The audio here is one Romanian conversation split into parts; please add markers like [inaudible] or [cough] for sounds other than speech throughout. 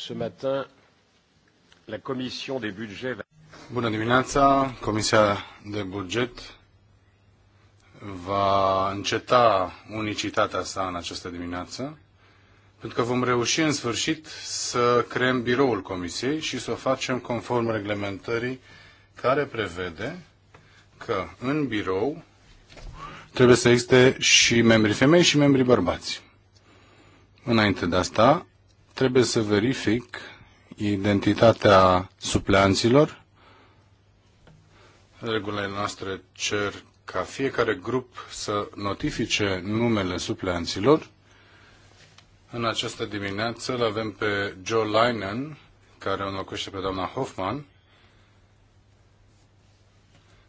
Ce matin, la Commission des Budgets va... Bună dimineața! Comisia de Buget va înceta unicitatea sa în această dimineață, pentru că vom reuși în sfârșit să creăm biroul Comisiei și să o facem conform reglementării care prevede că în birou trebuie să existe și membrii femei și membrii bărbați. Înainte de asta, trebuie să verific identitatea supleanților. Regulile noastre cer ca fiecare grup să notifice numele supleanților. În această dimineață îl avem pe Joe Linen, care înlocuiește pe doamna Hoffman,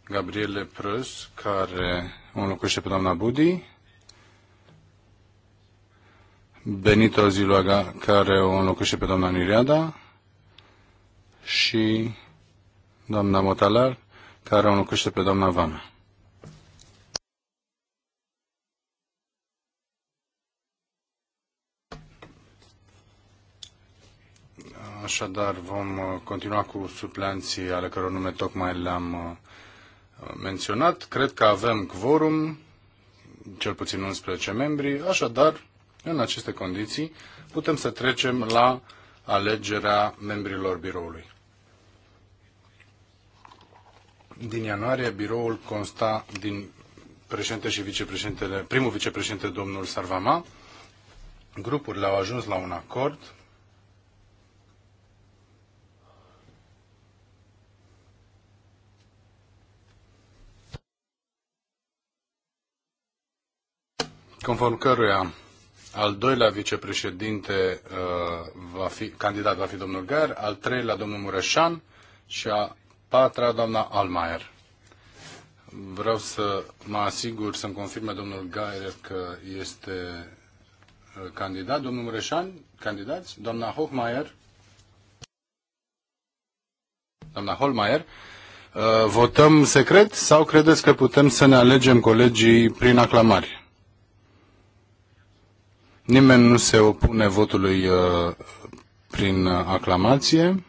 Gabriele Prus care o înlocuiește pe doamna Budi, Benito Ziluaga, care o înlocuiește pe doamna Niriada, și doamna Motalar, care o înlocuiește pe doamna Vana. Așadar, vom uh, continua cu supleanții ale căror nume tocmai le-am uh, menționat. Cred că avem quorum, cel puțin 11 membri, așadar în aceste condiții putem să trecem la alegerea membrilor biroului. Din ianuarie, biroul consta din președinte și vicepreședintele, primul vicepreședinte, domnul Sarvama. Grupurile au ajuns la un acord conform căruia al doilea vicepreședinte uh, va fi, candidat va fi domnul Gher, al treilea domnul Mureșan și a patra doamna Almaier. Vreau să mă asigur să-mi confirme domnul Gaier că este uh, candidat. Domnul Mureșan, candidat, Doamna Hochmeier? Doamna Holmeier? Uh, votăm secret sau credeți că putem să ne alegem colegii prin aclamare? Nimeni nu se opune votului uh, prin uh, aclamație.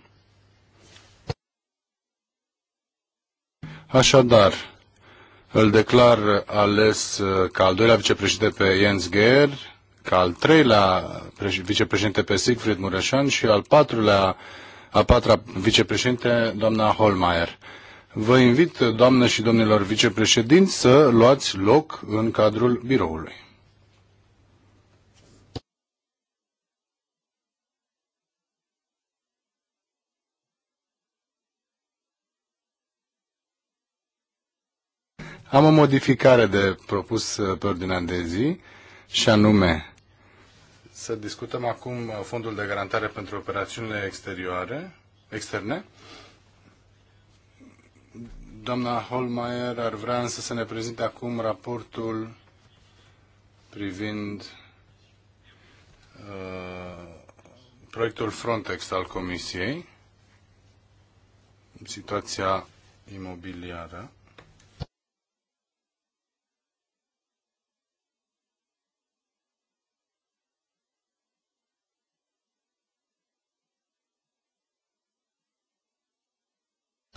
Așadar, îl declar ales uh, ca al doilea vicepreședinte pe Jens Geer, ca al treilea vicepreședinte pe Siegfried Mureșan și al patrulea, a patra vicepreședinte, doamna Holmeier. Vă invit, doamne și domnilor vicepreședinți, să luați loc în cadrul biroului. Am o modificare de propus uh, pe ordinea de zi și anume să discutăm acum uh, fondul de garantare pentru operațiunile exterioare, externe. Doamna Holmeier ar vrea însă să ne prezinte acum raportul privind uh, proiectul Frontex al Comisiei, situația imobiliară.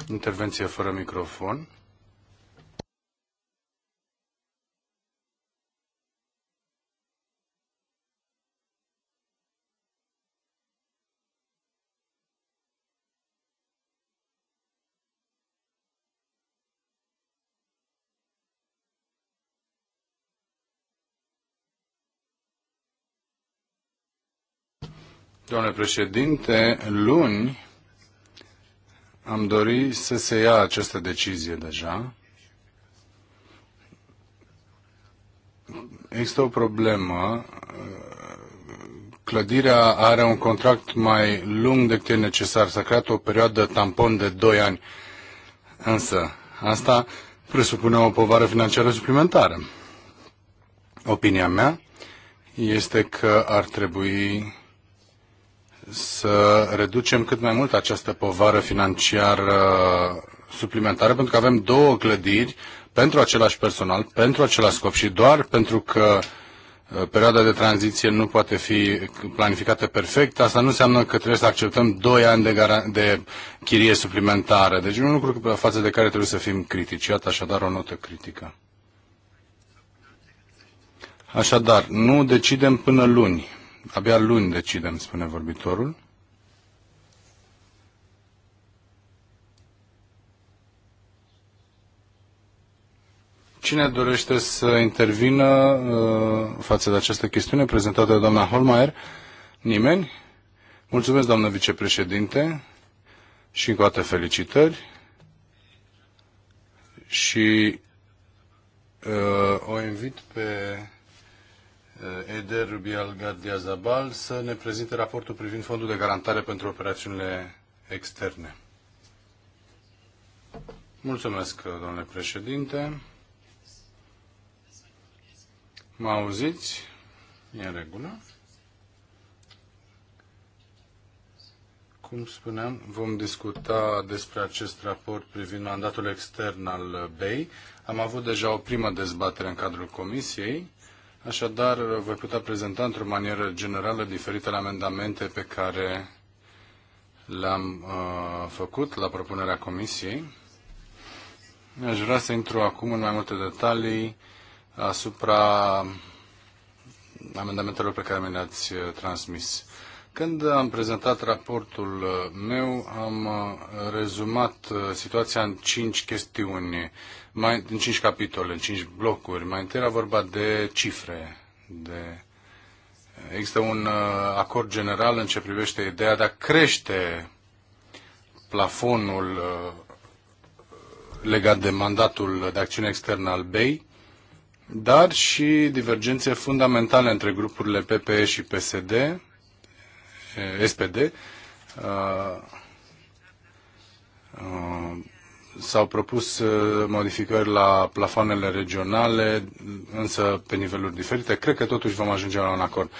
Intervenție fără microfon. Domnule președinte, luni am dori să se ia această decizie deja. Există o problemă. Clădirea are un contract mai lung decât e necesar. S-a creat o perioadă tampon de 2 ani. Însă, asta presupune o povară financiară suplimentară. Opinia mea este că ar trebui să reducem cât mai mult această povară financiară suplimentară, pentru că avem două clădiri pentru același personal, pentru același scop și doar pentru că uh, perioada de tranziție nu poate fi planificată perfect, asta nu înseamnă că trebuie să acceptăm 2 ani de, de chirie suplimentară. Deci un lucru față de care trebuie să fim critici. Iată așadar o notă critică. Așadar, nu decidem până luni. Abia luni decidem, spune vorbitorul. Cine dorește să intervină uh, față de această chestiune prezentată de doamna Holmeier? Nimeni? Mulțumesc, doamnă vicepreședinte, și încă o dată felicitări. Și uh, o invit pe Eh, Eder Bialgadia Zabal să ne prezinte raportul privind Fondul de Garantare pentru Operațiunile Externe. Mulțumesc, domnule președinte. Mă auziți? E în regulă. Cum spuneam, vom discuta despre acest raport privind mandatul extern al BEI. Am avut deja o primă dezbatere în cadrul comisiei Așadar, voi putea prezenta într-o manieră generală diferitele amendamente pe care le-am uh, făcut la propunerea Comisiei. Aș vrea să intru acum în mai multe detalii asupra amendamentelor pe care mi le-ați uh, transmis. Când am prezentat raportul uh, meu, am uh, rezumat uh, situația în cinci chestiuni, mai, în cinci capitole, în cinci blocuri. Mai întâi era vorba de cifre, de Există un acord general în ce privește ideea de a crește plafonul legat de mandatul de acțiune externă al BEI, dar și divergențe fundamentale între grupurile PPE și PSD SPD, uh, uh, s-au propus uh, modificări la plafoanele regionale, însă pe niveluri diferite. Cred că totuși vom ajunge la un acord.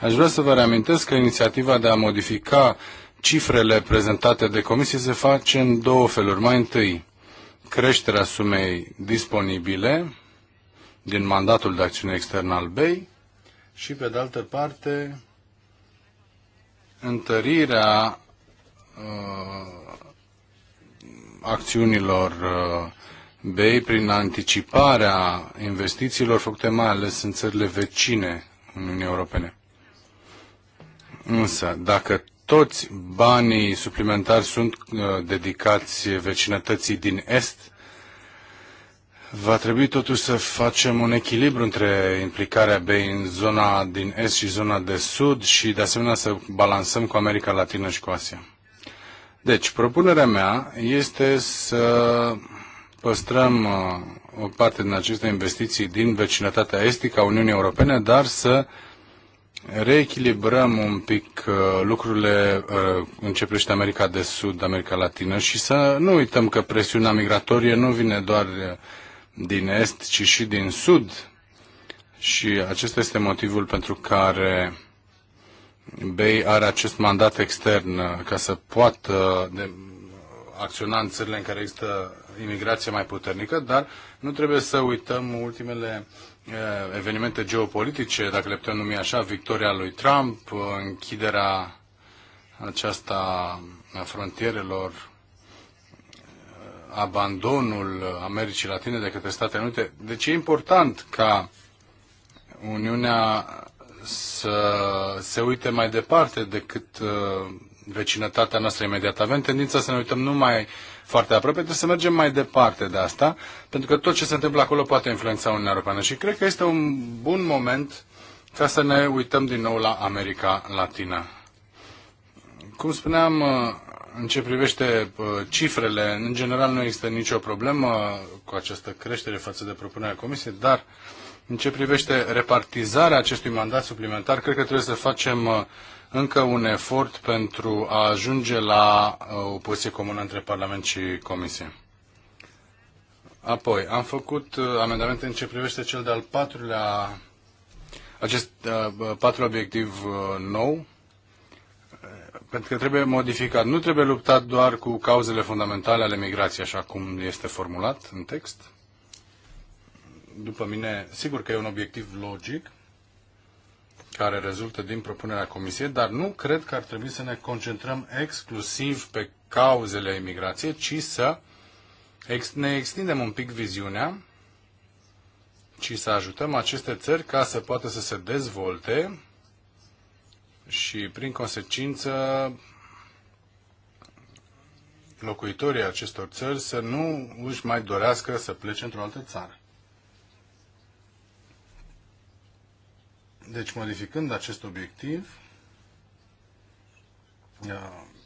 Aș vrea să vă reamintesc că inițiativa de a modifica cifrele prezentate de comisie se face în două feluri. Mai întâi, creșterea sumei disponibile din mandatul de acțiune externă al BEI și, pe de altă parte, întărirea uh, acțiunilor uh, BEI prin anticiparea investițiilor făcute mai ales în țările vecine Uniunii Europene. Însă, dacă toți banii suplimentari sunt uh, dedicați vecinătății din Est, Va trebui totuși să facem un echilibru între implicarea BEI în zona din est și zona de sud și de asemenea să balansăm cu America Latină și cu Asia. Deci, propunerea mea este să păstrăm uh, o parte din aceste investiții din vecinătatea estică a Uniunii Europene, dar să reechilibrăm un pic uh, lucrurile uh, în ce privește America de Sud, America Latină și să nu uităm că presiunea migratorie nu vine doar din est, ci și din sud. Și acesta este motivul pentru care BEI are acest mandat extern ca să poată de, acționa în țările în care există imigrație mai puternică, dar nu trebuie să uităm ultimele evenimente geopolitice, dacă le putem numi așa, victoria lui Trump, închiderea aceasta a frontierelor abandonul Americii Latine de către Statele Unite. Deci e important ca Uniunea să se uite mai departe decât uh, vecinătatea noastră imediată. Avem tendința să ne uităm numai foarte aproape, trebuie să mergem mai departe de asta, pentru că tot ce se întâmplă acolo poate influența Uniunea Europeană. Și cred că este un bun moment ca să ne uităm din nou la America Latina. Cum spuneam, uh, în ce privește uh, cifrele, în general nu există nicio problemă cu această creștere față de propunerea Comisiei, dar în ce privește repartizarea acestui mandat suplimentar, cred că trebuie să facem uh, încă un efort pentru a ajunge la uh, o poziție comună între Parlament și Comisie. Apoi, am făcut amendamente în ce privește cel de-al patrulea, acest patru obiectiv nou, pentru că trebuie modificat. Nu trebuie luptat doar cu cauzele fundamentale ale migrației, așa cum este formulat în text. După mine, sigur că e un obiectiv logic care rezultă din propunerea Comisiei, dar nu cred că ar trebui să ne concentrăm exclusiv pe cauzele imigrației, ci să ne extindem un pic viziunea ci să ajutăm aceste țări ca să poată să se dezvolte și, prin consecință, locuitorii acestor țări să nu își mai dorească să plece într-o altă țară. Deci, modificând acest obiectiv,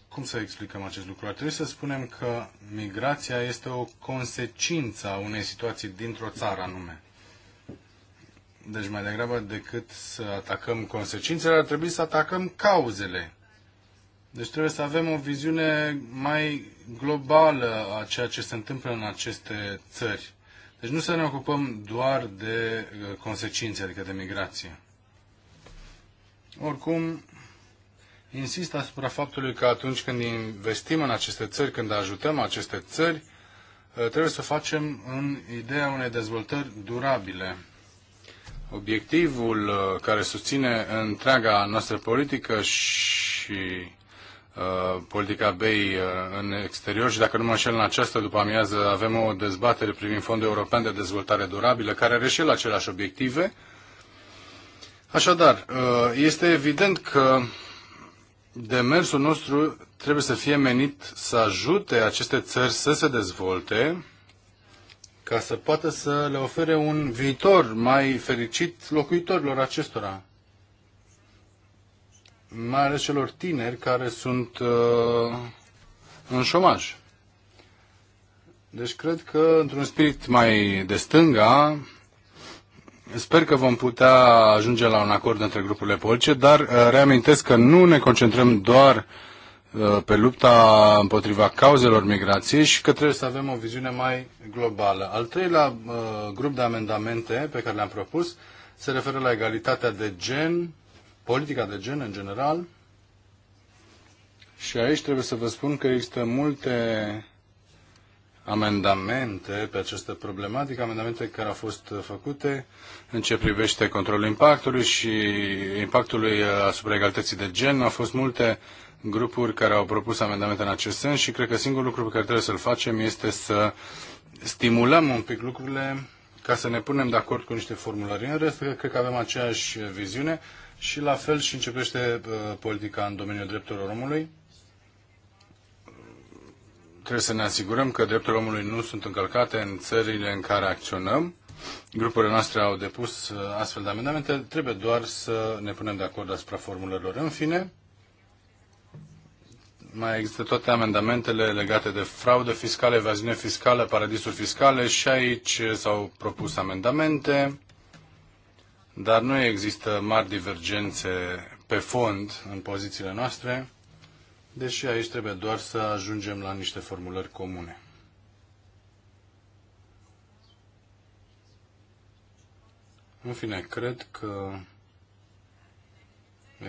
cum să explicăm acest lucru? Ar trebui să spunem că migrația este o consecință a unei situații dintr-o țară anume. Deci mai degrabă decât să atacăm consecințele, ar trebui să atacăm cauzele. Deci trebuie să avem o viziune mai globală a ceea ce se întâmplă în aceste țări. Deci nu să ne ocupăm doar de uh, consecințe, adică de migrație. Oricum, insist asupra faptului că atunci când investim în aceste țări, când ajutăm aceste țări, uh, trebuie să facem în ideea unei dezvoltări durabile obiectivul uh, care susține întreaga noastră politică și uh, politica BEI uh, în exterior și dacă nu mă înșel în această după amiază avem o dezbatere privind Fondul European de Dezvoltare Durabilă care are și el aceleași obiective. Așadar, uh, este evident că demersul nostru trebuie să fie menit să ajute aceste țări să se dezvolte ca să poată să le ofere un viitor mai fericit locuitorilor acestora, mai ales celor tineri care sunt uh, în șomaj. Deci cred că, într-un spirit mai de stânga, Sper că vom putea ajunge la un acord între grupurile politice, dar uh, reamintesc că nu ne concentrăm doar Uh, pe lupta împotriva cauzelor migrației și că trebuie să avem o viziune mai globală. Al treilea uh, grup de amendamente pe care le-am propus se referă la egalitatea de gen, politica de gen în general. Și aici trebuie să vă spun că există multe amendamente pe această problematică, amendamente care au fost făcute în ce privește controlul impactului și impactului uh, asupra egalității de gen. Au fost multe grupuri care au propus amendamente în acest sens și cred că singurul lucru pe care trebuie să-l facem este să stimulăm un pic lucrurile ca să ne punem de acord cu niște formulări. În rest, cred că avem aceeași viziune și la fel și începește uh, politica în domeniul drepturilor omului. Trebuie să ne asigurăm că drepturile omului nu sunt încălcate în țările în care acționăm. Grupurile noastre au depus uh, astfel de amendamente, trebuie doar să ne punem de acord asupra formulărilor. În fine, mai există toate amendamentele legate de fraudă fiscală, evaziune fiscală, paradisuri fiscale și aici s-au propus amendamente, dar nu există mari divergențe pe fond în pozițiile noastre, deși aici trebuie doar să ajungem la niște formulări comune. În fine, cred că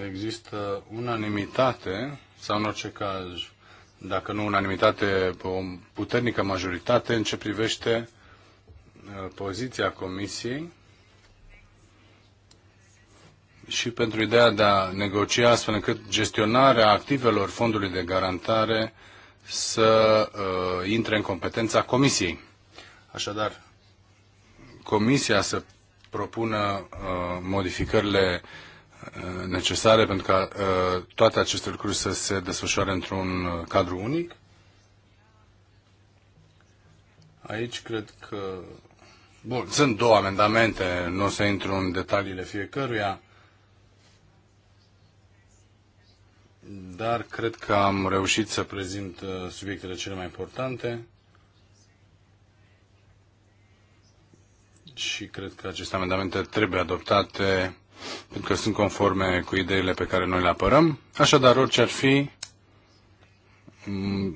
există unanimitate sau în orice caz, dacă nu unanimitate, o puternică majoritate în ce privește uh, poziția Comisiei și pentru ideea de a negocia astfel încât gestionarea activelor fondului de garantare să uh, intre în competența Comisiei. Așadar, Comisia să propună uh, modificările uh, Uh, necesare pentru ca uh, toate aceste lucruri să se desfășoare într-un uh, cadru unic. Aici cred că... Bun, sunt două amendamente, nu o să intru în detaliile fiecăruia, dar cred că am reușit să prezint subiectele cele mai importante și cred că aceste amendamente trebuie adoptate pentru că sunt conforme cu ideile pe care noi le apărăm. Așadar, orice ar fi,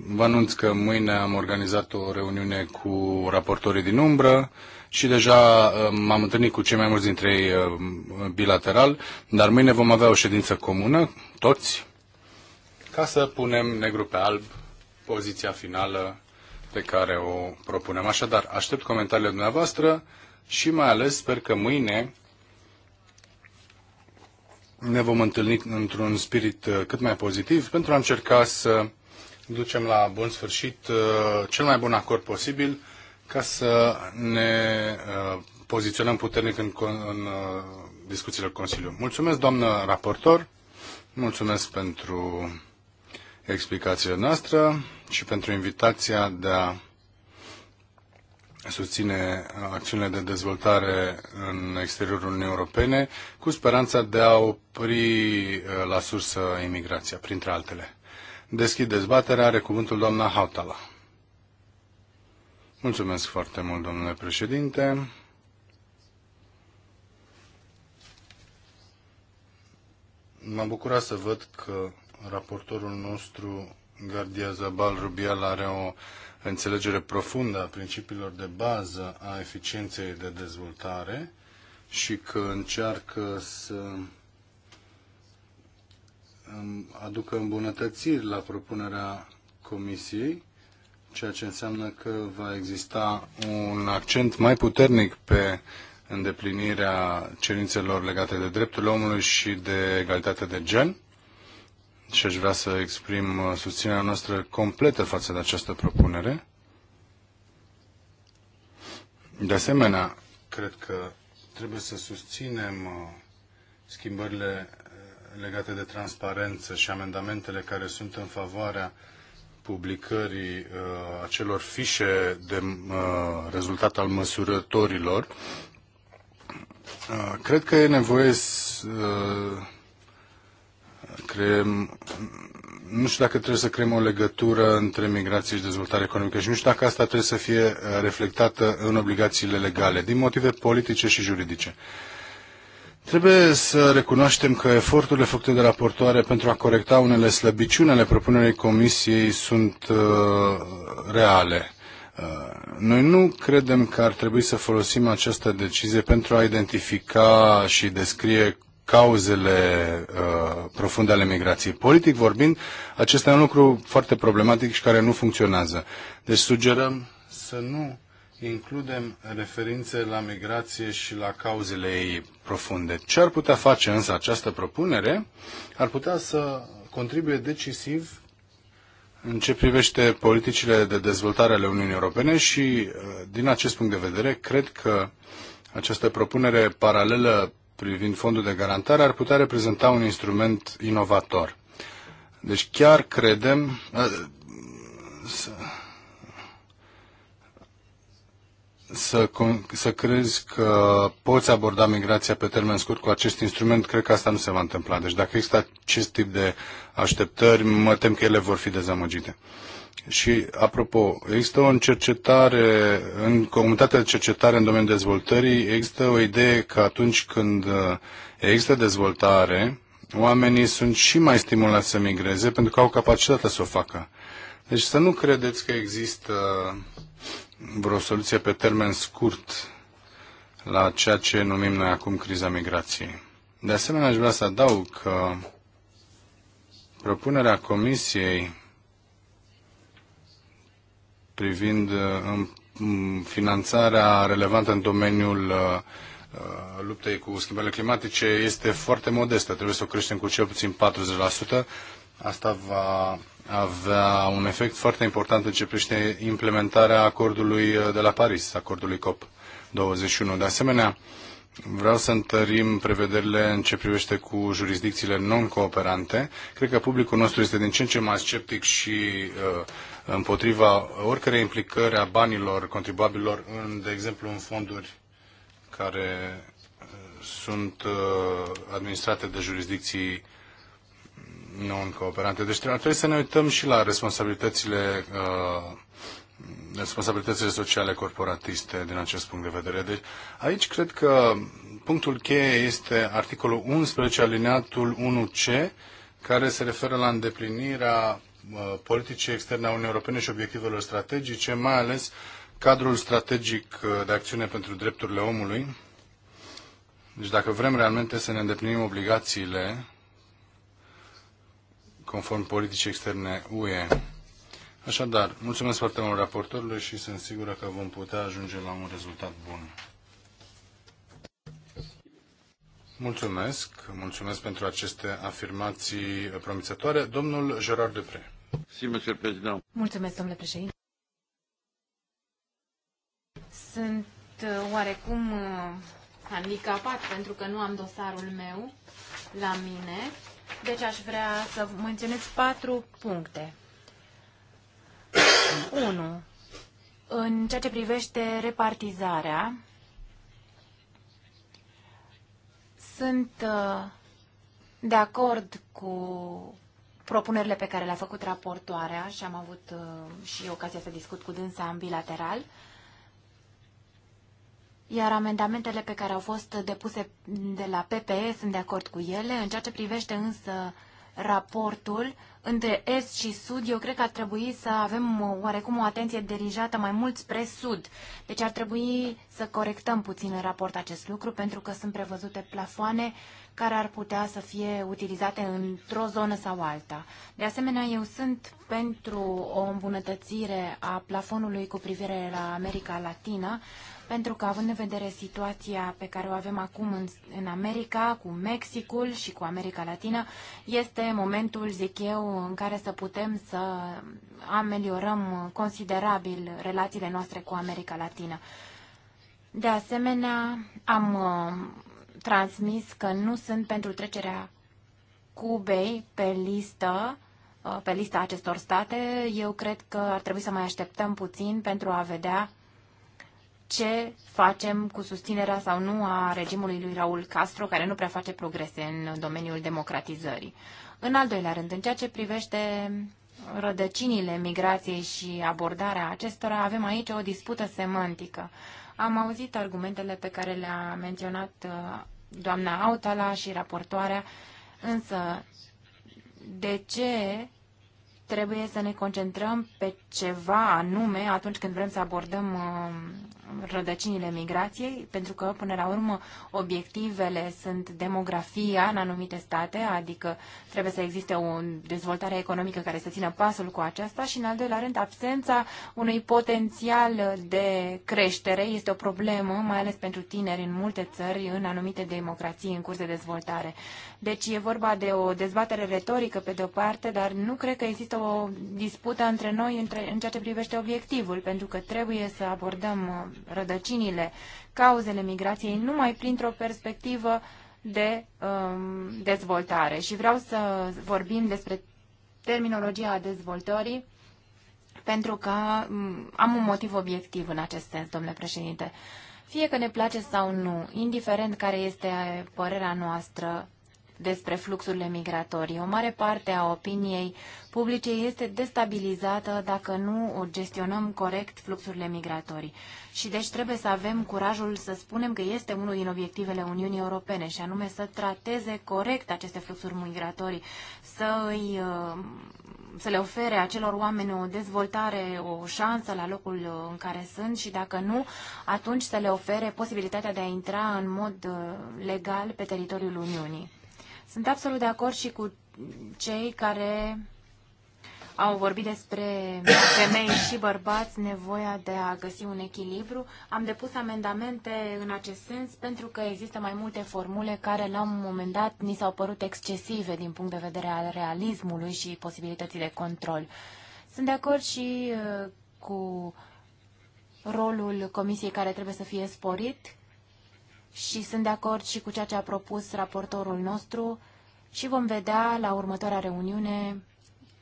vă anunț că mâine am organizat o reuniune cu raportorii din umbră și deja uh, m-am întâlnit cu cei mai mulți dintre ei uh, bilateral, dar mâine vom avea o ședință comună, toți, ca să punem negru pe alb poziția finală pe care o propunem. Așadar, aștept comentariile dumneavoastră și mai ales sper că mâine ne vom întâlni într-un spirit uh, cât mai pozitiv pentru a încerca să ducem la bun sfârșit uh, cel mai bun acord posibil ca să ne uh, poziționăm puternic în, în discuțiile Consiliului. Mulțumesc, doamnă raportor, mulțumesc pentru explicația noastră și pentru invitația de a susține uh, acțiunile de dezvoltare în exteriorul Uniunii Europene cu speranța de a opri uh, la sursă imigrația, printre altele. Deschid dezbaterea, are cuvântul doamna Hautala. Mulțumesc foarte mult, domnule președinte. M-am bucurat să văd că raportorul nostru Gardia Zabal Rubial are o înțelegere profundă a principiilor de bază a eficienței de dezvoltare și că încearcă să aducă îmbunătățiri la propunerea Comisiei, ceea ce înseamnă că va exista un accent mai puternic pe îndeplinirea cerințelor legate de drepturile omului și de egalitate de gen și aș vrea să exprim uh, susținerea noastră completă față de această propunere. De asemenea, cred că trebuie să susținem uh, schimbările uh, legate de transparență și amendamentele care sunt în favoarea publicării uh, acelor fișe de uh, rezultat al măsurătorilor. Uh, cred că e nevoie să, uh, creăm, nu știu dacă trebuie să creăm o legătură între migrație și dezvoltare economică și nu știu dacă asta trebuie să fie uh, reflectată în obligațiile legale, din motive politice și juridice. Trebuie să recunoaștem că eforturile făcute de raportoare pentru a corecta unele slăbiciuni ale propunerii Comisiei sunt uh, reale. Uh, noi nu credem că ar trebui să folosim această decizie pentru a identifica și descrie cauzele uh, profunde ale migrației. Politic vorbind, acesta e un lucru foarte problematic și care nu funcționează. Deci sugerăm să nu includem referințe la migrație și la cauzele ei profunde. Ce ar putea face însă această propunere? Ar putea să contribuie decisiv în ce privește politicile de dezvoltare ale Uniunii Europene și, uh, din acest punct de vedere, cred că această propunere paralelă privind fondul de garantare ar putea reprezenta un instrument inovator. Deci chiar credem să, să, să crezi că poți aborda migrația pe termen scurt cu acest instrument, cred că asta nu se va întâmpla. Deci dacă există acest tip de așteptări, mă tem că ele vor fi dezamăgite. Și, apropo, există o cercetare, în comunitatea de cercetare în domeniul dezvoltării, există o idee că atunci când uh, există dezvoltare, oamenii sunt și mai stimulați să migreze pentru că au capacitatea să o facă. Deci să nu credeți că există vreo soluție pe termen scurt la ceea ce numim noi acum criza migrației. De asemenea, aș vrea să adaug că propunerea Comisiei privind uh, finanțarea relevantă în domeniul uh, uh, luptei cu schimbările climatice este foarte modestă. Trebuie să o creștem cu cel puțin 40%. Asta va avea un efect foarte important în ce privește implementarea acordului de la Paris, acordului COP21. De asemenea, vreau să întărim prevederile în ce privește cu jurisdicțiile non-cooperante. Cred că publicul nostru este din ce în ce mai sceptic și uh, împotriva oricărei implicări a banilor contribuabililor, în, de exemplu, în fonduri care uh, sunt uh, administrate de jurisdicții non-cooperante. Deci ar trebui să ne uităm și la responsabilitățile uh, responsabilitățile sociale corporatiste din acest punct de vedere. Deci aici cred că punctul cheie este articolul 11 alineatul 1C care se referă la îndeplinirea Uh, politicii externe a Uniunii Europene și obiectivelor strategice, mai ales cadrul strategic uh, de acțiune pentru drepturile omului. Deci dacă vrem realmente să ne îndeplinim obligațiile conform politicii externe UE. Așadar, mulțumesc foarte mult raportorului și sunt sigură că vom putea ajunge la un rezultat bun. Mulțumesc, mulțumesc pentru aceste afirmații promițătoare. Domnul Gerard Depre. Mulțumesc, domnule președinte. Sunt uh, oarecum uh, handicapat pentru că nu am dosarul meu la mine, deci aș vrea să menționez patru puncte. 1. [coughs] În ceea ce privește repartizarea, sunt uh, de acord cu propunerile pe care le-a făcut raportoarea și am avut uh, și ocazia să discut cu dânsa în bilateral, iar amendamentele pe care au fost depuse de la PPE sunt de acord cu ele. În ceea ce privește însă raportul între est și sud, eu cred că ar trebui să avem oarecum o atenție dirijată mai mult spre sud. Deci ar trebui să corectăm puțin în raport acest lucru, pentru că sunt prevăzute plafoane uh, care ar putea să fie utilizate într-o zonă sau alta. De asemenea, eu sunt pentru o îmbunătățire a plafonului cu privire la America Latina, pentru că având în vedere situația pe care o avem acum în, în America, cu Mexicul și cu America Latina, este momentul, zic eu, în care să putem să ameliorăm considerabil relațiile noastre cu America Latina. De asemenea, am transmis că nu sunt pentru trecerea Cubei pe listă, uh, pe lista acestor state. Eu cred că ar trebui să mai așteptăm puțin pentru a vedea ce facem cu susținerea sau nu a regimului lui Raul Castro, care nu prea face progrese în domeniul democratizării. În al doilea rând, în ceea ce privește rădăcinile migrației și abordarea acestora, avem aici o dispută semantică. Am auzit argumentele pe care le-a menționat uh, doamna Autala și raportoarea, însă de ce trebuie să ne concentrăm pe ceva anume atunci când vrem să abordăm um, rădăcinile migrației, pentru că, până la urmă, obiectivele sunt demografia în anumite state, adică trebuie să existe o dezvoltare economică care să țină pasul cu aceasta și, în al doilea rând, absența unui potențial de creștere este o problemă, mai ales pentru tineri în multe țări, în anumite democrații în curs de dezvoltare. Deci e vorba de o dezbatere retorică, pe de-o parte, dar nu cred că există există o dispută între noi între, în ceea ce privește obiectivul, pentru că trebuie să abordăm uh, rădăcinile, cauzele migrației numai printr-o perspectivă de um, dezvoltare. Și vreau să vorbim despre terminologia dezvoltării, pentru că um, am un motiv obiectiv în acest sens, domnule președinte. Fie că ne place sau nu, indiferent care este părerea noastră despre fluxurile migratorii. O mare parte a opiniei publice este destabilizată dacă nu gestionăm corect fluxurile migratorii. Și deci trebuie să avem curajul să spunem că este unul din obiectivele Uniunii Europene și anume să trateze corect aceste fluxuri migratorii, să, îi, uh, să le ofere acelor oameni o dezvoltare, o șansă la locul uh, în care sunt și dacă nu, atunci să le ofere posibilitatea de a intra în mod uh, legal pe teritoriul Uniunii. Sunt absolut de acord și cu cei care au vorbit despre femei și bărbați, nevoia de a găsi un echilibru. Am depus amendamente în acest sens pentru că există mai multe formule care la un moment dat ni s-au părut excesive din punct de vedere al realismului și posibilității de control. Sunt de acord și uh, cu rolul comisiei care trebuie să fie sporit și sunt de acord și cu ceea ce a propus raportorul nostru și vom vedea la următoarea reuniune,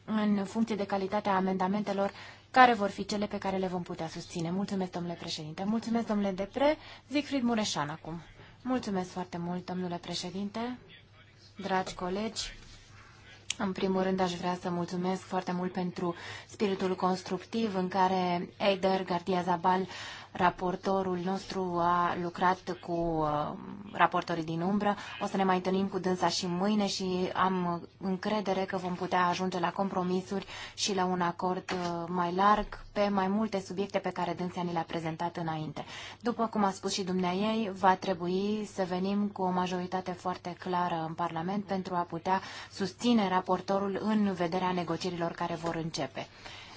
în funcție de calitatea amendamentelor, care vor fi cele pe care le vom putea susține. Mulțumesc, domnule președinte. Mulțumesc, domnule Depre. Siegfried Mureșan acum. Mulțumesc foarte mult, domnule președinte, dragi colegi. În primul rând, aș vrea să mulțumesc foarte mult pentru spiritul constructiv în care Eider Gardia Zabal Raportorul nostru a lucrat cu uh, raportorii din umbră. O să ne mai întâlnim cu dânsa și mâine și am încredere că vom putea ajunge la compromisuri și la un acord uh, mai larg pe mai multe subiecte pe care dânsa ni le-a prezentat înainte. După cum a spus și dumnea ei, va trebui să venim cu o majoritate foarte clară în Parlament pentru a putea susține raportorul în vederea negocierilor care vor începe.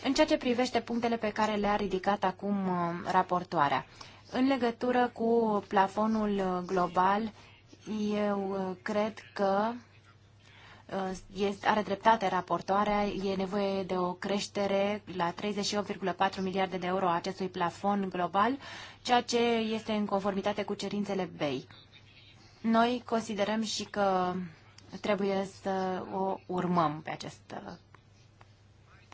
În ceea ce privește punctele pe care le-a ridicat acum uh, raportoarea, în legătură cu plafonul uh, global, eu uh, cred că are dreptate raportoarea, e nevoie de o creștere la 38,4 miliarde de euro a acestui plafon global, ceea ce este în conformitate cu cerințele BEI. Noi considerăm și că trebuie să o urmăm pe această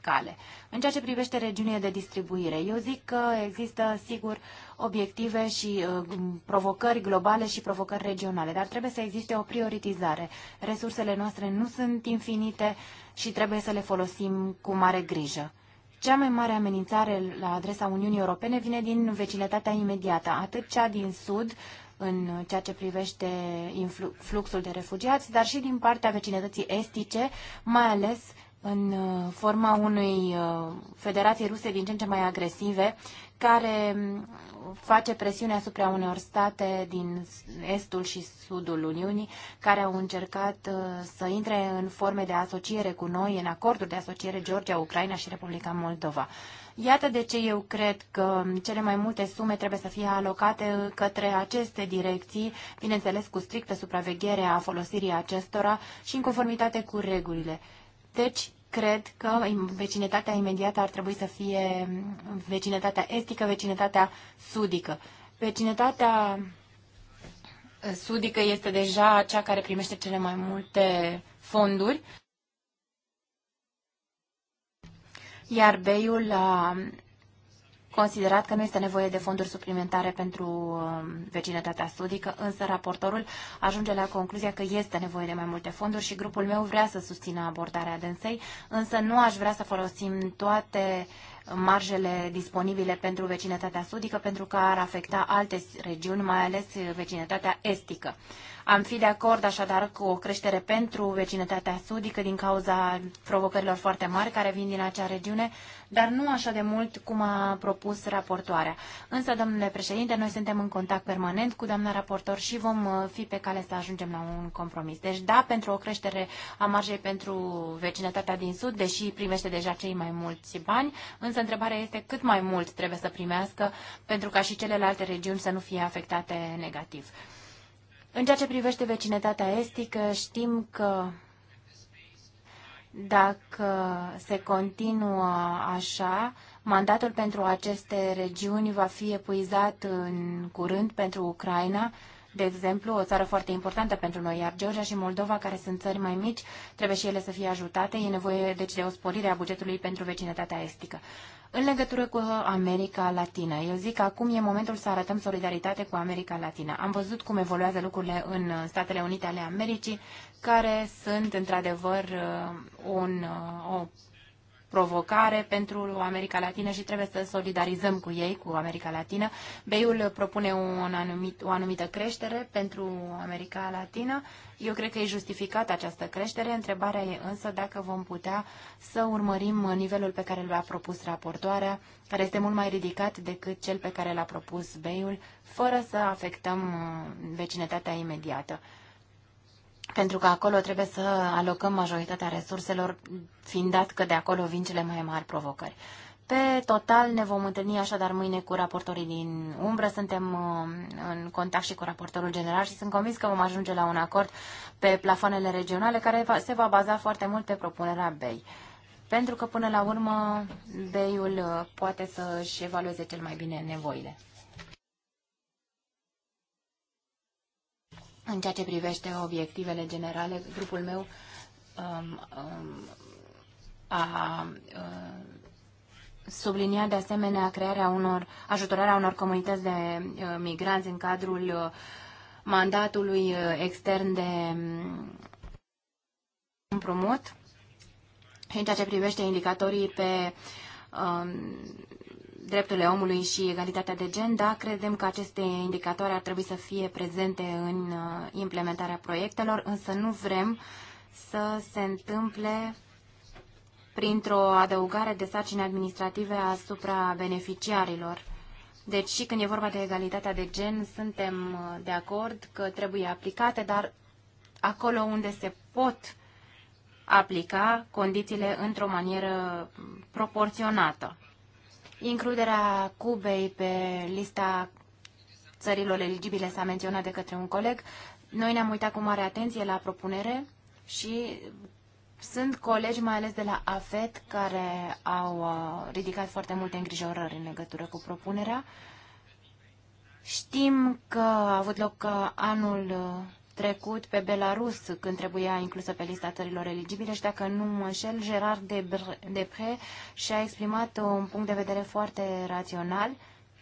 cale. În ceea ce privește regiunile de distribuire, eu zic că există, sigur, obiective și uh, provocări globale și provocări regionale, dar trebuie să existe o prioritizare. Resursele noastre nu sunt infinite și trebuie să le folosim cu mare grijă. Cea mai mare amenințare la adresa Uniunii Europene vine din vecinătatea imediată, atât cea din sud, în ceea ce privește fluxul de refugiați, dar și din partea vecinătății estice, mai ales în uh, forma unei uh, federații ruse din ce în ce mai agresive, care mm, face presiune asupra unor state din estul și sudul Uniunii, care au încercat uh, să intre în forme de asociere cu noi, în acorduri de asociere Georgia, Ucraina și Republica Moldova. Iată de ce eu cred că mm, cele mai multe sume trebuie să fie alocate către aceste direcții, bineînțeles cu strictă supraveghere a folosirii acestora și în conformitate cu regulile. Deci, cred că vecinătatea imediată ar trebui să fie vecinătatea estică, vecinătatea sudică. Vecinătatea sudică este deja cea care primește cele mai multe fonduri, iar Beiul a considerat că nu este nevoie de fonduri suplimentare pentru um, vecinătatea sudică, însă raportorul ajunge la concluzia că este nevoie de mai multe fonduri și grupul meu vrea să susțină abordarea dânsei, însă nu aș vrea să folosim toate marjele disponibile pentru vecinătatea sudică pentru că ar afecta alte regiuni, mai ales vecinătatea estică. Am fi de acord așadar cu o creștere pentru vecinătatea sudică din cauza provocărilor foarte mari care vin din acea regiune, dar nu așa de mult cum a propus raportoarea. Însă, domnule președinte, noi suntem în contact permanent cu doamna raportor și vom uh, fi pe cale să ajungem la un compromis. Deci, da, pentru o creștere a marjei pentru vecinătatea din Sud, deși primește deja cei mai mulți bani, însă întrebarea este cât mai mult trebuie să primească pentru ca și celelalte regiuni să nu fie afectate negativ. În ceea ce privește vecinătatea estică, știm că dacă se continuă așa, mandatul pentru aceste regiuni va fi epuizat în curând pentru Ucraina de exemplu, o țară foarte importantă pentru noi, iar Georgia și Moldova, care sunt țări mai mici, trebuie și ele să fie ajutate. E nevoie, deci, de o sporire a bugetului pentru vecinătatea estică. În legătură cu America Latină, eu zic că acum e momentul să arătăm solidaritate cu America Latină. Am văzut cum evoluează lucrurile în Statele Unite ale Americii, care sunt într-adevăr un, o provocare pentru America Latină și trebuie să solidarizăm cu ei, cu America Latină. Beiul propune un anumit, o anumită creștere pentru America Latină. Eu cred că e justificată această creștere. Întrebarea e însă dacă vom putea să urmărim nivelul pe care l-a propus raportoarea, care este mult mai ridicat decât cel pe care l-a propus Beiul, fără să afectăm uh, vecinătatea imediată pentru că acolo trebuie să alocăm majoritatea resurselor, fiind dat că de acolo vin cele mai mari provocări. Pe total ne vom întâlni așadar mâine cu raportorii din umbră, suntem uh, în contact și cu raportorul general și sunt convins că vom ajunge la un acord pe plafoanele regionale care se va baza foarte mult pe propunerea BEI. Pentru că până la urmă BEI-ul uh, poate să-și evalueze cel mai bine nevoile. În ceea ce privește obiectivele generale, grupul meu um, um, a uh, subliniat de asemenea crearea unor, ajutorarea unor comunități de uh, migranți în cadrul uh, mandatului uh, extern de um, împrumut. Și în ceea ce privește indicatorii pe um, drepturile omului și egalitatea de gen, da, credem că aceste indicatori ar trebui să fie prezente în uh, implementarea proiectelor, însă nu vrem să se întâmple printr-o adăugare de sarcini administrative asupra beneficiarilor. Deci și când e vorba de egalitatea de gen, suntem uh, de acord că trebuie aplicate, dar acolo unde se pot aplica condițiile într-o manieră proporționată. Includerea Cubei pe lista țărilor eligibile s-a menționat de către un coleg. Noi ne-am uitat cu mare atenție la propunere și sunt colegi, mai ales de la AFET, care au uh, ridicat foarte multe îngrijorări în legătură cu propunerea. Știm că a avut loc uh, anul uh, trecut pe Belarus când trebuia inclusă pe lista țărilor eligibile și dacă nu mă înșel, Gerard Depre și-a exprimat un punct de vedere foarte rațional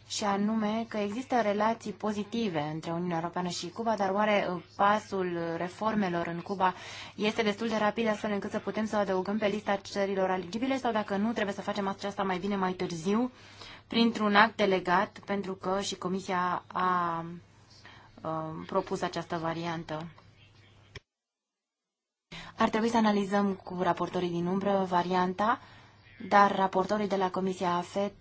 și anume că există relații pozitive între Uniunea Europeană și Cuba, dar oare uh, pasul reformelor în Cuba este destul de rapid astfel încât să putem să o adăugăm pe lista țărilor eligibile sau dacă nu trebuie să facem aceasta mai bine mai târziu printr-un act delegat pentru că și Comisia a Um, propus această variantă. Ar trebui să analizăm cu raportorii din umbră varianta, dar raportorii de la Comisia AFET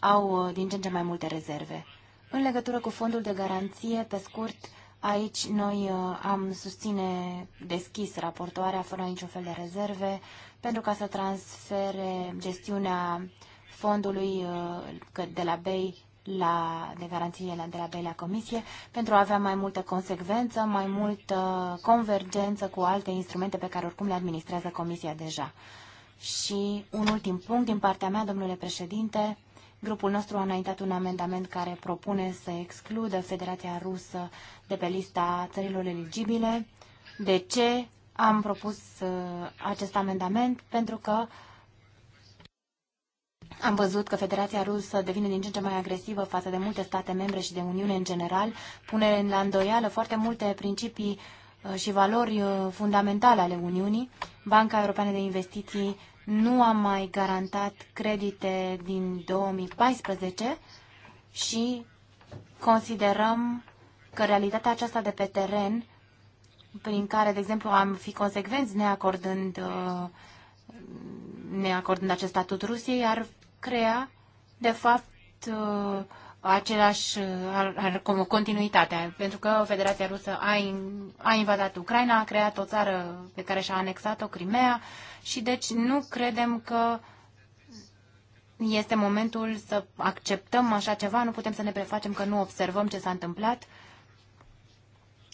au uh, din ce în ce mai multe rezerve. În legătură cu fondul de garanție, pe scurt, aici noi uh, am susține deschis raportoarea fără niciun fel de rezerve pentru ca să transfere gestiunea fondului uh, de la BEI la, de garanție de la Belea Comisie pentru a avea mai multă consecvență, mai multă convergență cu alte instrumente pe care oricum le administrează Comisia deja. Și un ultim punct din partea mea, domnule președinte, grupul nostru a înaintat un amendament care propune să excludă Federația Rusă de pe lista țărilor eligibile. De ce am propus uh, acest amendament? Pentru că uh, am văzut că Federația Rusă devine din ce în ce mai agresivă față de multe state membre și de Uniune în general, pune la îndoială foarte multe principii uh, și valori uh, fundamentale ale Uniunii. Banca Europeană de Investiții nu a mai garantat credite din 2014 și considerăm că realitatea aceasta de pe teren, prin care, de exemplu, am fi consecvenți neacordând, uh, neacordând acest statut Rusiei, ar crea, de fapt, uh, același uh, continuitate, pentru că Federația Rusă a, in, a invadat Ucraina, a creat o țară pe care și-a anexat-o, Crimea, și deci nu credem că este momentul să acceptăm așa ceva, nu putem să ne prefacem că nu observăm ce s-a întâmplat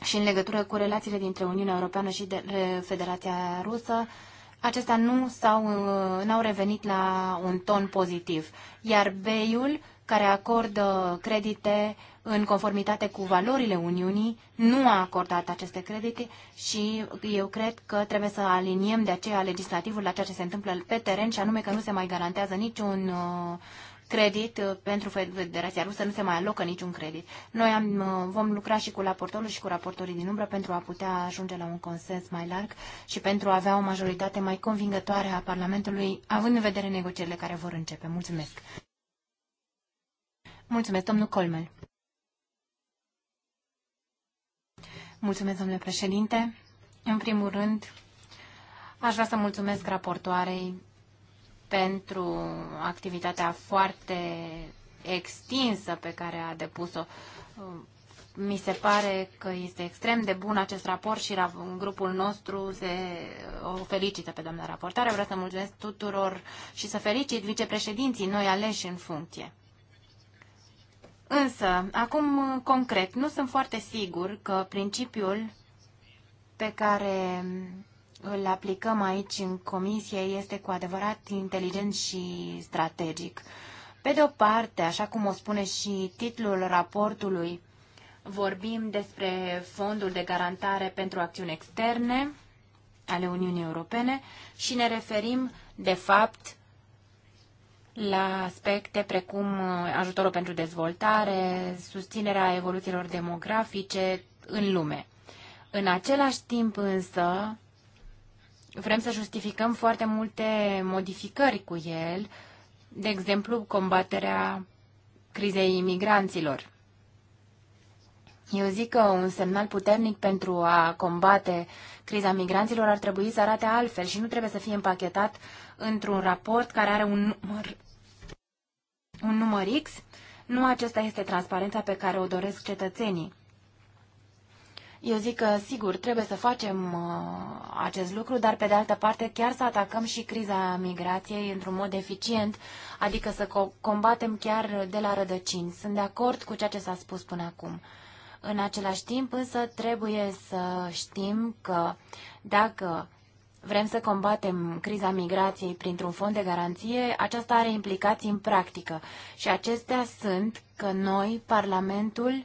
și în legătură cu relațiile dintre Uniunea Europeană și de Federația Rusă, acestea nu s-au, uh, n-au revenit la un ton pozitiv. Iar BEI-ul, care acordă credite în conformitate cu valorile Uniunii, nu a acordat aceste credite și eu cred că trebuie să aliniem de aceea legislativul la ceea ce se întâmplă pe teren și anume că nu se mai garantează niciun uh, credit uh, pentru Federația Rusă, nu se mai alocă niciun credit. Noi am, uh, vom lucra și cu raportorul și cu raportorii din umbră pentru a putea ajunge la un consens mai larg și pentru a avea o majoritate mai convingătoare a Parlamentului, având în vedere negocierile care vor începe. Mulțumesc! Mulțumesc, domnul Colmel! Mulțumesc, domnule președinte! În primul rând, Aș vrea să mulțumesc raportoarei pentru activitatea foarte extinsă pe care a depus-o. Mi se pare că este extrem de bun acest raport și grupul nostru se o felicită pe doamna raportare. Vreau să mulțumesc tuturor și să felicit vicepreședinții noi aleși în funcție. Însă, acum concret, nu sunt foarte sigur că principiul pe care îl aplicăm aici în comisie este cu adevărat inteligent și strategic. Pe de o parte, așa cum o spune și titlul raportului, vorbim despre fondul de garantare pentru acțiuni externe ale Uniunii Europene și ne referim, de fapt, la aspecte precum ajutorul pentru dezvoltare, susținerea evoluțiilor demografice în lume. În același timp însă, vrem să justificăm foarte multe modificări cu el, de exemplu, combaterea crizei imigranților. Eu zic că un semnal puternic pentru a combate criza migranților ar trebui să arate altfel și nu trebuie să fie împachetat într-un raport care are un număr, un număr X. Nu acesta este transparența pe care o doresc cetățenii. Eu zic că, sigur, trebuie să facem uh, acest lucru, dar, pe de altă parte, chiar să atacăm și criza migrației într-un mod eficient, adică să co- combatem chiar de la rădăcini. Sunt de acord cu ceea ce s-a spus până acum. În același timp, însă, trebuie să știm că dacă vrem să combatem criza migrației printr-un fond de garanție, aceasta are implicații în practică. Și acestea sunt că noi, Parlamentul,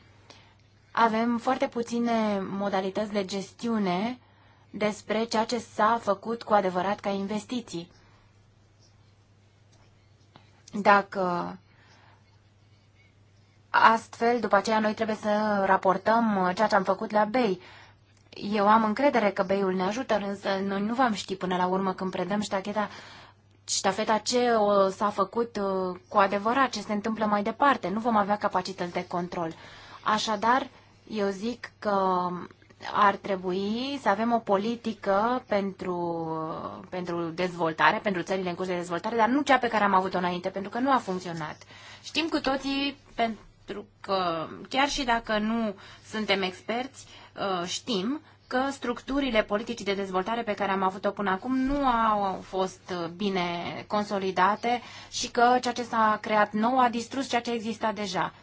avem foarte puține modalități de gestiune despre ceea ce s-a făcut cu adevărat ca investiții. Dacă astfel, după aceea, noi trebuie să raportăm ceea ce am făcut la BEI. Eu am încredere că BEI-ul ne ajută, însă noi nu vom ști până la urmă când predăm ștacheta ștafeta ce uh, s-a făcut uh, cu adevărat, ce se întâmplă mai departe. Nu vom avea capacități de control. Așadar, eu zic că ar trebui să avem o politică pentru, pentru dezvoltare, pentru țările în curs de dezvoltare, dar nu cea pe care am avut-o înainte, pentru că nu a funcționat. Știm cu toții, pentru că chiar și dacă nu suntem experți, uh, știm că structurile politicii de dezvoltare pe care am avut-o până acum nu au fost bine consolidate și că ceea ce s-a creat nou a distrus ceea ce exista deja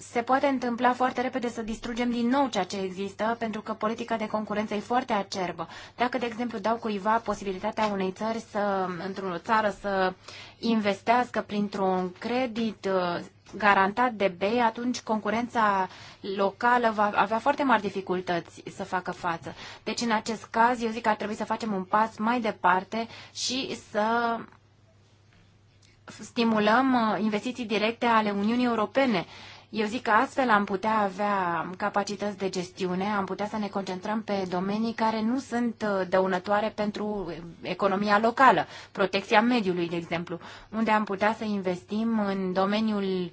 se poate întâmpla foarte repede să distrugem din nou ceea ce există, pentru că politica de concurență e foarte acerbă. Dacă, de exemplu, dau cuiva posibilitatea unei țări să, într-o țară să investească printr-un credit uh, garantat de BEI, atunci concurența locală va avea foarte mari dificultăți să facă față. Deci, în acest caz, eu zic că ar trebui să facem un pas mai departe și să stimulăm uh, investiții directe ale Uniunii Europene eu zic că astfel am putea avea capacități de gestiune, am putea să ne concentrăm pe domenii care nu sunt uh, dăunătoare pentru uh, economia locală, protecția mediului, de exemplu, unde am putea să investim în domeniul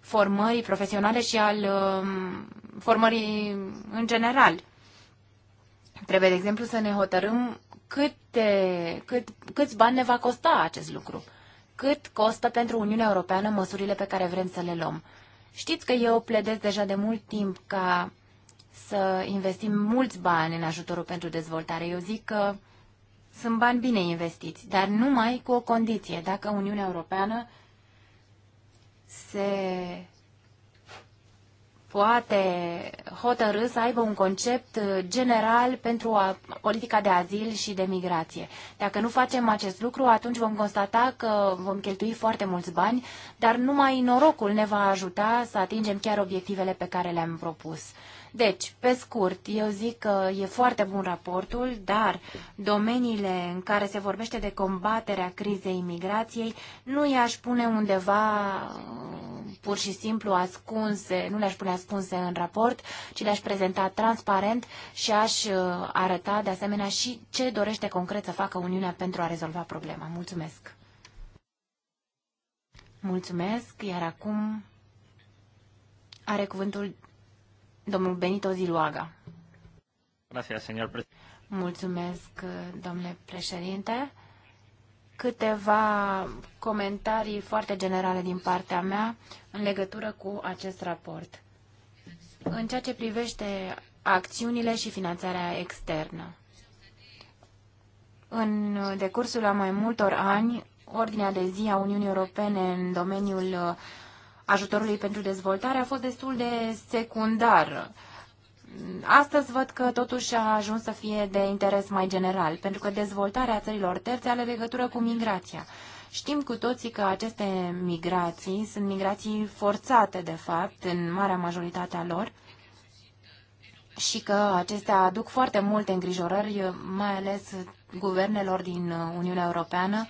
formării profesionale și al um, formării în general. Trebuie, de exemplu, să ne hotărâm câte, cât, câți bani ne va costa acest lucru cât costă pentru Uniunea Europeană măsurile pe care vrem să le luăm. Știți că eu pledez deja de mult timp ca să investim mulți bani în ajutorul pentru dezvoltare. Eu zic că sunt bani bine investiți, dar numai cu o condiție. Dacă Uniunea Europeană se poate hotărâ să aibă un concept general pentru a, politica de azil și de migrație. Dacă nu facem acest lucru, atunci vom constata că vom cheltui foarte mulți bani, dar numai norocul ne va ajuta să atingem chiar obiectivele pe care le-am propus. Deci, pe scurt, eu zic că e foarte bun raportul, dar domeniile în care se vorbește de combaterea crizei imigrației nu i-aș pune undeva pur și simplu ascunse, nu le-aș pune ascunse în raport, ci le-aș prezenta transparent și aș uh, arăta de asemenea și ce dorește concret să facă Uniunea pentru a rezolva problema. Mulțumesc! Mulțumesc, iar acum are cuvântul Domnul Benito Ziluaga. Mulțumesc, domnule președinte. Câteva comentarii foarte generale din partea mea în legătură cu acest raport. În ceea ce privește acțiunile și finanțarea externă. În decursul a mai multor ani, ordinea de zi a Uniunii Europene în domeniul uh, ajutorului pentru dezvoltare a fost destul de secundar. Astăzi văd că totuși a ajuns să fie de interes mai general, pentru că dezvoltarea țărilor terțe are legătură cu migrația. Știm cu toții că aceste migrații sunt migrații forțate, de fapt, în marea majoritate a lor, și că acestea aduc foarte multe îngrijorări, mai ales guvernelor din Uniunea Europeană,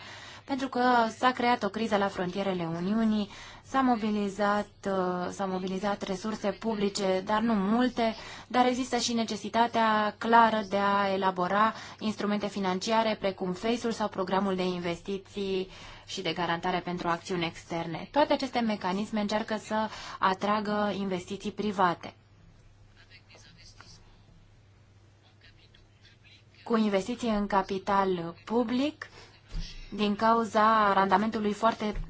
pentru că s-a creat o criză la frontierele Uniunii, s-a mobilizat, uh, s-au mobilizat resurse publice, dar nu multe, dar există și necesitatea clară de a elabora instrumente financiare precum FACE-ul sau programul de investiții și de garantare pentru acțiuni externe. Toate aceste mecanisme încearcă să atragă investiții private. Cu investiții în capital public, din cauza randamentului foarte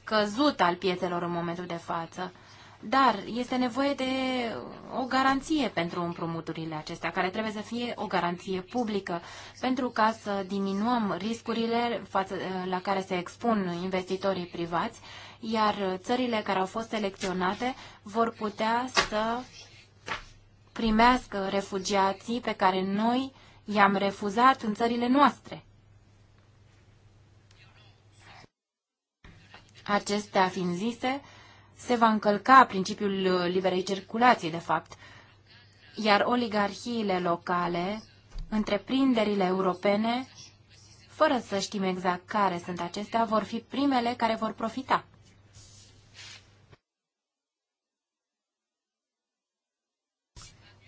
scăzut al piețelor în momentul de față. Dar este nevoie de o garanție pentru împrumuturile acestea, care trebuie să fie o garanție publică, pentru ca să diminuăm riscurile față, la care se expun investitorii privați, iar țările care au fost selecționate vor putea să primească refugiații pe care noi i-am refuzat în țările noastre. Acestea fiind zise, se va încălca principiul uh, liberei circulații, de fapt, iar oligarhiile locale, întreprinderile europene, fără să știm exact care sunt acestea, vor fi primele care vor profita.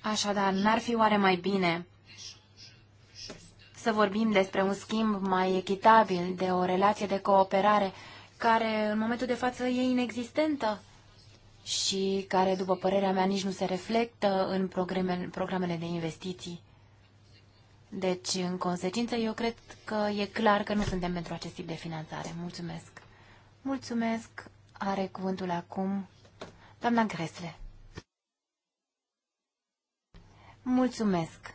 Așadar, n-ar fi oare mai bine să vorbim despre un schimb mai echitabil, de o relație de cooperare care în momentul de față e inexistentă și care, după părerea mea, nici nu se reflectă în programele de investiții. Deci, în consecință, eu cred că e clar că nu suntem pentru acest tip de finanțare. Mulțumesc. Mulțumesc. Are cuvântul acum doamna Gresle. Mulțumesc.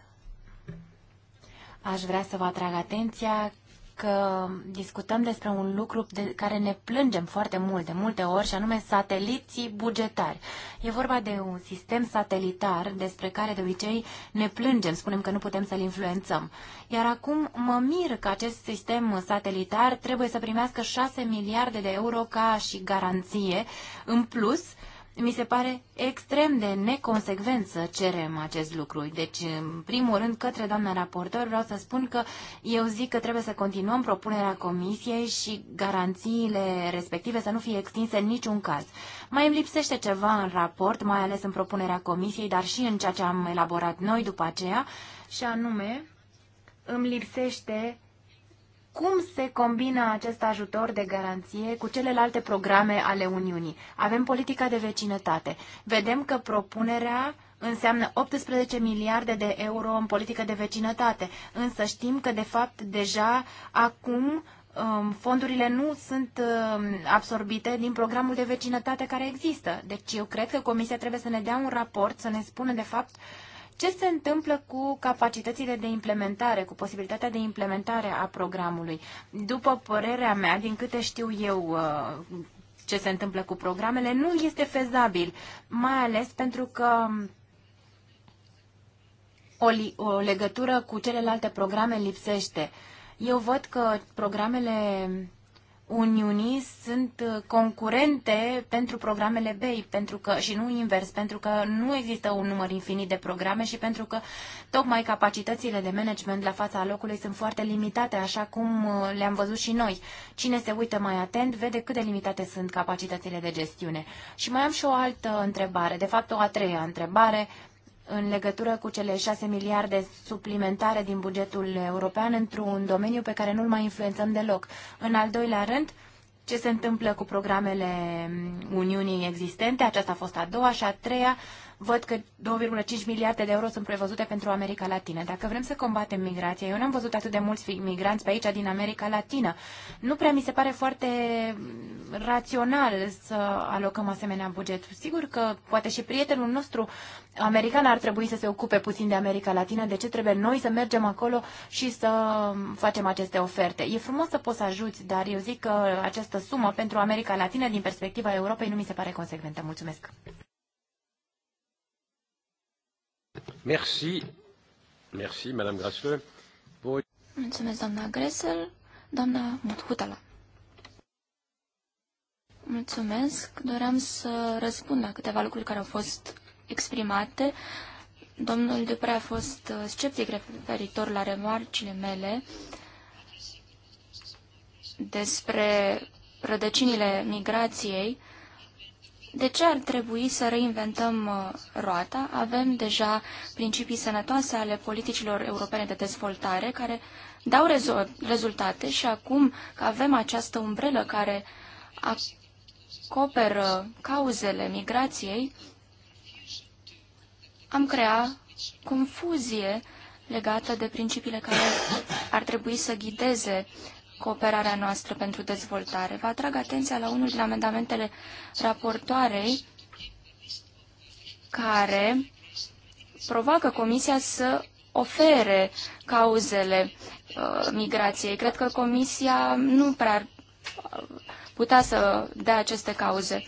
Aș vrea să vă atrag atenția că discutăm despre un lucru de care ne plângem foarte mult, de multe ori, și anume sateliții bugetari. E vorba de un sistem satelitar despre care de obicei ne plângem, spunem că nu putem să-l influențăm. Iar acum mă mir că acest sistem satelitar trebuie să primească 6 miliarde de euro ca și garanție în plus mi se pare extrem de neconsecvent să cerem acest lucru. Deci, în primul rând, către doamna raportor, vreau să spun că eu zic că trebuie să continuăm propunerea comisiei și garanțiile respective să nu fie extinse în niciun caz. Mai îmi lipsește ceva în raport, mai ales în propunerea comisiei, dar și în ceea ce am elaborat noi după aceea, și anume îmi lipsește cum se combină acest ajutor de garanție cu celelalte programe ale Uniunii? Avem politica de vecinătate. Vedem că propunerea înseamnă 18 miliarde de euro în politică de vecinătate, însă știm că, de fapt, deja acum um, fondurile nu sunt um, absorbite din programul de vecinătate care există. Deci eu cred că Comisia trebuie să ne dea un raport, să ne spună, de fapt, ce se întâmplă cu capacitățile de implementare, cu posibilitatea de implementare a programului? După părerea mea, din câte știu eu uh, ce se întâmplă cu programele, nu este fezabil, mai ales pentru că um, o, o legătură cu celelalte programe lipsește. Eu văd că programele Uniunii sunt uh, concurente pentru programele BEI pentru că, și nu invers, pentru că nu există un număr infinit de programe și pentru că tocmai capacitățile de management la fața locului sunt foarte limitate, așa cum uh, le-am văzut și noi. Cine se uită mai atent vede cât de limitate sunt capacitățile de gestiune. Și mai am și o altă întrebare, de fapt o a treia întrebare în legătură cu cele 6 miliarde suplimentare din bugetul european într-un domeniu pe care nu-l mai influențăm deloc. În al doilea rând, ce se întâmplă cu programele Uniunii existente, aceasta a fost a doua și a treia, văd că 2,5 miliarde de euro sunt prevăzute pentru America Latină. Dacă vrem să combatem migrația, eu n-am văzut atât de mulți migranți pe aici din America Latină. Nu prea mi se pare foarte rațional să alocăm asemenea buget. Sigur că poate și prietenul nostru american ar trebui să se ocupe puțin de America Latină. De ce trebuie noi să mergem acolo și să facem aceste oferte? E frumos să poți să ajuți, dar eu zic că această sumă pentru America Latină din perspectiva Europei nu mi se pare consecventă. Mulțumesc! Merci. Merci, Madame Grasle. Pour... Mulțumesc, doamna Gresel. Doamna Muthutala. Mulțumesc. Doream să răspund la câteva lucruri care au fost exprimate. Domnul Dupre a fost uh, sceptic referitor la remarcile mele despre rădăcinile migrației de ce ar trebui să reinventăm uh, roata? Avem deja principii sănătoase ale politicilor europene de dezvoltare care dau rezultate și acum că avem această umbrelă care acoperă cauzele migrației, am creat confuzie legată de principiile care ar trebui să ghideze cooperarea noastră pentru dezvoltare. Vă atrag atenția la unul din amendamentele raportoarei care provoacă Comisia să ofere cauzele uh, migrației. Cred că Comisia nu prea ar uh, putea să dea aceste cauze.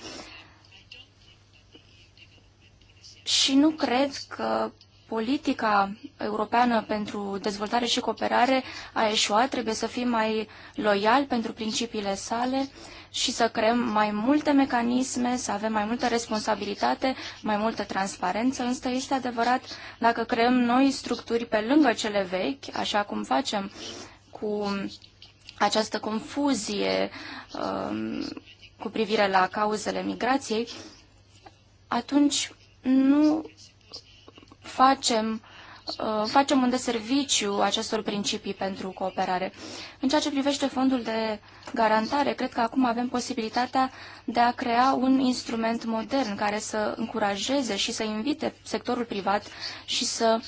Și nu cred că politica europeană pentru dezvoltare și cooperare a eșuat, trebuie să fim mai loiali pentru principiile sale și să creăm mai multe mecanisme, să avem mai multă responsabilitate, mai multă transparență, însă este adevărat dacă creăm noi structuri pe lângă cele vechi, așa cum facem cu această confuzie um, cu privire la cauzele migrației, atunci nu facem, uh, facem un deserviciu acestor principii pentru cooperare. În ceea ce privește fondul de garantare, cred că acum avem posibilitatea de a crea un instrument modern care să încurajeze și să invite sectorul privat și să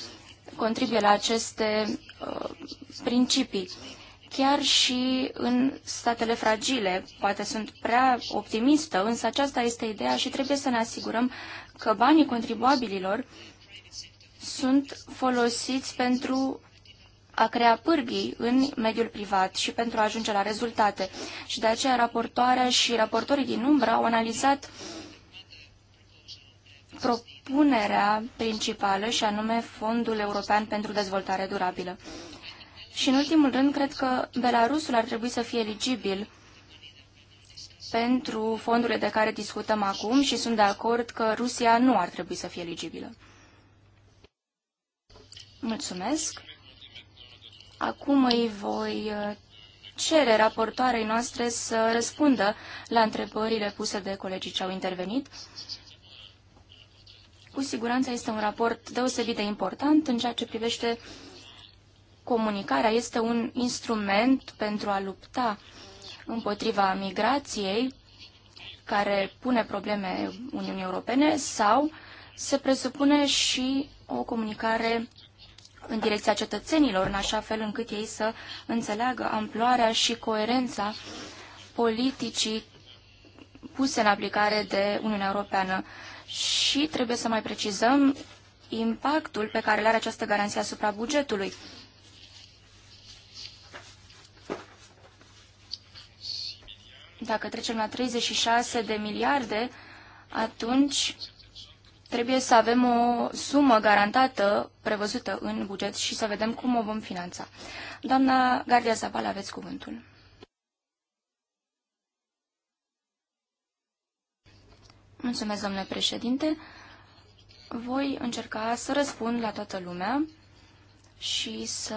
contribuie la aceste uh, principii. Chiar și în statele fragile, poate sunt prea optimistă, însă aceasta este ideea și trebuie să ne asigurăm că banii contribuabililor sunt folosiți pentru a crea pârghii în mediul privat și pentru a ajunge la rezultate. Și de aceea raportoarea și raportorii din umbră au analizat propunerea principală și anume Fondul European pentru Dezvoltare Durabilă. Și în ultimul rând, cred că Belarusul ar trebui să fie eligibil pentru fondurile de care discutăm acum și sunt de acord că Rusia nu ar trebui să fie eligibilă. Mulțumesc. Acum îi voi uh, cere raportoarei noastre să răspundă la întrebările puse de colegii ce au intervenit. Cu siguranță este un raport deosebit de important în ceea ce privește comunicarea. Este un instrument pentru a lupta împotriva migrației care pune probleme Uniunii Europene sau se presupune și o comunicare în direcția cetățenilor, în așa fel încât ei să înțeleagă amploarea și coerența politicii puse în aplicare de Uniunea Europeană. Și trebuie să mai precizăm impactul pe care îl are această garanție asupra bugetului. Dacă trecem la 36 de miliarde, atunci trebuie să avem o sumă garantată prevăzută în buget și să vedem cum o vom finanța. Doamna Gardia Zabal, aveți cuvântul. Mulțumesc, domnule președinte. Voi încerca să răspund la toată lumea și să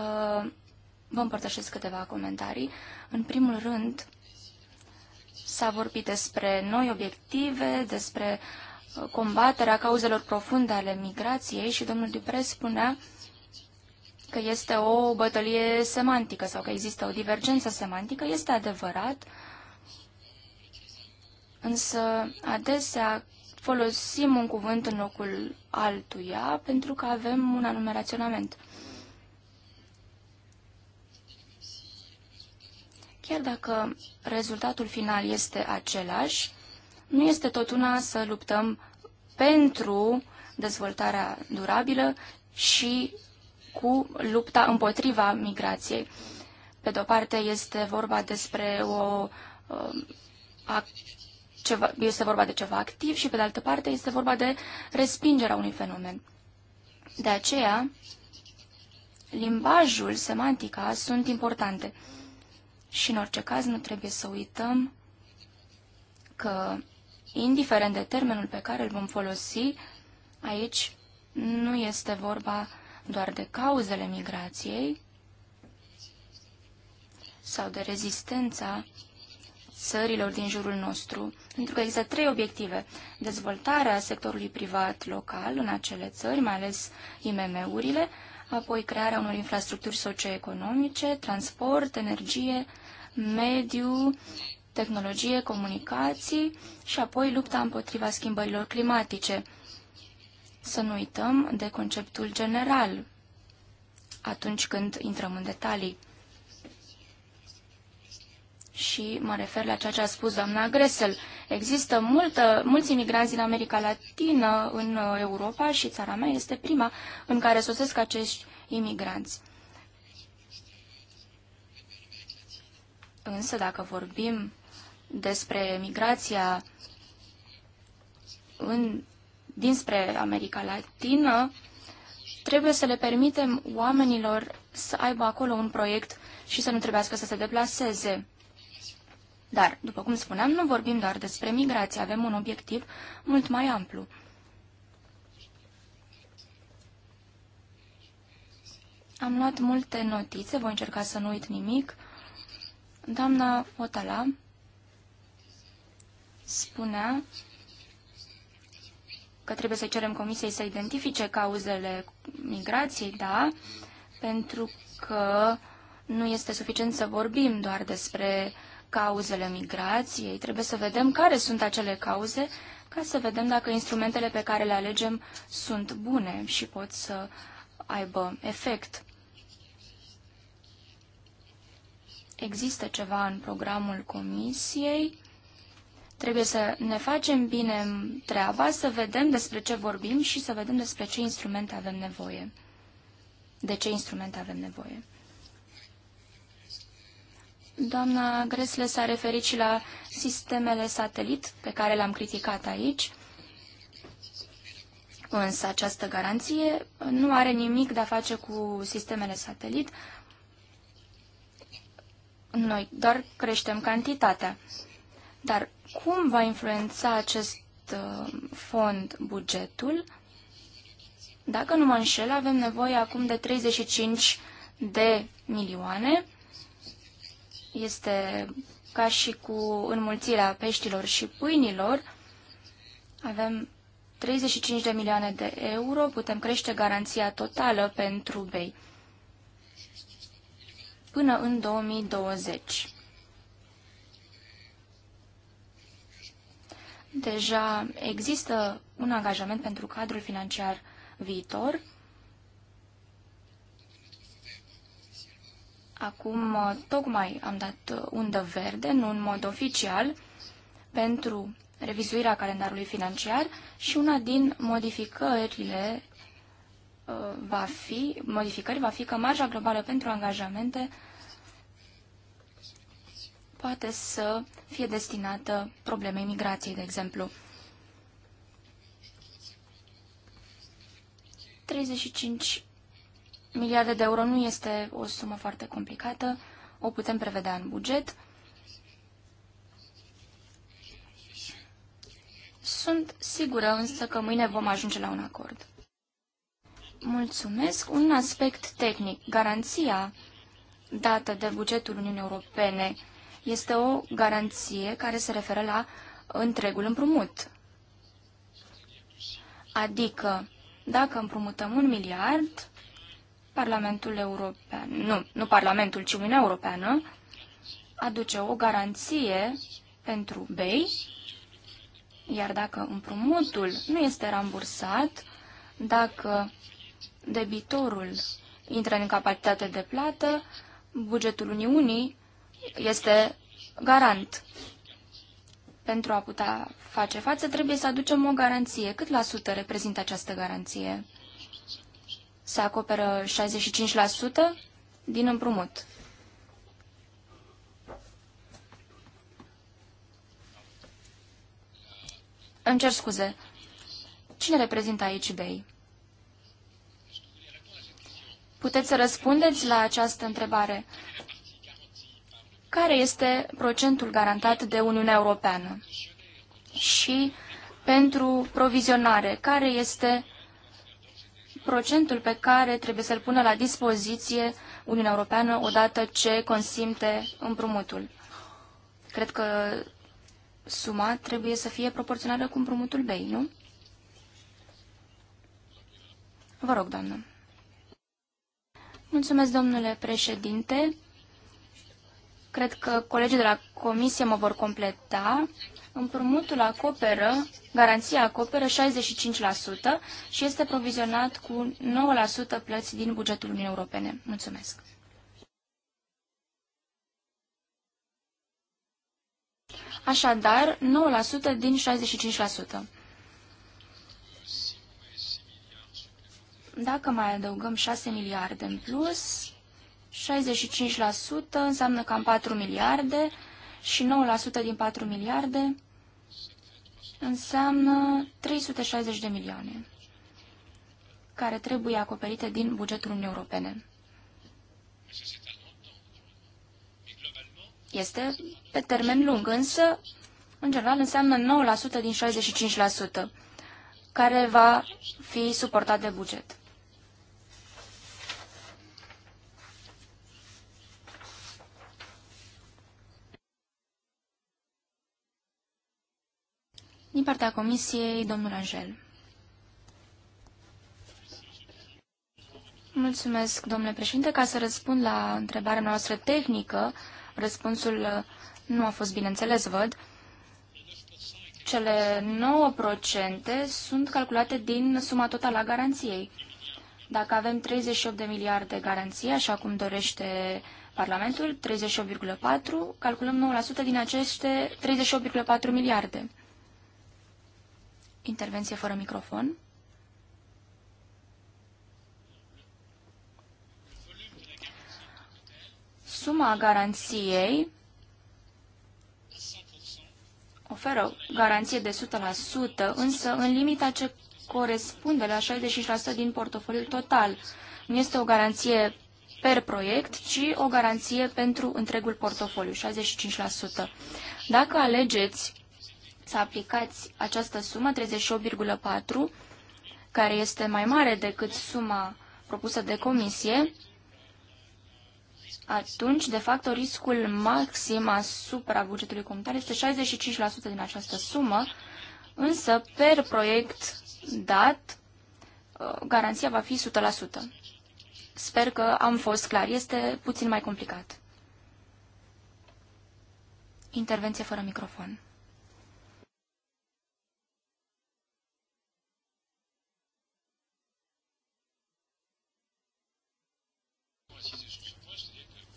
vă împărtășesc câteva comentarii. În primul rând, s-a vorbit despre noi obiective, despre combaterea cauzelor profunde ale migrației și domnul Dupre spunea că este o bătălie semantică sau că există o divergență semantică. Este adevărat, însă adesea folosim un cuvânt în locul altuia pentru că avem un anume raționament. Chiar dacă rezultatul final este același, nu este tot una să luptăm pentru dezvoltarea durabilă și cu lupta împotriva migrației. Pe de o parte este vorba despre o um, a, ceva, este vorba de ceva activ și pe de altă parte este vorba de respingerea unui fenomen. De aceea, limbajul, semantica sunt importante. Și în orice caz nu trebuie să uităm că indiferent de termenul pe care îl vom folosi, aici nu este vorba doar de cauzele migrației sau de rezistența țărilor din jurul nostru, pentru că există trei obiective. Dezvoltarea sectorului privat local în acele țări, mai ales IMM-urile, apoi crearea unor infrastructuri socioeconomice, transport, energie, mediu, tehnologie, comunicații și apoi lupta împotriva schimbărilor climatice. Să nu uităm de conceptul general atunci când intrăm în detalii. Și mă refer la ceea ce a spus doamna Gressel. Există multă, mulți imigranți din America Latină în uh, Europa și țara mea este prima în care sosesc acești imigranți. Însă, dacă vorbim despre migrația în, dinspre America Latină, trebuie să le permitem oamenilor să aibă acolo un proiect și să nu trebuiască să se deplaseze. Dar, după cum spuneam, nu vorbim doar despre migrație, avem un obiectiv mult mai amplu. Am luat multe notițe, voi încerca să nu uit nimic. Doamna Otala spunea că trebuie să cerem Comisiei să identifice cauzele migrației, da, pentru că nu este suficient să vorbim doar despre cauzele migrației, trebuie să vedem care sunt acele cauze ca să vedem dacă instrumentele pe care le alegem sunt bune și pot să aibă efect. Există ceva în programul Comisiei Trebuie să ne facem bine treaba, să vedem despre ce vorbim și să vedem despre ce instrumente avem nevoie. De ce instrumente avem nevoie. Doamna Gresle s-a referit și la sistemele satelit pe care le-am criticat aici. Însă această garanție nu are nimic de a face cu sistemele satelit. Noi doar creștem cantitatea. Dar cum va influența acest uh, fond bugetul? Dacă nu mă înșel, avem nevoie acum de 35 de milioane. Este ca și cu înmulțirea peștilor și pâinilor. Avem 35 de milioane de euro, putem crește garanția totală pentru bei până în 2020. Deja există un angajament pentru cadrul financiar viitor. Acum, tocmai am dat undă verde, nu în mod oficial, pentru revizuirea calendarului financiar și una din modificările uh, va fi, modificări va fi că marja globală pentru angajamente poate să fie destinată problemei migrației, de exemplu. 35 miliarde de euro nu este o sumă foarte complicată, o putem prevedea în buget. Sunt sigură însă că mâine vom ajunge la un acord. Mulțumesc. Un aspect tehnic. Garanția dată de bugetul Uniunii Europene este o garanție care se referă la întregul împrumut. Adică, dacă împrumutăm un miliard, Parlamentul European, nu, nu Parlamentul, ci Uniunea Europeană, aduce o garanție pentru BEI, iar dacă împrumutul nu este rambursat, dacă debitorul intră în capacitate de plată, bugetul Uniunii este garant. Pentru a putea face față, trebuie să aducem o garanție. Cât la sută reprezintă această garanție? Se acoperă 65% din împrumut. Îmi cer scuze. Cine reprezintă aici bei? Puteți să răspundeți la această întrebare care este procentul garantat de Uniunea Europeană și pentru provizionare, care este procentul pe care trebuie să-l pună la dispoziție Uniunea Europeană odată ce consimte împrumutul. Cred că suma trebuie să fie proporțională cu împrumutul BEI, nu? Vă rog, doamnă. Mulțumesc, domnule președinte. Cred că colegii de la comisie mă vor completa. Împrumutul acoperă, garanția acoperă 65% și este provizionat cu 9% plăți din bugetul Uniunii Europene. Mulțumesc! Așadar, 9% din 65%. Dacă mai adăugăm 6 miliarde în plus, 65% înseamnă cam 4 miliarde și 9% din 4 miliarde înseamnă 360 de milioane care trebuie acoperite din bugetul Uniunii Europene. Este pe termen lung, însă, în general, înseamnă 9% din 65%, care va fi suportat de buget. partea Comisiei, domnul Angel. Mulțumesc, domnule președinte. Ca să răspund la întrebarea noastră tehnică, răspunsul uh, nu a fost bineînțeles, văd. Cele 9% sunt calculate din suma totală a garanției. Dacă avem 38 de miliarde garanție, așa cum dorește Parlamentul, 38,4, calculăm 9% din aceste 38,4 miliarde. Intervenție fără microfon. Suma garanției oferă garanție de 100%, însă în limita ce corespunde la 65% din portofoliul total. Nu este o garanție per proiect, ci o garanție pentru întregul portofoliu, 65%. Dacă alegeți să aplicați această sumă, 38,4, care este mai mare decât suma propusă de comisie, atunci, de fapt, riscul maxim asupra bugetului comunitar este 65% din această sumă, însă, per proiect dat, uh, garanția va fi 100%. Sper că am fost clar. Este puțin mai complicat. Intervenție fără microfon.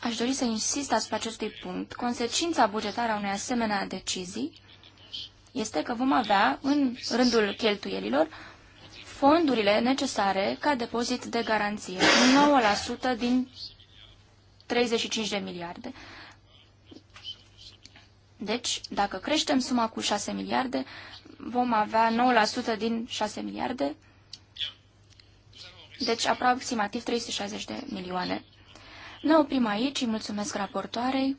Aș dori să insist asupra acestui punct. Consecința bugetară a unei asemenea decizii este că vom avea, în rândul cheltuielilor, fondurile necesare ca depozit de garanție, 9% din 35 de miliarde. Deci, dacă creștem suma cu 6 miliarde, vom avea 9% din 6 miliarde, deci aproximativ 360 de milioane ne oprim aici, îi mulțumesc raportoarei.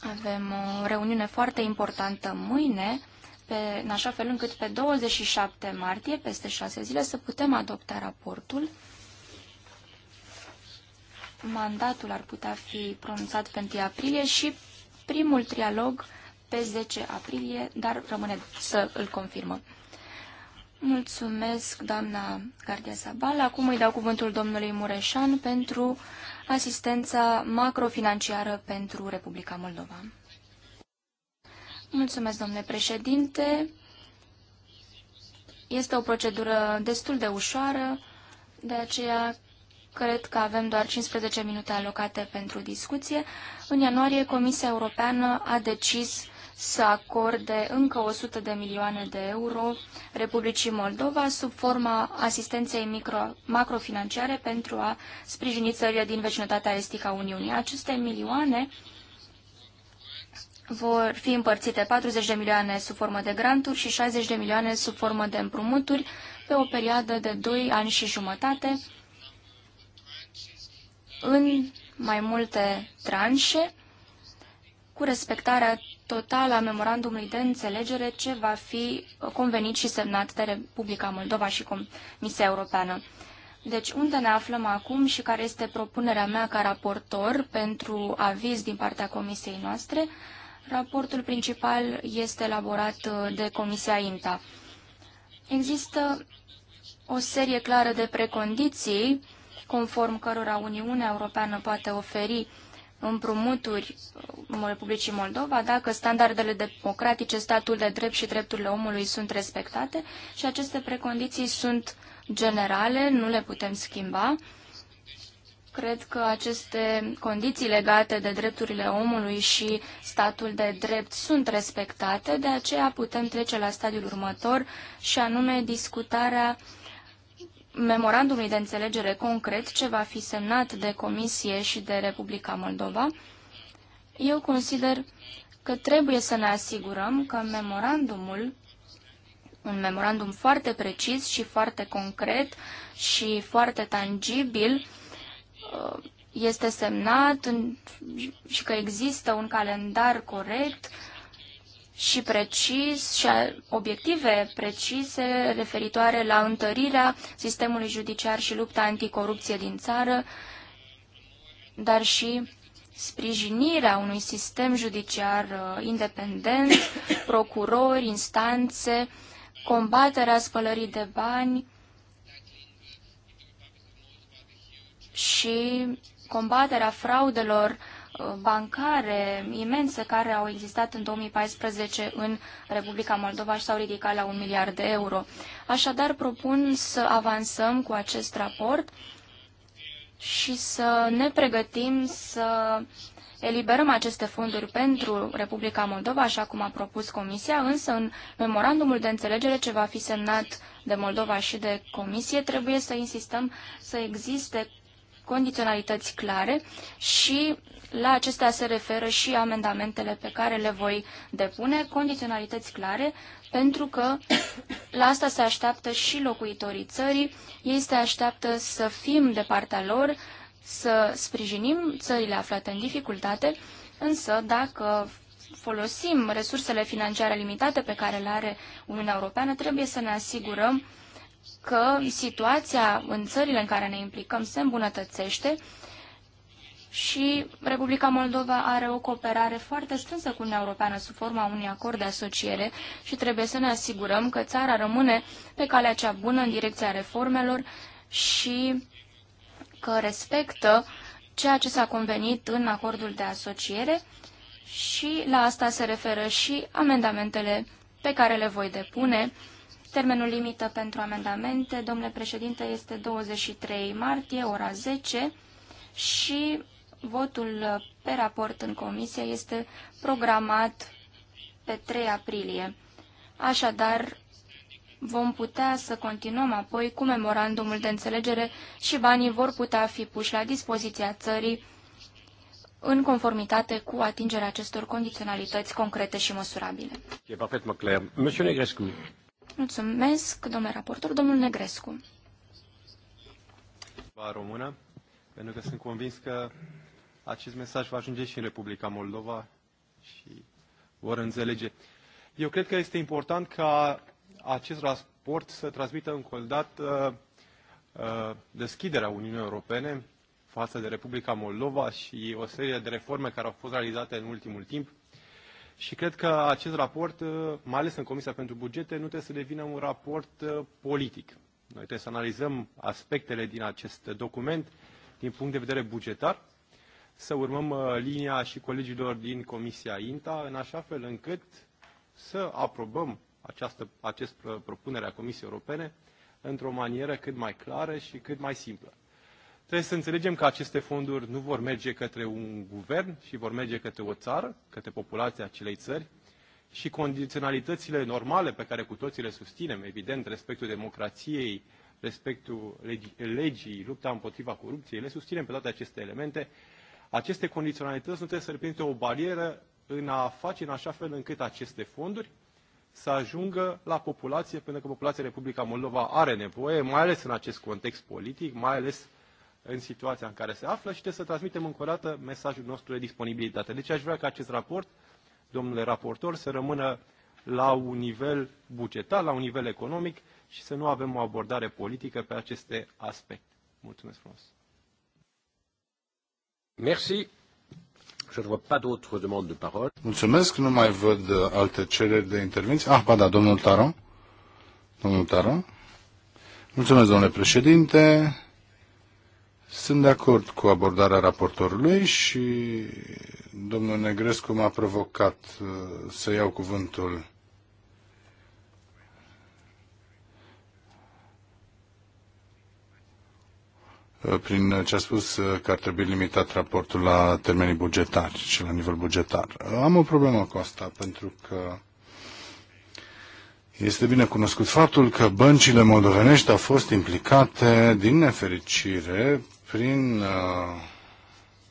Avem o reuniune foarte importantă mâine, pe, în așa fel încât pe 27 martie, peste șase zile, să putem adopta raportul. Mandatul ar putea fi pronunțat pe 1 aprilie și primul trialog pe 10 aprilie, dar rămâne să îl confirmăm. Mulțumesc, doamna Gardia Sabal. Acum îi dau cuvântul domnului Mureșan pentru asistența macrofinanciară pentru Republica Moldova. Mulțumesc, domnule președinte. Este o procedură destul de ușoară, de aceea cred că avem doar 15 minute alocate pentru discuție. În ianuarie, Comisia Europeană a decis să acorde încă 100 de milioane de euro Republicii Moldova sub forma asistenței micro, macrofinanciare pentru a sprijini țările din vecinătatea estică a Uniunii. Aceste milioane vor fi împărțite 40 de milioane sub formă de granturi și 60 de milioane sub formă de împrumuturi pe o perioadă de 2 ani și jumătate în mai multe tranșe cu respectarea total a memorandumului de înțelegere ce va fi convenit și semnat de Republica Moldova și Comisia Europeană. Deci unde ne aflăm acum și care este propunerea mea ca raportor pentru aviz din partea comisiei noastre? Raportul principal este elaborat de Comisia INTA. Există o serie clară de precondiții conform cărora Uniunea Europeană poate oferi împrumuturi uh, Republicii Moldova dacă standardele democratice, statul de drept și drepturile omului sunt respectate și aceste precondiții sunt generale, nu le putem schimba. Cred că aceste condiții legate de drepturile omului și statul de drept sunt respectate, de aceea putem trece la stadiul următor și anume discutarea uh, memorandumului de înțelegere concret ce va fi semnat de Comisie și de Republica Moldova, eu consider că trebuie să ne asigurăm că memorandumul, un memorandum foarte precis și foarte concret și foarte tangibil, uh, este semnat și că există un calendar corect și precis și obiective precise referitoare la întărirea sistemului judiciar și lupta anticorupție din țară, dar și sprijinirea unui sistem judiciar uh, independent, [coughs] procurori, instanțe, combaterea spălării de bani și combaterea fraudelor bancare imense care au existat în 2014 în Republica Moldova și s-au ridicat la un miliard de euro. Așadar, propun să avansăm cu acest raport și să ne pregătim să eliberăm aceste fonduri pentru Republica Moldova, așa cum a propus Comisia, însă în memorandumul de înțelegere ce va fi semnat de Moldova și de Comisie, trebuie să insistăm să existe condiționalități clare și la acestea se referă și amendamentele pe care le voi depune, condiționalități clare, pentru că la asta se așteaptă și locuitorii țării, ei se așteaptă să fim de partea lor, să sprijinim țările aflate în dificultate, însă dacă folosim resursele financiare limitate pe care le are Uniunea Europeană, trebuie să ne asigurăm că situația în țările în care ne implicăm se îmbunătățește și Republica Moldova are o cooperare foarte strânsă cu Uniunea Europeană sub forma unui acord de asociere și trebuie să ne asigurăm că țara rămâne pe calea cea bună în direcția reformelor și că respectă ceea ce s-a convenit în acordul de asociere și la asta se referă și amendamentele pe care le voi depune Termenul limită pentru amendamente, domnule președinte, este 23 martie, ora 10 și votul pe raport în comisie este programat pe 3 aprilie. Așadar, vom putea să continuăm apoi cu memorandumul de înțelegere și banii vor putea fi puși la dispoziția țării în conformitate cu atingerea acestor condiționalități concrete și măsurabile. Mulțumesc, domnule raportor, domnul Negrescu. Română, pentru că sunt convins că acest mesaj va ajunge și în Republica Moldova și vor înțelege. Eu cred că este important ca acest raport să transmită încă o dată uh, uh, deschiderea Uniunii Europene față de Republica Moldova și o serie de reforme care au fost realizate în ultimul timp și cred că acest raport, uh, mai ales în Comisia pentru Bugete, nu trebuie să devină un raport uh, politic. Noi trebuie să analizăm aspectele din acest document din punct de vedere bugetar, să urmăm uh, linia și colegilor din Comisia INTA, în așa fel încât să aprobăm această acest propunere a Comisiei Europene într-o manieră cât mai clară și cât mai simplă. Trebuie să înțelegem că aceste fonduri nu vor merge către un guvern și vor merge către o țară, către populația acelei țări și condiționalitățile normale pe care cu toții le susținem, evident, respectul democrației, respectul legii, legii lupta împotriva corupției, le susținem pe toate aceste elemente. Aceste condiționalități nu trebuie să reprezinte o barieră în a face în așa fel încât aceste fonduri să ajungă la populație, pentru că populația Republica Moldova are nevoie, mai ales în acest context politic, mai ales uh, în situația în care se află și trebuie să transmitem încă o dată mesajul nostru de disponibilitate. Deci aș vrea ca acest raport, domnule raportor, să rămână la un nivel bugetar, la un nivel economic și să nu avem o abordare politică pe aceste aspecte. Mulțumesc frumos! Merci. Je ne vois pas d'autres demandes de parole. Mulțumesc, nu mai văd uh, alte cereri de intervenție. Ah, ba da, domnul Taron. Domnul Taron. Mulțumesc, domnule președinte. Sunt de acord cu abordarea raportorului și domnul Negrescu m-a provocat uh, să iau cuvântul. Uh, prin ce a spus uh, că ar trebui limitat raportul la termenii bugetari și la nivel bugetar. Am o problemă cu asta, pentru că este bine cunoscut faptul că băncile moldovenești au fost implicate, din nefericire, prin uh,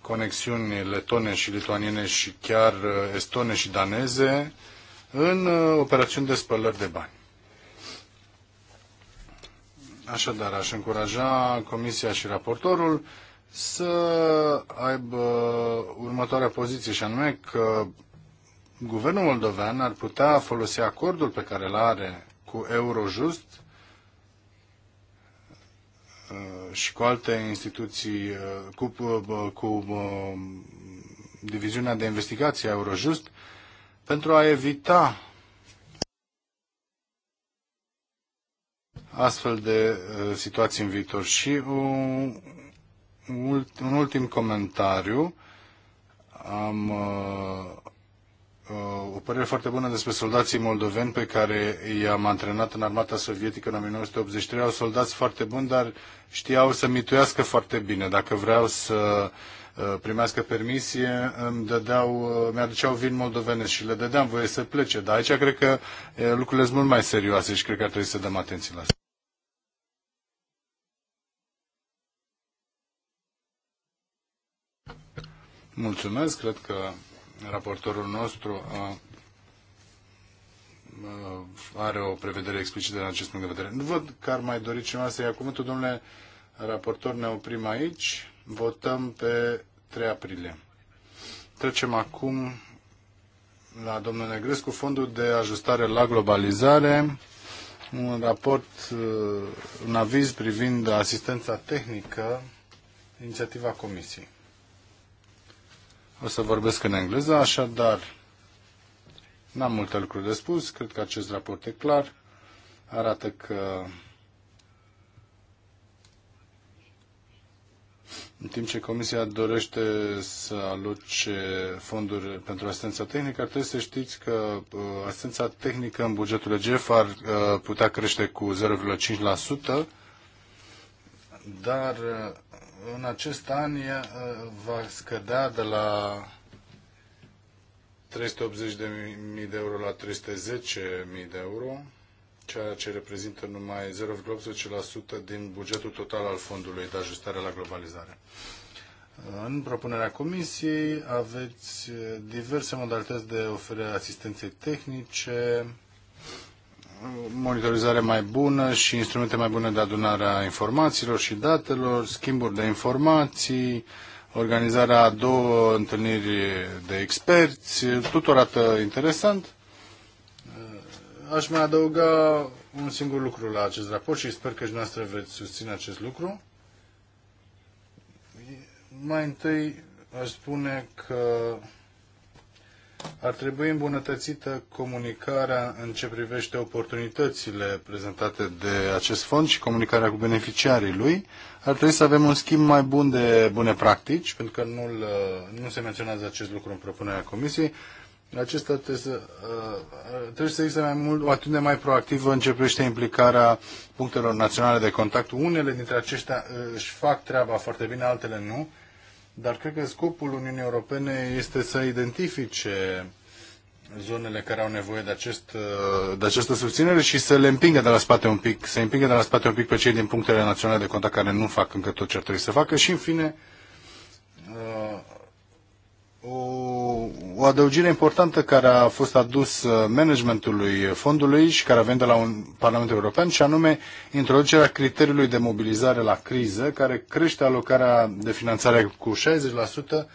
conexiuni letone și lituaniene și chiar uh, estone și daneze în uh, operațiuni de spălări de bani. Așadar, aș încuraja Comisia și raportorul să aibă următoarea poziție, și anume că guvernul moldovean ar putea folosi acordul pe care îl are cu Eurojust Uh, și cu alte instituții, uh, cu, uh, cu diviziunea de investigație a Eurojust, pentru a evita astfel de situații în viitor. Și un, un ultim comentariu. Am Uh, o părere foarte bună despre soldații moldoveni pe care i-am antrenat în armata sovietică în 1983. Au soldați foarte buni, dar știau să mituiască foarte bine. Dacă vreau să uh, primească permisie, îmi dădeau, uh, mi-aduceau vin moldovenesc și le dădeam voie să plece. Dar aici cred că lucrurile sunt mult mai serioase și cred că ar trebui să dăm atenție la asta. Mulțumesc, cred că raportorul nostru a, a, are o prevedere explicită în acest punct de vedere. Nu văd că ar mai dori cineva să ia cuvântul. Domnule raportor, ne oprim aici. Votăm pe 3 aprilie. Trecem acum la domnul Negrescu, Fondul de Ajustare la Globalizare, un raport, un aviz privind asistența tehnică, inițiativa Comisiei. O să vorbesc în engleză, așadar n-am multe lucruri de spus. Cred că acest raport e clar. Arată că În timp ce Comisia dorește să aloce fonduri pentru asistența tehnică, ar trebui să știți că uh, asistența tehnică în bugetul EGF ar uh, putea crește cu 0,5%, dar uh, în acest an va scădea de la 380.000 de euro la 310.000 de euro, ceea ce reprezintă numai 0,18% din bugetul total al Fondului de Ajustare la Globalizare. În propunerea comisiei aveți diverse modalități de oferire asistenței tehnice, monitorizare mai bună și instrumente mai bune de adunare a informațiilor și datelor, schimburi de informații, organizarea a două întâlniri de experți, tot arată interesant. Eh, aș mai adăuga un singur lucru la acest raport și sper că și noastră veți susține acest lucru. Mai întâi aș spune că ar trebui îmbunătățită comunicarea în ce privește oportunitățile prezentate de acest fond și comunicarea cu beneficiarii lui. Ar trebui să avem un schimb mai bun de bune practici, pentru că nu, uh, nu se menționează acest lucru în propunerea Comisiei. Acesta trebuie să, uh, trebuie să existe mai mult, o atitudine mai proactivă în ce privește implicarea punctelor naționale de contact. Unele dintre aceștia uh, își fac treaba foarte bine, altele nu dar cred că scopul Uniunii Europene este să identifice zonele care au nevoie de, acest, uh, de această susținere și să le împingă de la spate un pic, să împingă de la spate un pic pe cei din punctele naționale de contact care nu fac încă tot ce ar trebui să facă și, în fine, uh, o, o adăugire importantă care a fost adus uh, managementului fondului și care a venit de la un Parlamentul European și anume introducerea criteriului de mobilizare la criză care crește alocarea de finanțare cu 60%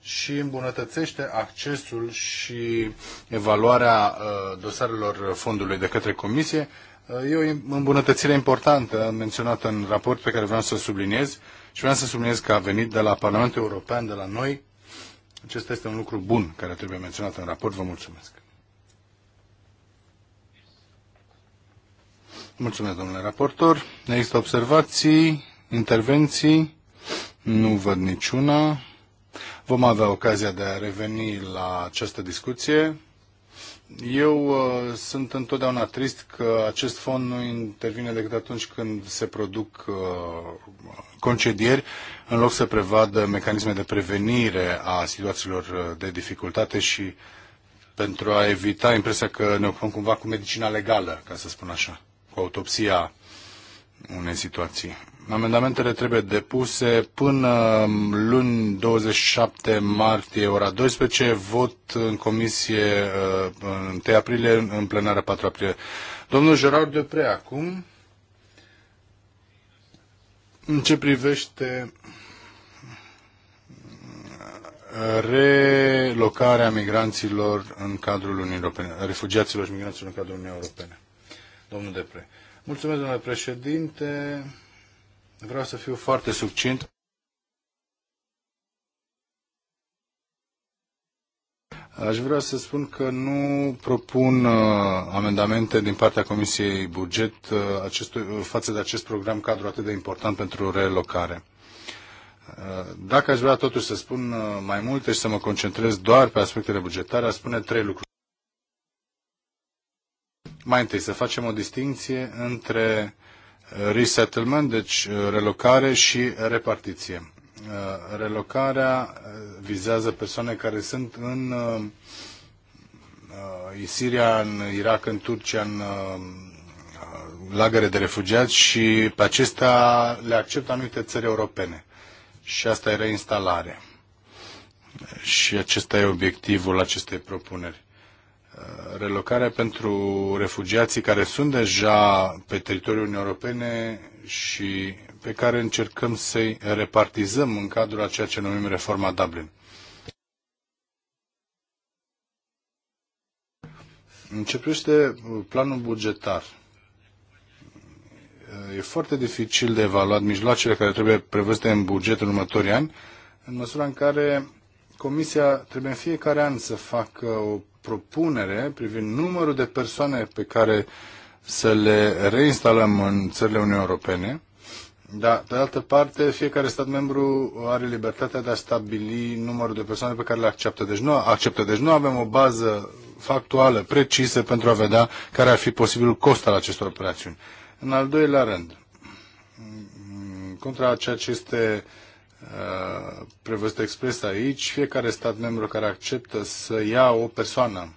și îmbunătățește accesul și evaluarea uh, dosarelor fondului de către Comisie. Uh, e o îmbunătățire importantă menționată în raport pe care vreau să subliniez și vreau să subliniez că a venit de la Parlamentul European, de la noi, acesta este un lucru bun care trebuie menționat în raport. Vă mulțumesc. Mulțumesc, domnule raportor. Există observații, intervenții? Nu văd niciuna. Vom avea ocazia de a reveni la această discuție. Eu uh, sunt întotdeauna trist că acest fond nu intervine decât atunci când se produc uh, concedieri în loc să prevadă mecanisme de prevenire a situațiilor uh, de dificultate și pentru a evita impresia că ne ocupăm cumva cu medicina legală, ca să spun așa, cu autopsia unei situații. Amendamentele trebuie depuse până um, luni 27 martie ora 12, vot în comisie uh, în 1 aprilie, în plenară 4 aprilie. Domnul Gerard Deprea, acum. În ce privește uh, relocarea migranților în cadrul Uniunii Europene, refugiaților și migranților în cadrul Uniunii Europene. Domnul Depre. Mulțumesc, domnule președinte. Vreau să fiu foarte succint. Aș vrea să spun că nu propun uh, amendamente din partea Comisiei Buget uh, acestui, uh, față de acest program cadru atât de important pentru relocare. Uh, dacă aș vrea totuși să spun uh, mai multe și să mă concentrez doar pe aspectele bugetare, aș spune trei lucruri. Mai întâi, să facem o distinție între resettlement, deci uh, relocare și repartiție Uh, relocarea uh, vizează persoane care sunt uh, în Siria, în Irak, în Turcia, în lagăre de refugiați și pe acestea le acceptă anumite țări europene. Și asta e reinstalare. Și acesta e obiectivul acestei propuneri. Relocarea pentru refugiații care sunt deja pe teritoriul Uniunii Europene și pe care încercăm să-i repartizăm în cadrul a ceea ce numim reforma Dublin. Începește uh, planul bugetar. Uh, e foarte dificil de evaluat mijloacele care trebuie prevăzute în buget în următorii ani, în măsura în care Comisia trebuie în fiecare an să facă o propunere privind numărul de persoane pe care să le reinstalăm în țările Uniunii Europene dar, pe de altă parte, fiecare stat membru are libertatea de a stabili numărul de persoane pe care le acceptă. Deci nu, acceptă. Deci nu avem o bază factuală, precisă, pentru a vedea care ar fi posibilul cost al acestor operațiuni. În al doilea rând, contra ceea ce este uh, prevăzut expres aici, fiecare stat membru care acceptă să ia o persoană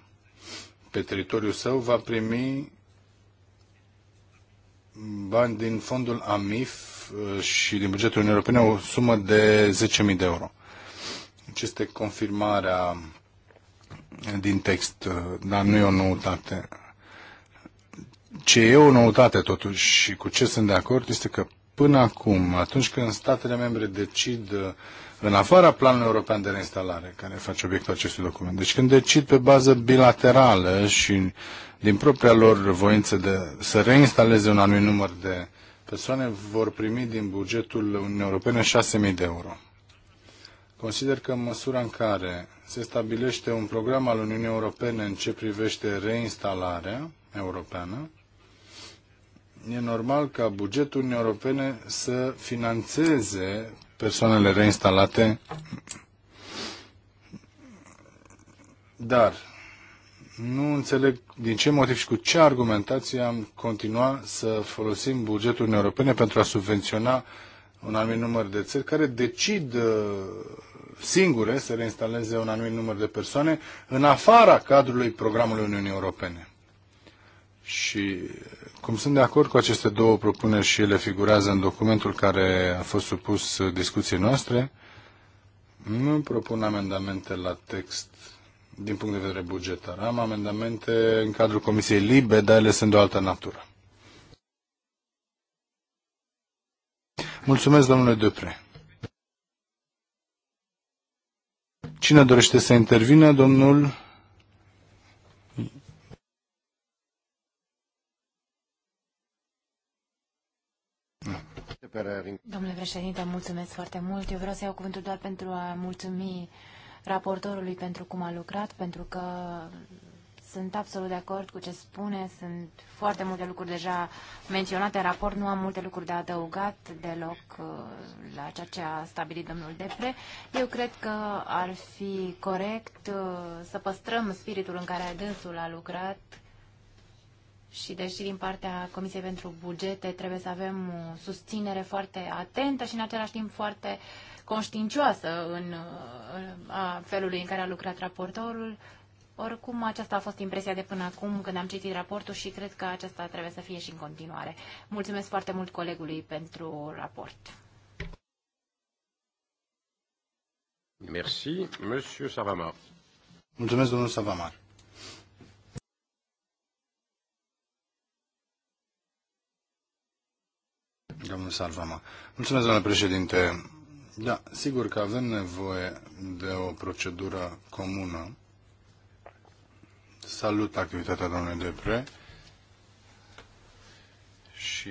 pe teritoriul său va primi bani din fondul AMIF Uh, și din bugetul Uniunii Europene o sumă de 10.000 de euro. Deci este confirmarea din text, uh, dar nu e o noutate. Ce e o noutate totuși și cu ce sunt de acord este că până acum, atunci când statele membre decid uh, în afara planului european de reinstalare, care face obiectul acestui document, deci când decid pe bază bilaterală și din propria lor voință de să reinstaleze un anumit număr de persoane vor primi din bugetul Uniunii Europene 6.000 de euro. Consider că în măsura în care se stabilește un program al Uniunii Europene în ce privește reinstalarea europeană, e normal ca bugetul Uniunii Europene să financeze persoanele reinstalate, dar nu înțeleg din ce motiv și cu ce argumentație am continua să folosim bugetul Uniunii Europene pentru a subvenționa un anumit număr de țări care decid uh, singure să reinstaleze un anumit număr de persoane în afara cadrului programului Uniunii Europene. Și uh, cum sunt de acord cu aceste două propuneri și ele figurează în documentul care a fost supus uh, discuției noastre, nu propun amendamente la text din punct de vedere bugetar. Am amendamente în cadrul Comisiei Libe, dar ele sunt de o altă natură. Mulțumesc, domnule Dupre. Cine dorește să intervină? Domnul Domnule președinte, mulțumesc foarte mult. Eu vreau să iau cuvântul doar pentru a mulțumi raportorului pentru cum a lucrat, pentru că sunt absolut de acord cu ce spune, sunt foarte multe lucruri deja menționate în raport, nu am multe lucruri de adăugat deloc uh, la ceea ce a stabilit domnul Depre. Eu cred că ar fi corect uh, să păstrăm spiritul în care dânsul a lucrat și deși din partea Comisiei pentru Bugete trebuie să avem o susținere foarte atentă și în același timp foarte conștiincioasă în a felului în care a lucrat raportorul. Oricum, aceasta a fost impresia de până acum când am citit raportul și cred că aceasta trebuie să fie și în continuare. Mulțumesc foarte mult colegului pentru raport. Merci, Monsieur Savamar. Mulțumesc, domnul Savamar. Domnul Salvama. Mulțumesc, domnule președinte. Da, sigur că avem nevoie de o procedură comună. Salut activitatea doamnei Depre și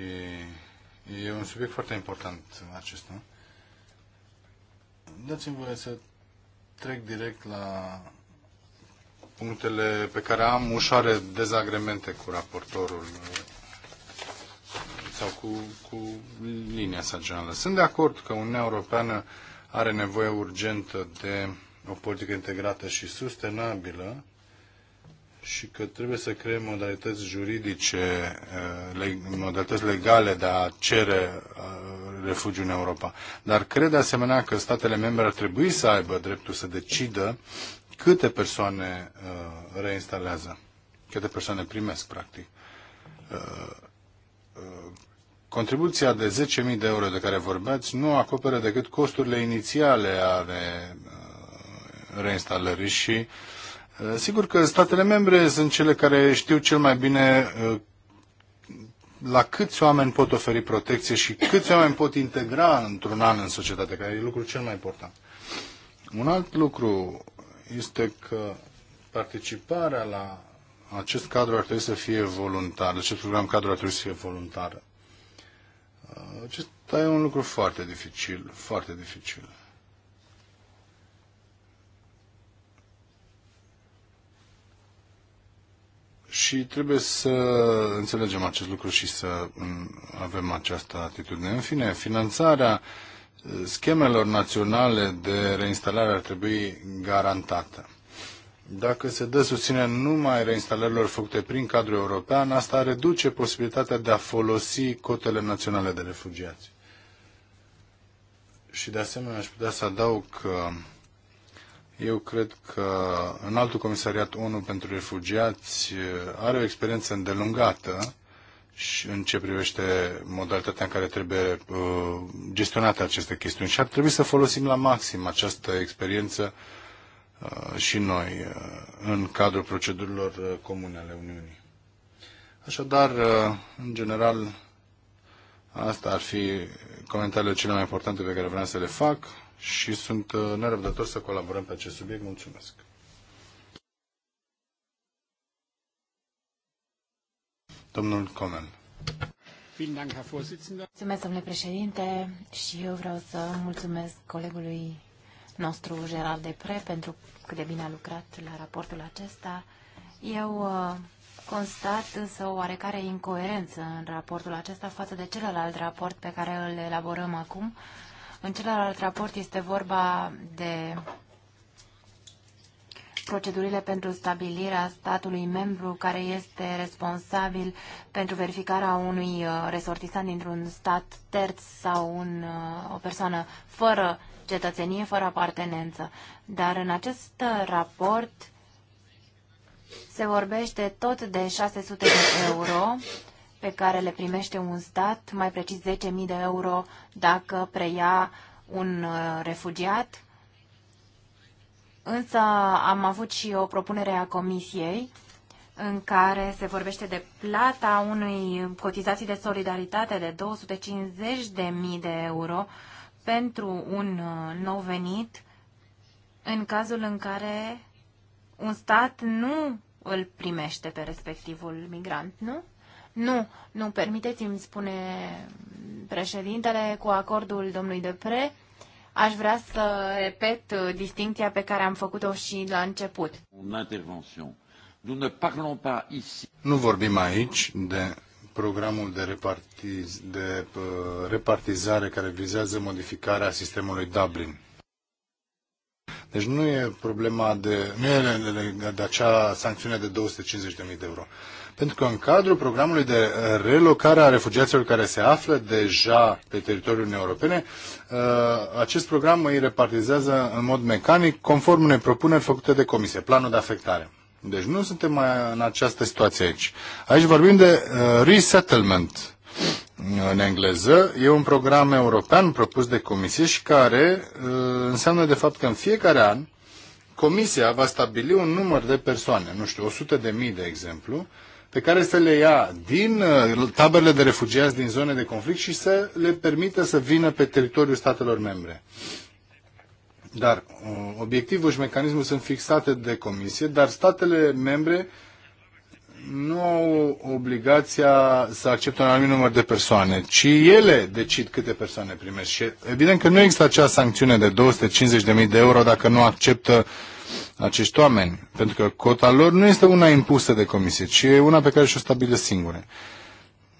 e un subiect foarte important acesta. Dați-mi voie să trec direct la punctele pe care am ușoare dezagremente cu raportorul sau cu, cu linia sa generală. Sunt de acord că Uniunea Europeană are nevoie urgentă de o politică integrată și sustenabilă și că trebuie să creăm modalități juridice, eh, modalități legale de a cere eh, refugiu în Europa. Dar cred de asemenea că statele membre ar trebui să aibă dreptul să decidă câte persoane eh, reinstalează, câte persoane primesc, practic Contribuția de 10.000 de euro de care vorbeați nu acoperă decât costurile inițiale ale uh, reinstalării și uh, sigur că statele membre sunt cele care știu cel mai bine uh, la câți oameni pot oferi protecție și câți oameni pot integra într-un an în societate, care e lucrul cel mai important. Un alt lucru este că participarea la acest cadru ar trebui să fie voluntar, deci acest program cadru ar trebui să fie voluntar. Acesta e un lucru foarte dificil, foarte dificil. Și trebuie să înțelegem acest lucru și să mm, avem această atitudine. În fine, finanțarea eh, schemelor naționale de reinstalare ar trebui garantată. Dacă se dă susținere numai reinstalărilor făcute prin cadrul european, asta reduce posibilitatea de a folosi cotele naționale de refugiați. Și de asemenea aș putea să adaug că eu cred că în altul comisariat ONU pentru refugiați uh, are o experiență îndelungată și în ce privește modalitatea în care trebuie uh, gestionate aceste chestiuni și ar trebui să folosim la maxim această experiență Uh, și noi uh, în cadrul procedurilor uh, comune ale Uniunii. Așadar, în general, asta ar fi comentariile cele mai importante pe care vreau să le fac și sunt nerăbdător să colaborăm pe acest subiect. Mulțumesc! Domnul Comen. Mulțumesc, domnule președinte, și eu vreau să mulțumesc colegului nostru, Gerald Depre, pentru cât de bine a lucrat la raportul acesta. Eu uh, constat însă o oarecare incoerență în raportul acesta față de celălalt raport pe care îl elaborăm acum. În celălalt raport este vorba de procedurile pentru stabilirea statului membru care este responsabil pentru verificarea unui uh, resortisan dintr-un stat terț sau un, uh, o persoană fără cetățenie, fără apartenență. Dar în acest uh, raport se vorbește tot de 600 de euro pe care le primește un stat, mai precis 10.000 de euro dacă preia un refugiat Însă am avut și o propunere a Comisiei în care se vorbește de plata unui cotizații de solidaritate de 250.000 de euro pentru un uh, nou venit în cazul în care un stat nu îl primește pe respectivul migrant, nu? Nu, nu, permiteți-mi, spune președintele, cu acordul domnului Depre, Aș vrea să repet uh, distinția pe care am făcut-o și la început. Nu vorbim aici de programul de, repartiz, de uh, repartizare care vizează modificarea sistemului Dublin. Deci nu e problema de, nu e de, de, de acea sancțiune de 250.000 de euro pentru că în cadrul programului de uh, relocare a refugiaților care se află deja pe teritoriul Uniunii Europene, uh, acest program îi repartizează în mod mecanic conform unei propuneri făcute de comisie, planul de afectare. Deci nu suntem mai în această situație aici. Aici vorbim de uh, resettlement în engleză. E un program european propus de comisie și care înseamnă de fapt că în fiecare an Comisia va stabili un număr de persoane, nu știu, 100 de mii de exemplu, pe care să le ia din uh, taberele de refugiați din zone de conflict și să le permită să vină pe teritoriul statelor membre. Dar uh, obiectivul și mecanismul sunt fixate de comisie, dar statele membre nu au obligația să accepte un anumit număr de persoane, ci ele decid câte persoane primesc. Și evident că nu există acea sancțiune de 250.000 de euro dacă nu acceptă uh, acești oameni, pentru că cota lor nu este una impusă de comisie, ci e una pe care și-o stabilă singure.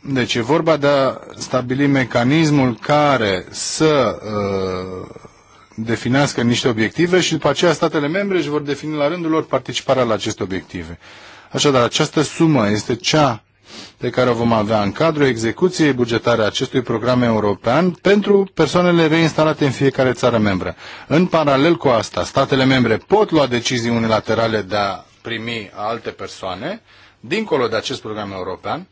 Deci e vorba de a stabili mecanismul care să uh, definească niște obiective și după aceea statele membre își vor defini la rândul lor participarea la aceste obiective. Așadar, această sumă este cea pe care o vom avea în cadrul execuției bugetare a acestui program european pentru persoanele reinstalate în fiecare țară membră. În paralel cu asta, statele membre pot lua decizii unilaterale de a primi alte persoane, dincolo de acest program european,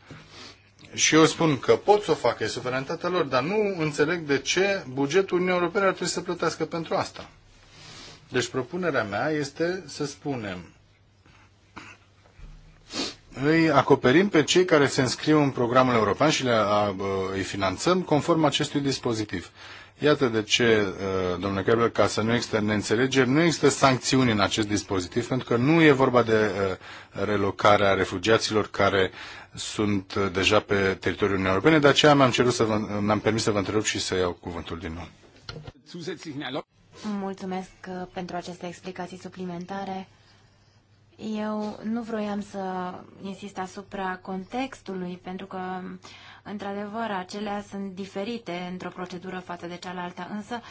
și eu spun că pot să o facă, e suveranitatea lor, dar nu înțeleg de ce bugetul Uniunii Europene ar trebui să plătească pentru asta. Deci propunerea mea este să spunem îi acoperim pe cei care se înscriu în programul european și le, a, îi finanțăm conform acestui dispozitiv. Iată de ce, domnule Kerber, ca să nu există neînțelegeri, nu există sancțiuni în acest dispozitiv, pentru că nu e vorba de relocarea refugiaților care sunt deja pe teritoriul Uniunii Europene, de aceea mi-am, cerut să vă, mi-am permis să vă întreb și să iau cuvântul din nou. Mulțumesc pentru aceste explicații suplimentare. Eu nu vroiam să insist asupra contextului, pentru că, într-adevăr, acelea sunt diferite într-o procedură față de cealaltă, însă,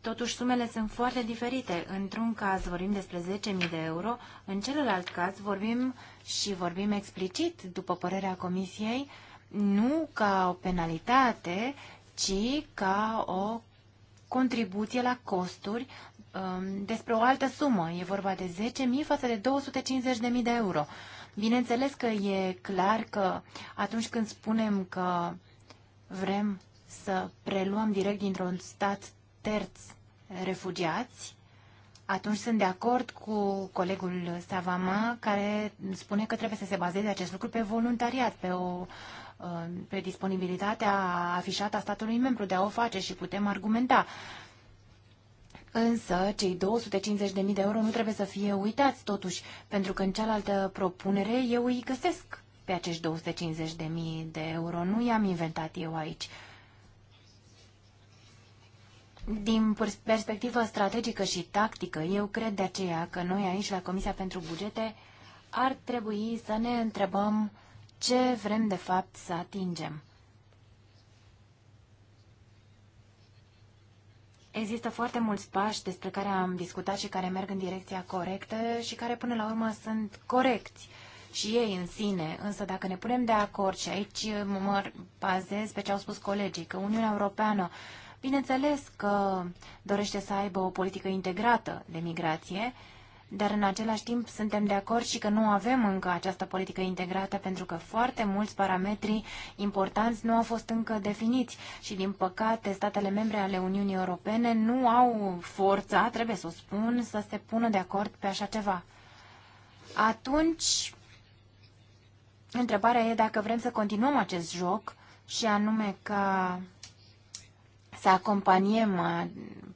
totuși, sumele sunt foarte diferite. Într-un caz vorbim despre 10.000 de euro, în celălalt caz vorbim și vorbim explicit, după părerea Comisiei, nu ca o penalitate, ci ca o contribuție la costuri Um, despre o altă sumă. E vorba de 10.000 față de 250.000 de euro. Bineînțeles că e clar că atunci când spunem că vrem să preluăm direct dintr-un stat terț refugiați, atunci sunt de acord cu colegul Savama care spune că trebuie să se bazeze acest lucru pe voluntariat, pe o uh, pe disponibilitatea afișată a statului membru de a o face și putem argumenta. Însă, cei 250.000 de euro nu trebuie să fie uitați totuși, pentru că în cealaltă propunere eu îi găsesc pe acești 250.000 de euro. Nu i-am inventat eu aici. Din perspectivă strategică și tactică, eu cred de aceea că noi aici, la Comisia pentru Bugete, ar trebui să ne întrebăm ce vrem de fapt să atingem. Există foarte mulți pași despre care am discutat și care merg în direcția corectă și care până la urmă sunt corecți și ei în sine. Însă dacă ne punem de acord și aici mă bazez pe ce au spus colegii, că Uniunea Europeană bineînțeles că dorește să aibă o politică integrată de migrație, dar în același timp suntem de acord și că nu avem încă această politică integrată pentru că foarte mulți parametri importanți nu au fost încă definiți și din păcate statele membre ale Uniunii Europene nu au forța, trebuie să o spun, să se pună de acord pe așa ceva. Atunci, întrebarea e dacă vrem să continuăm acest joc și anume ca să acompaniem uh,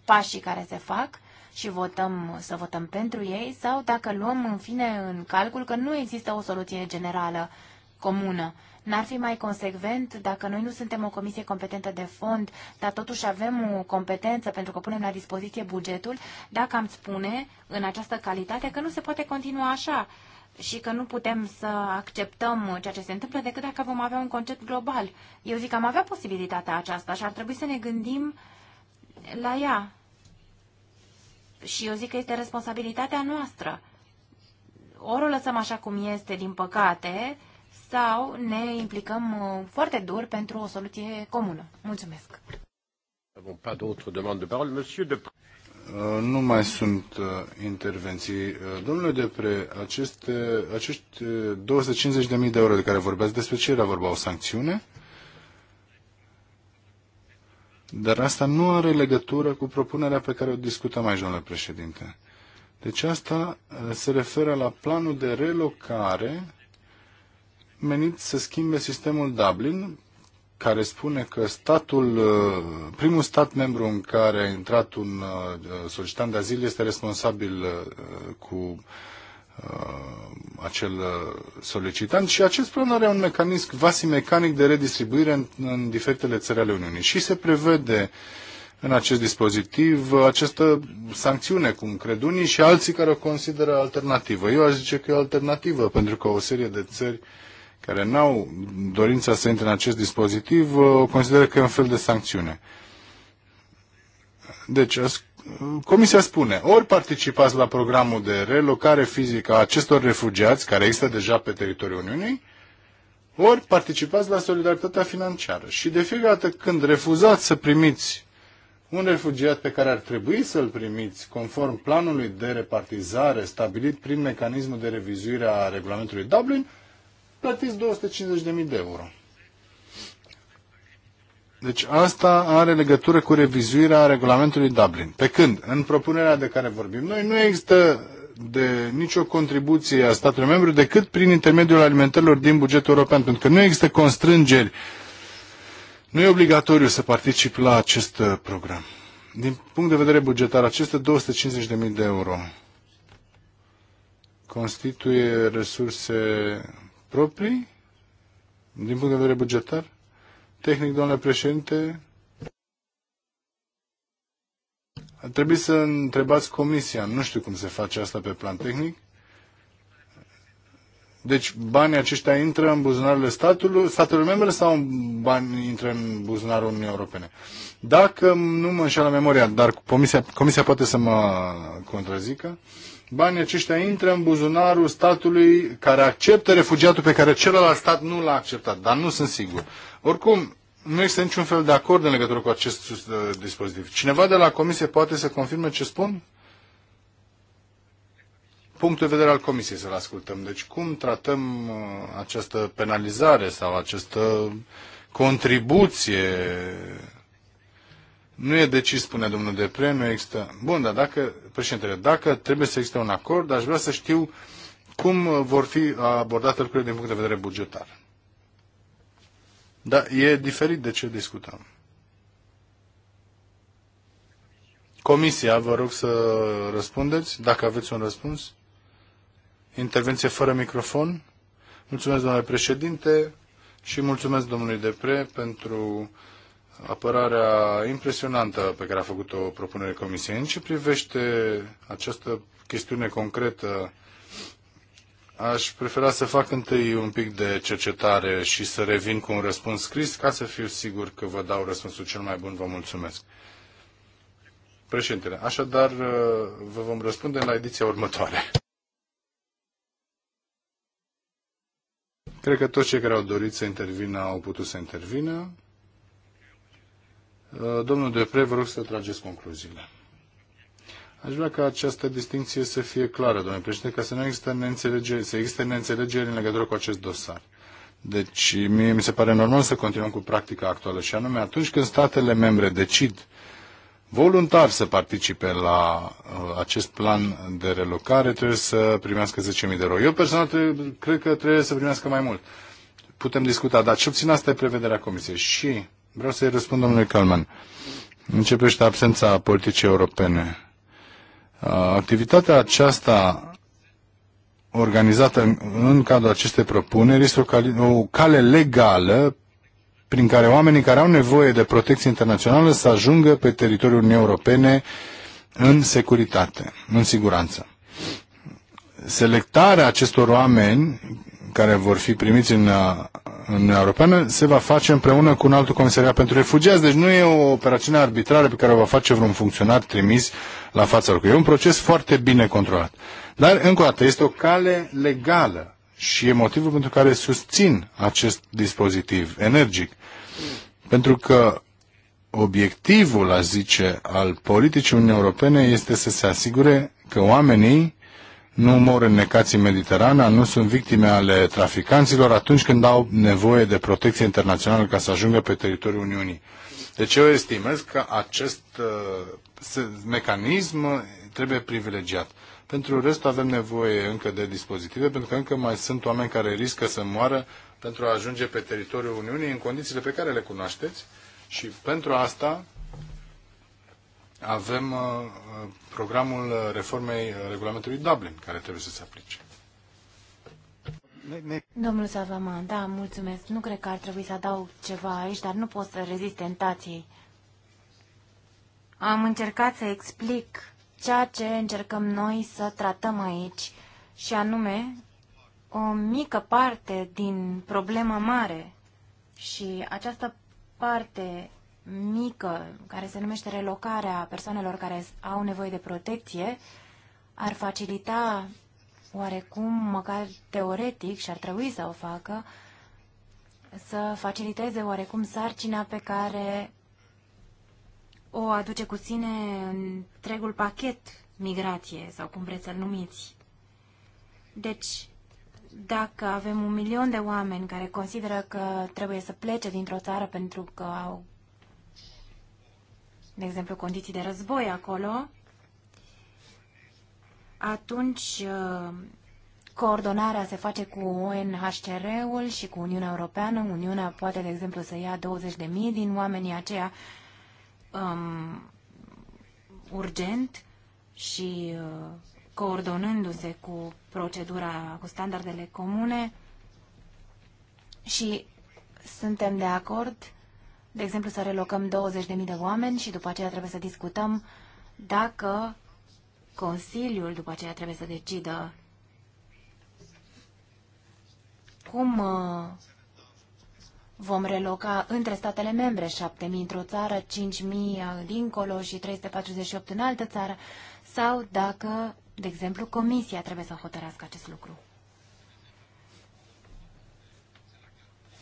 pașii care se fac și votăm, să votăm pentru ei sau dacă luăm în fine în calcul că nu există o soluție generală comună. N-ar fi mai consecvent dacă noi nu suntem o comisie competentă de fond, dar totuși avem o competență pentru că punem la dispoziție bugetul, dacă am spune în această calitate că nu se poate continua așa și că nu putem să acceptăm ceea ce se întâmplă decât dacă vom avea un concept global. Eu zic că am avea posibilitatea aceasta și ar trebui să ne gândim la ea și eu zic că este responsabilitatea noastră. Ori o lăsăm așa cum este, din păcate, sau ne implicăm uh, foarte dur pentru o soluție comună. Mulțumesc! Uh, nu mai sunt uh, intervenții. Domnule Depre, aceste, acești 250.000 de euro de care vorbeați, despre ce era vorba? O sancțiune? Dar asta nu are legătură cu propunerea pe care o discutăm aici, domnule președinte. Deci asta uh, se referă la planul de relocare menit să schimbe sistemul Dublin, care spune că statul, uh, primul stat membru în care a intrat un uh, solicitant de azil este responsabil cu Uh, acel uh, solicitant și acest plan are un mecanism quasi mecanic de redistribuire în, în diferitele țări ale Uniunii și se prevede în acest dispozitiv uh, această sancțiune, cum cred unii și alții care o consideră alternativă. Eu aș zice că e o alternativă, pentru că o serie de țări care n-au dorința să intre în acest dispozitiv o consideră că e un fel de sancțiune. Deci, Comisia spune, ori participați la programul de relocare fizică a acestor refugiați care există deja pe teritoriul Uniunii, ori participați la solidaritatea financiară. Și de fiecare dată când refuzați să primiți un refugiat pe care ar trebui să-l primiți conform planului de repartizare stabilit prin mecanismul de revizuire a regulamentului Dublin, plătiți 250.000 de euro. Deci asta are legătură cu revizuirea regulamentului Dublin. Pe când, în propunerea de care vorbim noi, nu există de nicio contribuție a statului membru decât prin intermediul alimentelor din bugetul european, pentru că nu există constrângeri. Nu e obligatoriu să particip la acest uh, program. Din punct de vedere bugetar, aceste 250.000 de euro constituie resurse proprii din punct de vedere bugetar? tehnic, domnule președinte, ar trebui să întrebați comisia. Nu știu cum se face asta pe plan tehnic. Deci banii aceștia intră în buzunarele statului, statelor membre sau bani intră în buzunarul Uniunii Europene? Dacă nu mă înșeală memoria, dar comisia, comisia poate să mă contrazică, uh, Banii aceștia intră în buzunarul statului care acceptă refugiatul pe care celălalt stat nu l-a acceptat, dar nu sunt sigur. Oricum, nu există niciun fel de acord în legătură cu acest uh, dispozitiv. Cineva de la comisie poate să confirme ce spun? Punctul de vedere al comisiei să-l ascultăm. Deci cum tratăm uh, această penalizare sau această contribuție nu e decis, spune domnul Depre, nu există... Bun, dar dacă, președintele, dacă trebuie să existe un acord, aș vrea să știu cum vor fi abordate lucrurile din punct de vedere bugetar. Dar e diferit de ce discutăm. Comisia, vă rog să răspundeți, dacă aveți un răspuns. Intervenție fără microfon. Mulțumesc, domnule președinte, și mulțumesc domnului Depre pentru apărarea impresionantă pe care a făcut-o propunerea Comisiei. În ce privește această chestiune concretă, aș prefera să fac întâi un pic de cercetare și să revin cu un răspuns scris ca să fiu sigur că vă dau răspunsul cel mai bun. Vă mulțumesc. Președintele, așadar vă vom răspunde la ediția următoare. Cred că toți cei care au dorit să intervină au putut să intervină. Uh, domnul Depre, vă rog să trageți concluziile. Aș vrea ca această distinție să fie clară, domnule președinte, ca să nu există neînțelegeri, să existe neînțelegeri în legătură cu acest dosar. Deci, mie mi se pare normal să continuăm cu practica actuală și anume atunci când statele membre decid voluntar să participe la uh, acest plan de relocare, trebuie să primească 10.000 de euro. Eu personal trebuie, cred că trebuie să primească mai mult. Putem discuta, dar ce obțin asta e prevederea Comisiei. Și Vreau să-i răspund domnului Calman. Începește absența politicii europene. Activitatea aceasta organizată în cadrul acestei propuneri este o cale, o cale legală prin care oamenii care au nevoie de protecție internațională să ajungă pe teritoriul Uniunii Europene în securitate, în siguranță. Selectarea acestor oameni care vor fi primiți în Uniunea Europeană se va face împreună cu un altul comisariat pentru refugiați. Deci nu e o operațiune arbitrară pe care o va face vreun funcționar trimis la fața lor. E un proces foarte bine controlat. Dar, încă o dată, este o cale legală și e motivul pentru care susțin acest dispozitiv energic. Pentru că obiectivul, a zice, al politicii Uniunii Europene este să se asigure că oamenii nu mor în necații Mediterana, nu sunt victime ale traficanților atunci când au nevoie de protecție internațională ca să ajungă pe teritoriul Uniunii. Deci eu estimez că acest uh, mecanism trebuie privilegiat. Pentru rest avem nevoie încă de dispozitive, pentru că încă mai sunt oameni care riscă să moară pentru a ajunge pe teritoriul Uniunii în condițiile pe care le cunoașteți și pentru asta avem uh, programul reformei regulamentului Dublin, care trebuie să se aplice. Domnul Savaman, da, mulțumesc. Nu cred că ar trebui să adaug ceva aici, dar nu pot să rezist tentației. Am încercat să explic ceea ce încercăm noi să tratăm aici, și anume o mică parte din problema mare. Și această parte mică, care se numește relocarea persoanelor care au nevoie de protecție, ar facilita oarecum, măcar teoretic, și ar trebui să o facă, să faciliteze oarecum sarcina pe care o aduce cu sine întregul pachet migrație, sau cum vreți să-l numiți. Deci, dacă avem un milion de oameni care consideră că trebuie să plece dintr-o țară pentru că au de exemplu, condiții de război acolo, atunci uh, coordonarea se face cu ONHCR-ul și cu Uniunea Europeană. Uniunea poate, de exemplu, să ia 20.000 din oamenii aceia um, urgent și uh, coordonându-se cu procedura, cu standardele comune și suntem de acord de exemplu, să relocăm 20.000 de oameni și după aceea trebuie să discutăm dacă Consiliul după aceea trebuie să decidă cum uh, vom reloca între statele membre 7.000 într-o țară, 5.000 dincolo și 348 în altă țară, sau dacă, de exemplu, Comisia trebuie să hotărească acest lucru.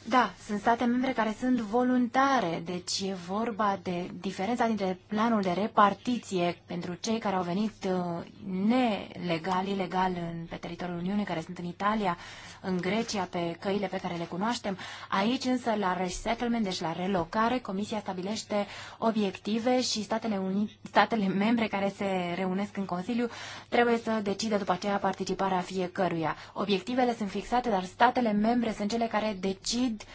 Da, sunt state membre care sunt voluntare, deci e vorba de diferența dintre planul de repartiție pentru cei care au venit uh, nelegal, ilegal în, pe teritoriul Uniunii, care sunt în Italia, în Grecia, pe căile pe care le cunoaștem. Aici însă, la resettlement, deci la relocare, Comisia stabilește obiective și statele, statele membre care se reunesc în Consiliu trebuie să decidă după aceea participarea fiecăruia. Obiectivele sunt fixate, dar statele membre sunt cele care decid decid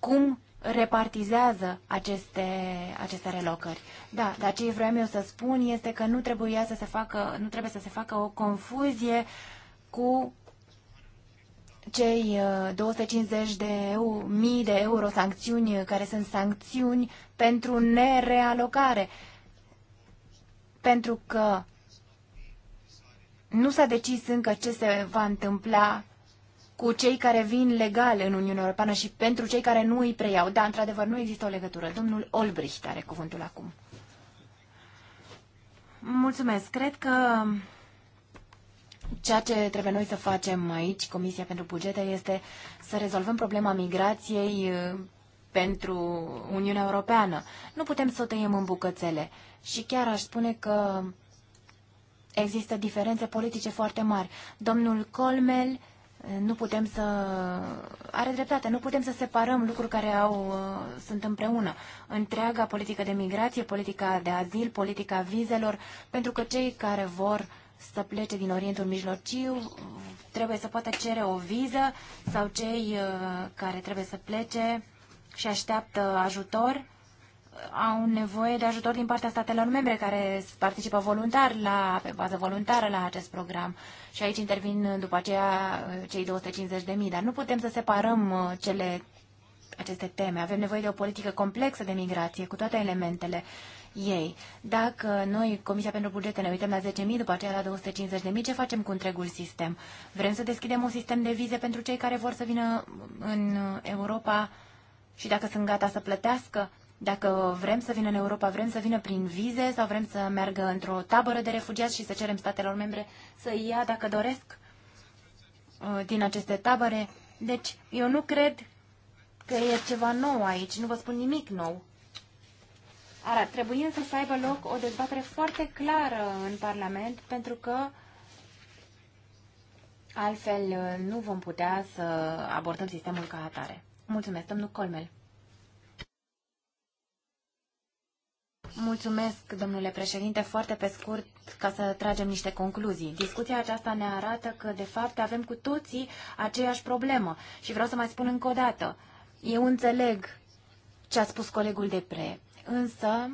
cum repartizează aceste, aceste relocări. Da, dar ce vreau eu să spun este că nu trebuia să se facă, nu trebuie să se facă o confuzie cu cei 250 uh, de eu, mii de euro sancțiuni uh, care sunt sancțiuni pentru nerealocare. Pentru că nu s-a decis încă ce se va întâmpla cu cei care vin legal în Uniunea Europeană și pentru cei care nu îi preiau. Da, într-adevăr, nu există o legătură. Domnul Olbricht are cuvântul acum. Mulțumesc. Cred că ceea ce trebuie noi să facem aici, Comisia pentru Bugete, este să rezolvăm problema migrației uh, pentru Uniunea Europeană. Nu putem să o tăiem în bucățele. Și chiar aș spune că există diferențe politice foarte mari. Domnul Colmel nu putem să... Are dreptate, nu putem să separăm lucruri care au, uh, sunt împreună. Întreaga politică de migrație, politica de azil, politica vizelor, pentru că cei care vor să plece din Orientul Mijlociu trebuie să poată cere o viză sau cei uh, care trebuie să plece și așteaptă ajutor au nevoie de ajutor din partea statelor membre care participă voluntar la, pe bază voluntară la acest program. Și aici intervin uh, după aceea uh, cei 250 de mii, dar nu putem să separăm uh, cele, aceste teme. Avem nevoie de o politică complexă de migrație cu toate elementele ei. Dacă noi, Comisia pentru Bugete, ne uităm la 10.000, după aceea la 250.000, ce facem cu întregul sistem? Vrem să deschidem un sistem de vize pentru cei care vor să vină în Europa și dacă sunt gata să plătească? Dacă vrem să vină în Europa, vrem să vină prin vize sau vrem să meargă într-o tabără de refugiați și să cerem statelor membre să ia, dacă doresc, uh, din aceste tabere. Deci, eu nu cred că e ceva nou aici, nu vă spun nimic nou. Ar trebui să aibă loc o dezbatere foarte clară în Parlament, pentru că altfel nu vom putea să abordăm sistemul ca atare. Mulțumesc, domnul Colmel. Mulțumesc, domnule președinte. Foarte pe scurt, ca să tragem niște concluzii. Discuția aceasta ne arată că, de fapt, avem cu toții aceeași problemă. Și vreau să mai spun încă o dată. Eu înțeleg ce a spus colegul de pre, însă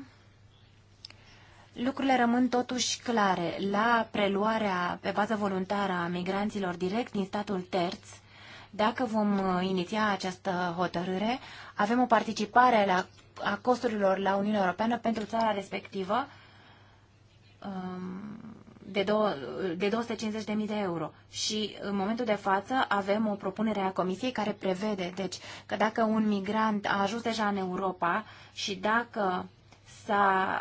lucrurile rămân totuși clare. La preluarea pe bază voluntară a migranților direct din statul terț, dacă vom uh, iniția această hotărâre, avem o participare la a costurilor la Uniunea Europeană pentru țara respectivă um, de, de 250.000 de euro. Și în momentul de față avem o propunere a Comisiei care prevede, deci, că dacă un migrant a ajuns deja în Europa și dacă s-a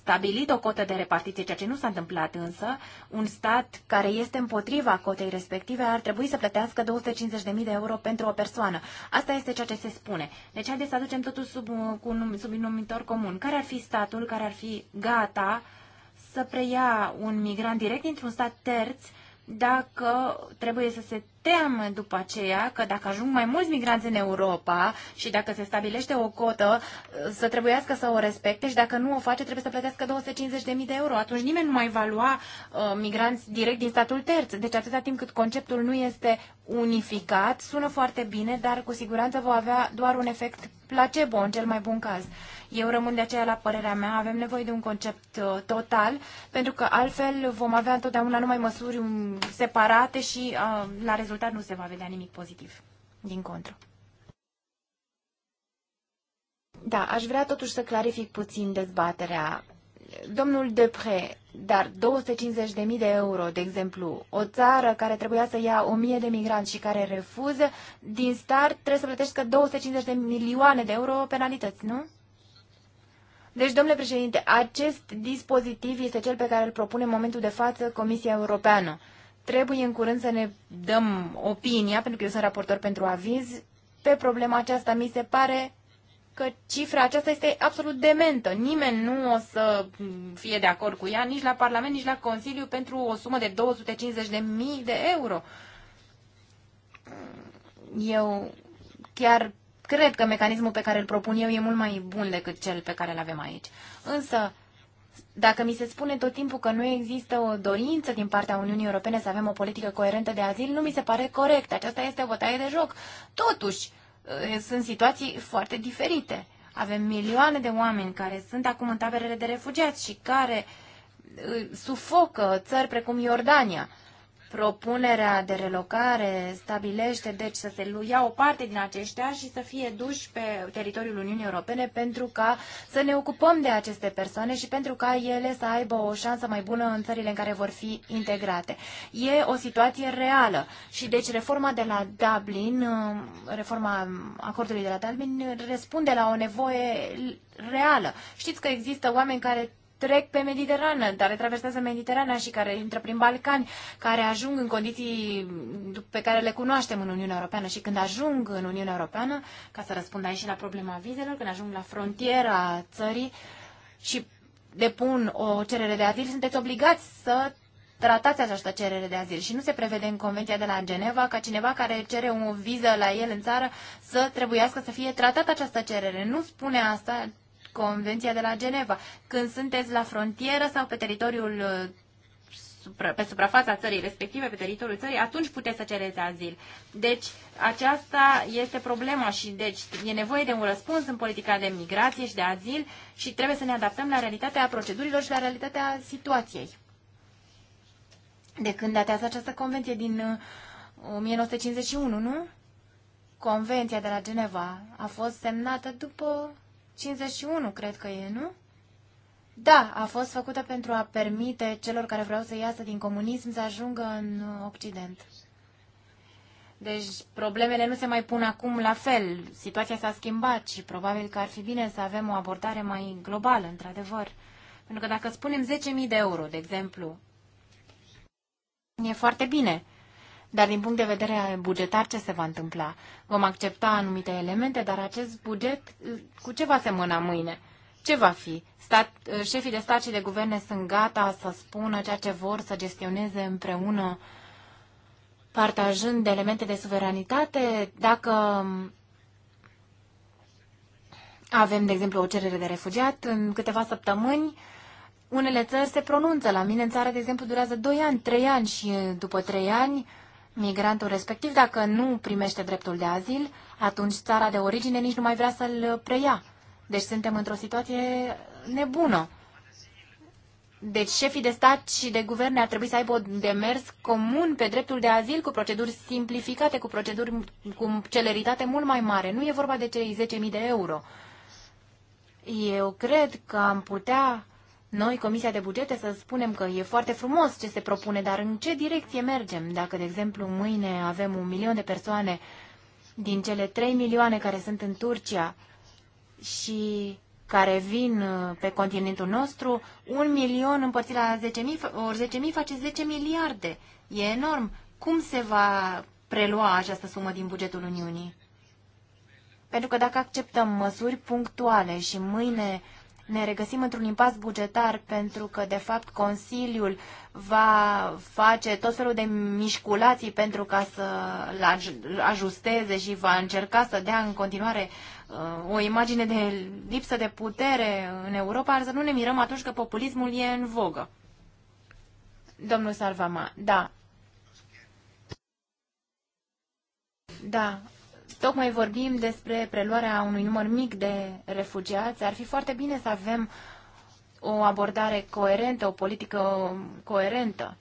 stabilit o cotă de repartiție, ceea ce nu s-a întâmplat însă, un stat care este împotriva cotei respective ar trebui să plătească 250.000 de euro pentru o persoană. Asta este ceea ce se spune. Deci haideți să aducem totul sub, uh, cu un, sub un numitor comun. Care ar fi statul care ar fi gata să preia un migrant direct dintr-un stat terț dacă trebuie să se teamă după aceea că dacă ajung mai mulți migranți în Europa și dacă se stabilește o cotă, uh, să trebuiască să o respecte și dacă nu o face, trebuie să plătească 250.000 de euro. Atunci nimeni nu mai va lua uh, migranți direct din statul terț. Deci atâta timp cât conceptul nu este unificat, sună foarte bine, dar cu siguranță va avea doar un efect placebo în cel mai bun caz. Eu rămân de aceea la părerea mea, avem nevoie de un concept uh, total, pentru că altfel vom avea întotdeauna numai măsuri um, separate și uh, la rezultat rezultat nu se va vedea nimic pozitiv. Din contră. Da, aș vrea totuși să clarific puțin dezbaterea. Domnul Depre, dar 250.000 de euro, de exemplu, o țară care trebuia să ia 1.000 de migranți și care refuză, din start trebuie să plătească 250 de milioane de euro penalități, nu? Deci, domnule președinte, acest dispozitiv este cel pe care îl propune în momentul de față Comisia Europeană trebuie în curând să ne dăm opinia, pentru că eu sunt raportor pentru aviz, pe problema aceasta mi se pare că cifra aceasta este absolut dementă. Nimeni nu o să fie de acord cu ea, nici la Parlament, nici la Consiliu, pentru o sumă de 250.000 de euro. Eu chiar cred că mecanismul pe care îl propun eu e mult mai bun decât cel pe care îl avem aici. Însă, dacă mi se spune tot timpul că nu există o dorință din partea Uniunii Europene să avem o politică coerentă de azil, nu mi se pare corect. Aceasta este o bătaie de joc. Totuși, sunt situații foarte diferite. Avem milioane de oameni care sunt acum în taberele de refugiați și care sufocă țări precum Iordania. Propunerea de relocare stabilește, deci, să se ia o parte din aceștia și să fie duși pe teritoriul Uniunii Europene pentru ca să ne ocupăm de aceste persoane și pentru ca ele să aibă o șansă mai bună în țările în care vor fi integrate. E o situație reală și, deci, reforma de la Dublin, uh, reforma acordului de la Dublin, răspunde la o nevoie reală. Știți că există oameni care trec pe Mediterană, care traversează Mediterana și care intră prin Balcani, care ajung în condiții pe care le cunoaștem în Uniunea Europeană și când ajung în Uniunea Europeană, ca să răspund aici și la problema vizelor, când ajung la frontiera țării și depun o cerere de azil, sunteți obligați să tratați această cerere de azil și nu se prevede în Convenția de la Geneva ca cineva care cere o viză la el în țară să trebuiască să fie tratată această cerere. Nu spune asta Convenția de la Geneva. Când sunteți la frontieră sau pe teritoriul uh, pe suprafața țării respective, pe teritoriul țării, atunci puteți să cereți azil. Deci, aceasta este problema și deci e nevoie de un răspuns în politica de migrație și de azil și trebuie să ne adaptăm la realitatea procedurilor și la realitatea situației. De când datează această convenție? Din 1951, uh, nu? Convenția de la Geneva a fost semnată după 51, cred că e, nu? Da, a fost făcută pentru a permite celor care vreau să iasă din comunism să ajungă în Occident. Deci problemele nu se mai pun acum la fel. Situația s-a schimbat și probabil că ar fi bine să avem o abordare mai globală, într-adevăr. Pentru că dacă spunem 10.000 de euro, de exemplu, e foarte bine. Dar din punct de vedere bugetar, ce se va întâmpla? Vom accepta anumite elemente, dar acest buget cu ce va semăna mâine? Ce va fi? Stat, șefii de stat și de guverne sunt gata să spună ceea ce vor, să gestioneze împreună, partajând elemente de suveranitate? Dacă avem, de exemplu, o cerere de refugiat în câteva săptămâni, unele țări se pronunță. La mine în țară, de exemplu, durează 2 ani, 3 ani și după 3 ani Migrantul respectiv, dacă nu primește dreptul de azil, atunci țara de origine nici nu mai vrea să-l preia. Deci suntem într-o situație nebună. Deci șefii de stat și de guverne ar trebui să aibă un demers comun pe dreptul de azil cu proceduri simplificate, cu proceduri cu celeritate mult mai mare. Nu e vorba de cei 10.000 de euro. Eu cred că am putea noi, Comisia de Bugete, să spunem că e foarte frumos ce se propune, dar în ce direcție mergem? Dacă, de exemplu, mâine avem un milion de persoane din cele trei milioane care sunt în Turcia și care vin uh, pe continentul nostru, un milion împărțit la 10.000, ori 10.000 face 10 miliarde. E enorm. Cum se va prelua această sumă din bugetul Uniunii? Pentru că dacă acceptăm măsuri punctuale și mâine ne regăsim într-un impas bugetar pentru că, de fapt, Consiliul va face tot felul de mișculații pentru ca să ajusteze și va încerca să dea în continuare uh, o imagine de lipsă de putere în Europa, ar să nu ne mirăm atunci că populismul e în vogă. Domnul Salvama, da. Da, tocmai vorbim despre preluarea unui număr mic de refugiați, ar fi foarte bine să avem o abordare coerentă, o politică coerentă.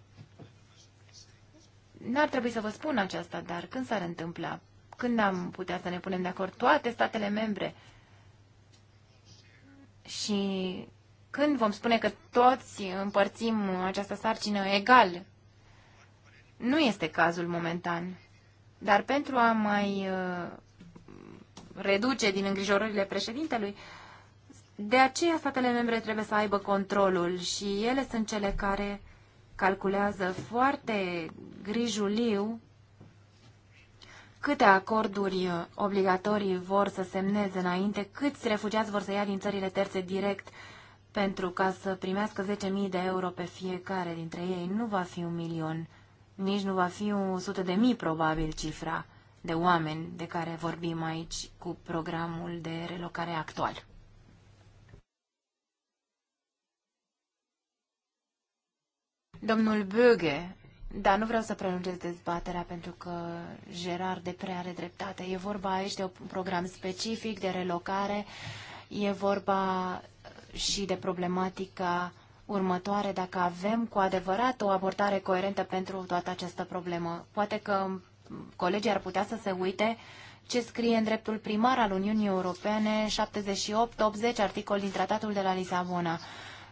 N-ar trebui să vă spun aceasta, dar când s-ar întâmpla? Când am putea să ne punem de acord toate statele membre? Și când vom spune că toți împărțim această sarcină egal? Nu este cazul momentan. Dar pentru a mai uh, reduce din îngrijorările președintelui, de aceea statele membre trebuie să aibă controlul și ele sunt cele care calculează foarte grijuliu câte acorduri uh, obligatorii vor să semneze înainte, câți refugiați vor să ia din țările terțe direct pentru ca să primească 10.000 de euro pe fiecare dintre ei. Nu va fi un milion nici nu va fi sută de mii, probabil, cifra de oameni de care vorbim aici cu programul de relocare actual. Domnul Böge, da, nu vreau să prelungesc dezbaterea pentru că Gerard de prea are dreptate. E vorba aici de un program specific de relocare, e vorba și de problematica următoare dacă avem cu adevărat o abordare coerentă pentru toată această problemă. Poate că colegii ar putea să se uite ce scrie în dreptul primar al Uniunii Europene 78-80 articol din Tratatul de la Lisabona.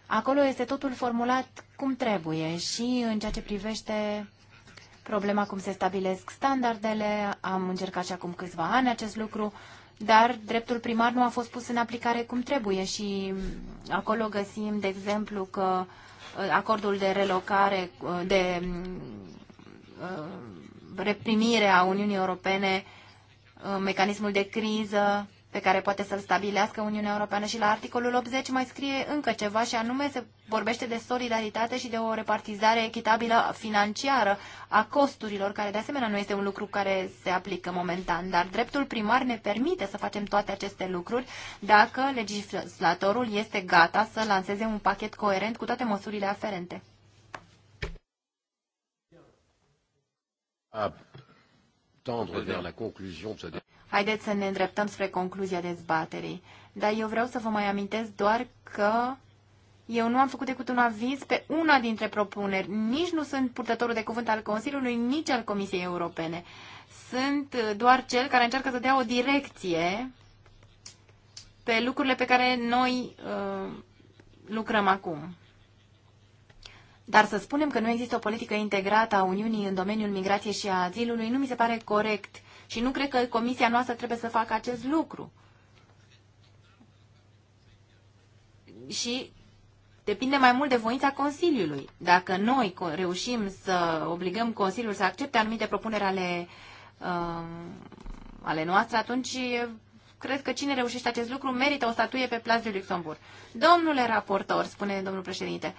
Acolo este totul formulat cum trebuie și în ceea ce privește problema cum se stabilesc standardele, am încercat și acum câțiva ani acest lucru, dar dreptul primar nu a fost pus în aplicare cum trebuie și acolo găsim, de exemplu, că uh, acordul de relocare, uh, de uh, reprimire a Uniunii Europene, mecanismul de criză, pe care poate să-l stabilească Uniunea Europeană și la articolul 80 mai scrie încă ceva și anume se vorbește de solidaritate și de o repartizare echitabilă financiară a costurilor, care de asemenea nu este un lucru care se aplică momentan, dar dreptul primar ne permite să facem toate aceste lucruri dacă legislatorul este gata să lanseze un pachet coerent cu toate măsurile aferente. Tendre vers la conclusion de Haideți să ne îndreptăm spre concluzia dezbaterii. Dar eu vreau să vă mai amintesc doar că eu nu am făcut decât un aviz pe una dintre propuneri. Nici nu sunt purtătorul de cuvânt al Consiliului, nici al Comisiei Europene. Sunt doar cel care încearcă să dea o direcție pe lucrurile pe care noi uh, lucrăm acum. Dar să spunem că nu există o politică integrată a Uniunii în domeniul migrației și a azilului nu mi se pare corect și nu cred că comisia noastră trebuie să facă acest lucru. Și depinde mai mult de voința Consiliului. Dacă noi reușim să obligăm Consiliul să accepte anumite propuneri ale, uh, ale noastre, atunci cred că cine reușește acest lucru merită o statuie pe Place de Luxemburg. Domnule raportor, spune domnul președinte,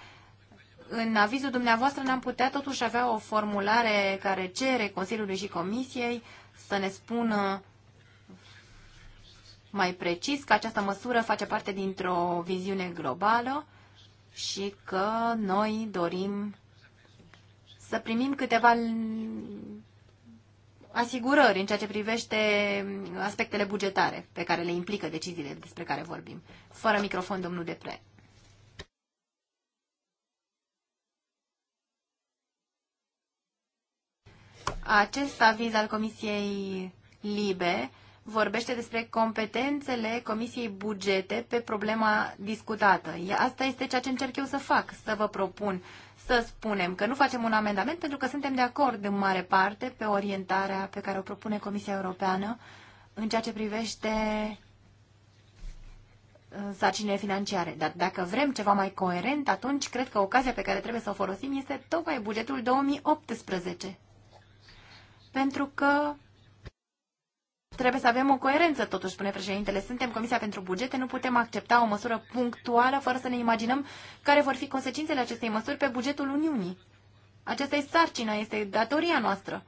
în avizul dumneavoastră n-am putea totuși avea o formulare care cere Consiliului și Comisiei să ne spună mai precis că această măsură face parte dintr-o viziune globală și că noi dorim să primim câteva asigurări în ceea ce privește aspectele bugetare pe care le implică deciziile despre care vorbim. Fără microfon, domnul Depre. Acest aviz al Comisiei Libe vorbește despre competențele Comisiei Bugete pe problema discutată. Asta este ceea ce încerc eu să fac, să vă propun, să spunem că nu facem un amendament pentru că suntem de acord în mare parte pe orientarea pe care o propune Comisia Europeană în ceea ce privește uh, sarcinile financiare. Dar dacă vrem ceva mai coerent, atunci cred că ocazia pe care trebuie să o folosim este tocmai bugetul 2018 pentru că trebuie să avem o coerență, totuși, spune președintele. Suntem Comisia pentru Bugete, nu putem accepta o măsură punctuală fără să ne imaginăm care vor fi consecințele acestei măsuri pe bugetul Uniunii. Aceasta e sarcina, este datoria noastră.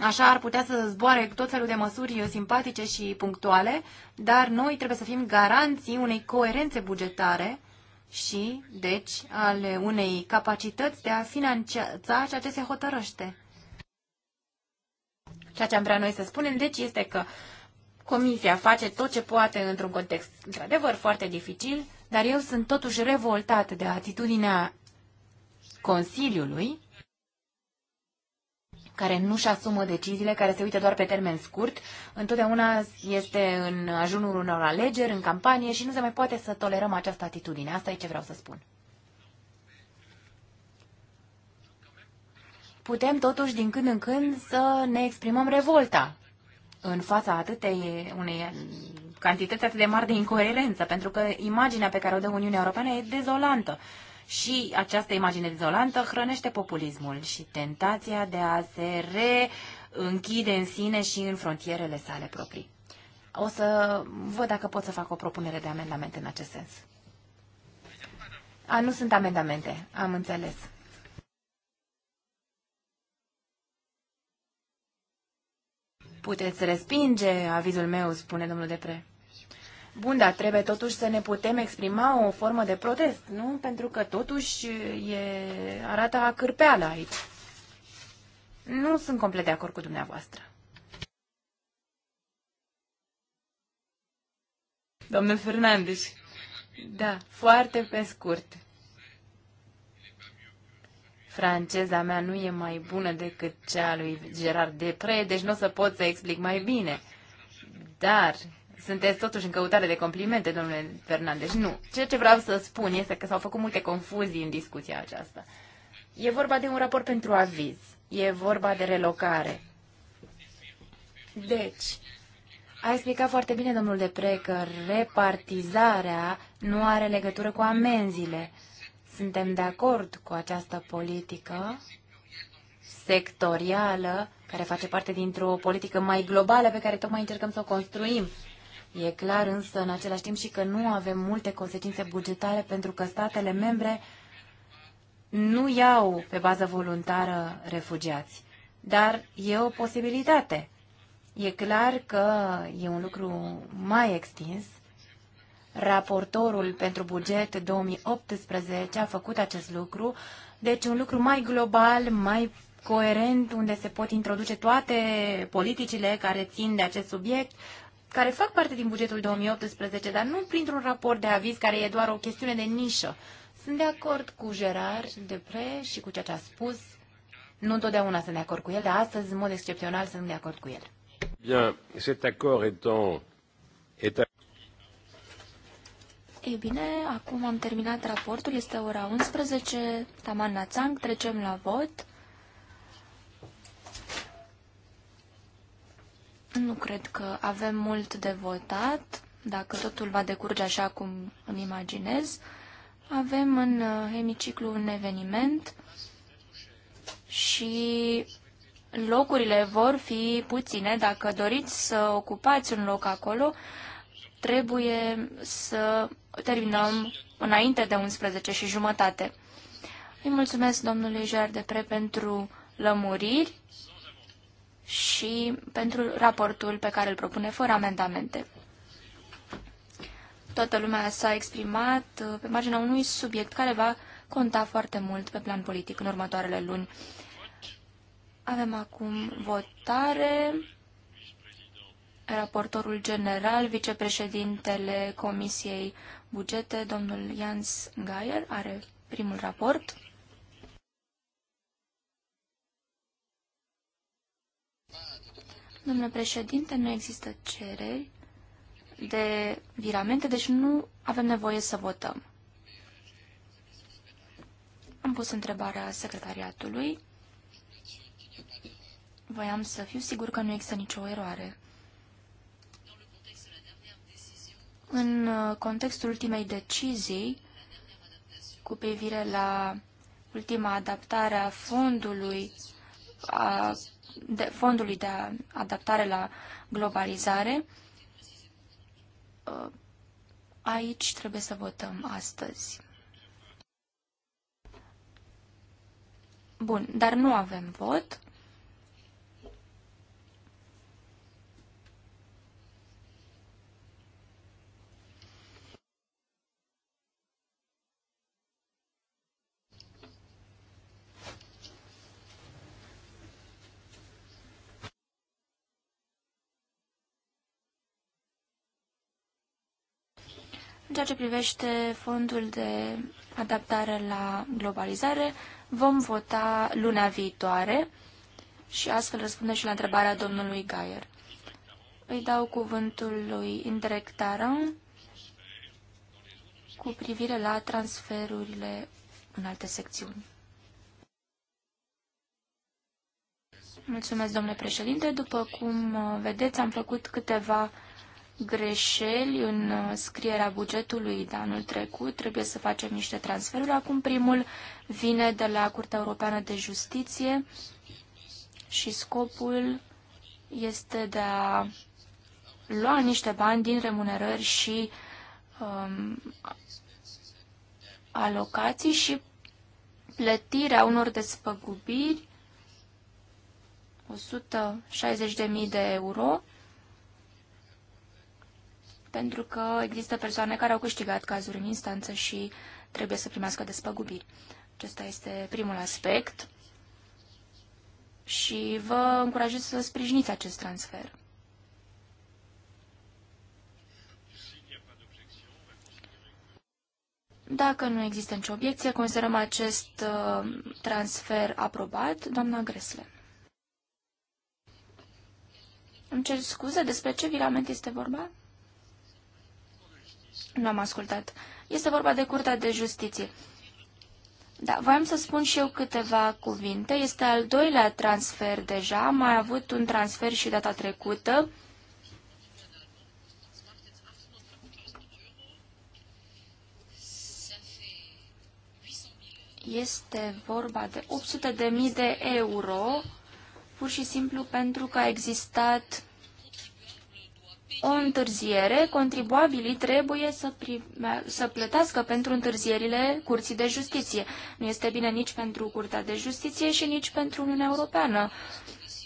Așa ar putea să zboare tot felul de măsuri simpatice și punctuale, dar noi trebuie să fim garanții unei coerențe bugetare și, deci, ale unei capacități de a finanța ceea ce se hotărăște. Ceea ce am vrea noi să spunem, deci, este că Comisia face tot ce poate într-un context, într-adevăr, foarte dificil, dar eu sunt totuși revoltat de atitudinea Consiliului, care nu-și asumă deciziile, care se uită doar pe termen scurt, întotdeauna este în ajunul unor alegeri, în campanie și nu se mai poate să tolerăm această atitudine. Asta e ce vreau să spun. putem totuși din când în când să ne exprimăm revolta în fața atâtei unei cantități atât de mari de incoerență, pentru că imaginea pe care o dă Uniunea Europeană e dezolantă. Și această imagine dezolantă hrănește populismul și tentația de a se reînchide în sine și în frontierele sale proprii. O să văd dacă pot să fac o propunere de amendament în acest sens. A, nu sunt amendamente, am înțeles. Puteți respinge avizul meu, spune domnul Depre. Bun, dar trebuie totuși să ne putem exprima o formă de protest, nu? Pentru că totuși e, arată a cârpeală aici. Nu sunt complet de acord cu dumneavoastră. Domnul Fernandes, da, foarte pe scurt franceza mea nu e mai bună decât cea lui Gerard Depre, deci nu o să pot să explic mai bine. Dar sunteți totuși în căutare de complimente, domnule Fernandez. Nu. Ceea ce vreau să spun este că s-au făcut multe confuzii în discuția aceasta. E vorba de un raport pentru aviz. E vorba de relocare. Deci, a explicat foarte bine domnul Depre că repartizarea nu are legătură cu amenziile. Suntem de acord cu această politică sectorială care face parte dintr-o politică mai globală pe care tocmai încercăm să o construim. E clar însă în același timp și că nu avem multe consecințe bugetare pentru că statele membre nu iau pe bază voluntară refugiați. Dar e o posibilitate. E clar că e un lucru mai extins Raportorul pentru buget 2018 a făcut acest lucru, deci un lucru mai global, mai coerent, unde se pot introduce toate politicile care țin de acest subiect, care fac parte din bugetul 2018, dar nu printr-un raport de aviz care e doar o chestiune de nișă. Sunt de acord cu Gerard Depre și cu ceea ce a spus. Nu întotdeauna sunt de acord cu el, dar astăzi, în mod excepțional, sunt de acord cu el. Bien, cet accord étant Ei bine, acum am terminat raportul, este ora 11, Taman Națang, trecem la vot. Nu cred că avem mult de votat, dacă totul va decurge așa cum îmi imaginez. Avem în uh, hemiciclu un eveniment și locurile vor fi puține. Dacă doriți să ocupați un loc acolo, trebuie să terminăm înainte de 11 și jumătate. Îi mulțumesc domnului Jar de Pre pentru lămuriri și pentru raportul pe care îl propune fără amendamente. Toată lumea s-a exprimat pe marginea unui subiect care va conta foarte mult pe plan politic în următoarele luni. Avem acum votare. Raportorul general, vicepreședintele Comisiei bugete, domnul Jans Geier are primul raport. Domnule președinte, nu există cereri de viramente, deci nu avem nevoie să votăm. Am pus întrebarea secretariatului. Voiam să fiu sigur că nu există nicio eroare. În uh, contextul ultimei decizii cu privire la ultima adaptare a fondului, a, de, fondului de adaptare la globalizare, uh, aici trebuie să votăm astăzi. Bun, dar nu avem vot. În ceea ce privește fondul de adaptare la globalizare, vom vota luna viitoare și astfel răspunde și la întrebarea domnului Gaier. Îi dau cuvântul lui Indirect Taran cu privire la transferurile în alte secțiuni. Mulțumesc, domnule președinte. După cum vedeți, am făcut câteva greșeli în uh, scrierea bugetului de anul trecut, trebuie să facem niște transferuri. Acum primul vine de la Curtea Europeană de Justiție și scopul este de a lua niște bani din remunerări și um, alocații și plătirea unor despăgubiri 160.000 de euro pentru că există persoane care au câștigat cazuri în instanță și trebuie să primească despăgubiri. Acesta este primul aspect și vă încurajez să sprijiniți acest transfer. Dacă nu există nicio obiecție, considerăm acest uh, transfer aprobat. Doamna Gresle. Îmi cer scuze, despre ce virament este vorba? Nu am ascultat. Este vorba de Curtea de Justiție. Da, voiam să spun și eu câteva cuvinte. Este al doilea transfer deja. Am mai avut un transfer și data trecută. Este vorba de 800.000 de euro, pur și simplu pentru că a existat o întârziere, contribuabilii trebuie să, prime, să plătească pentru întârzierile Curții de Justiție. Nu este bine nici pentru Curtea de Justiție și nici pentru Uniunea Europeană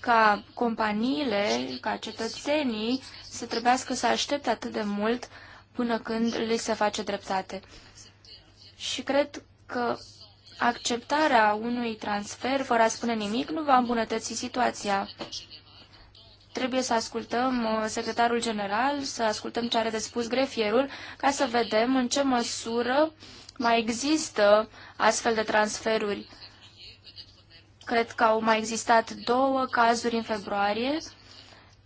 ca companiile, ca cetățenii să trebuiască să aștepte atât de mult până când li se face dreptate. Și cred că acceptarea unui transfer fără a spune nimic nu va îmbunătăți situația trebuie să ascultăm uh, secretarul general, să ascultăm ce are de spus grefierul, ca să vedem în ce măsură mai există astfel de transferuri. Cred că au mai existat două cazuri în februarie.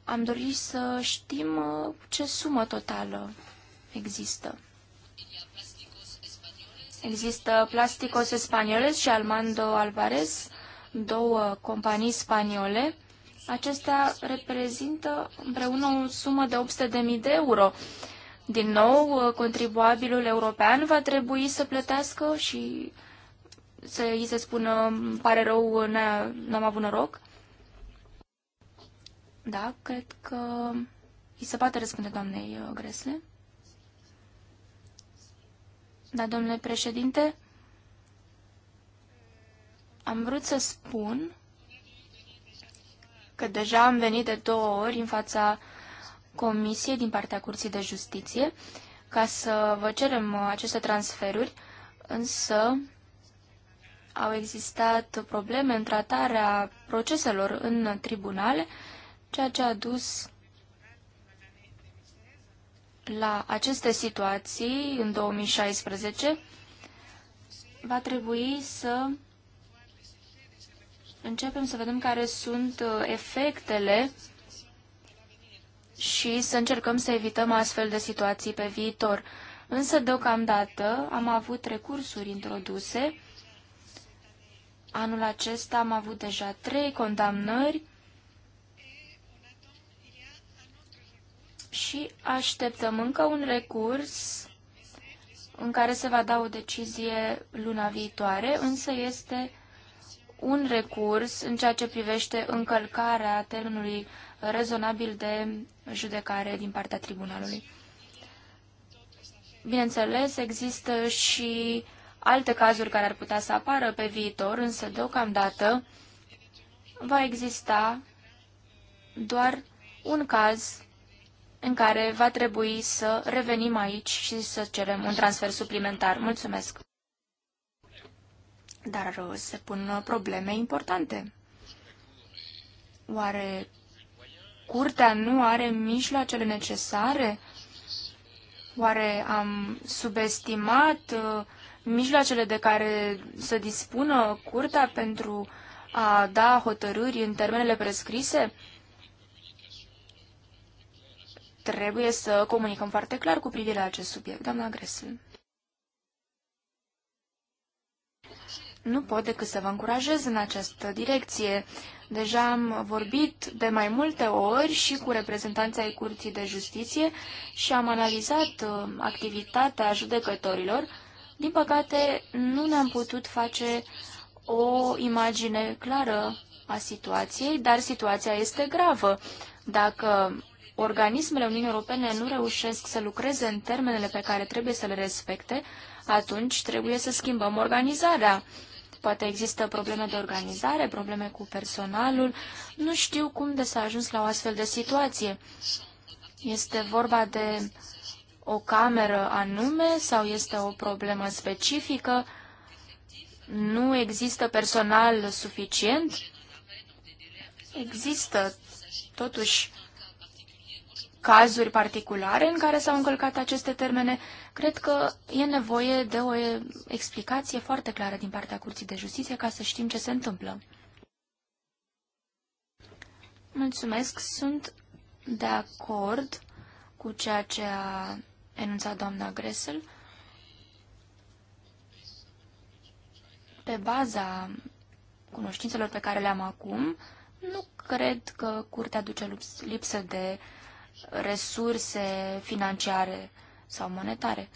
Am dorit să știm uh, ce sumă totală există. Există Plasticos Españoles și Almando Alvarez, două companii spaniole acestea reprezintă împreună o sumă de 800.000 de euro. Din nou, contribuabilul european va trebui să plătească și să îi se spună, îmi pare rău, n-am avut noroc. Da, cred că îi se poate răspunde doamnei uh, Gresle. Da, domnule președinte, am vrut să spun că deja am venit de două ori în fața Comisiei din partea Curții de Justiție ca să vă cerem uh, aceste transferuri, însă au existat probleme în tratarea proceselor în tribunale, ceea ce a dus la aceste situații în 2016. Va trebui să începem să vedem care sunt uh, efectele și să încercăm să evităm astfel de situații pe viitor. Însă, deocamdată, am avut recursuri introduse. Anul acesta am avut deja trei condamnări și așteptăm încă un recurs în care se va da o decizie luna viitoare, însă este un recurs în ceea ce privește încălcarea termenului rezonabil de judecare din partea tribunalului. Bineînțeles, există și alte cazuri care ar putea să apară pe viitor, însă deocamdată va exista doar un caz în care va trebui să revenim aici și să cerem un transfer suplimentar. Mulțumesc! Dar uh, se pun uh, probleme importante. Oare curtea nu are mijloacele necesare? Oare am subestimat uh, mijloacele de care să dispună curtea pentru a da hotărâri în termenele prescrise? Trebuie să comunicăm foarte clar cu privire la acest subiect, doamna Gresel. Nu pot decât să vă încurajez în această direcție. Deja am vorbit de mai multe ori și cu reprezentanța ai Curții de Justiție și am analizat uh, activitatea judecătorilor. Din păcate, nu ne-am putut face o imagine clară a situației, dar situația este gravă. Dacă organismele Uniunii Europene nu reușesc să lucreze în termenele pe care trebuie să le respecte, atunci trebuie să schimbăm organizarea. Poate există probleme de organizare, probleme cu personalul. Nu știu cum de s-a ajuns la o astfel de situație. Este vorba de o cameră anume sau este o problemă specifică? Nu există personal suficient? Există totuși cazuri particulare în care s-au încălcat aceste termene, cred că e nevoie de o explicație foarte clară din partea Curții de Justiție ca să știm ce se întâmplă. Mulțumesc, sunt de acord cu ceea ce a enunțat doamna Gresel. Pe baza cunoștințelor pe care le am acum, nu cred că curtea duce lipsă de uh, resurse financiare sau monetare,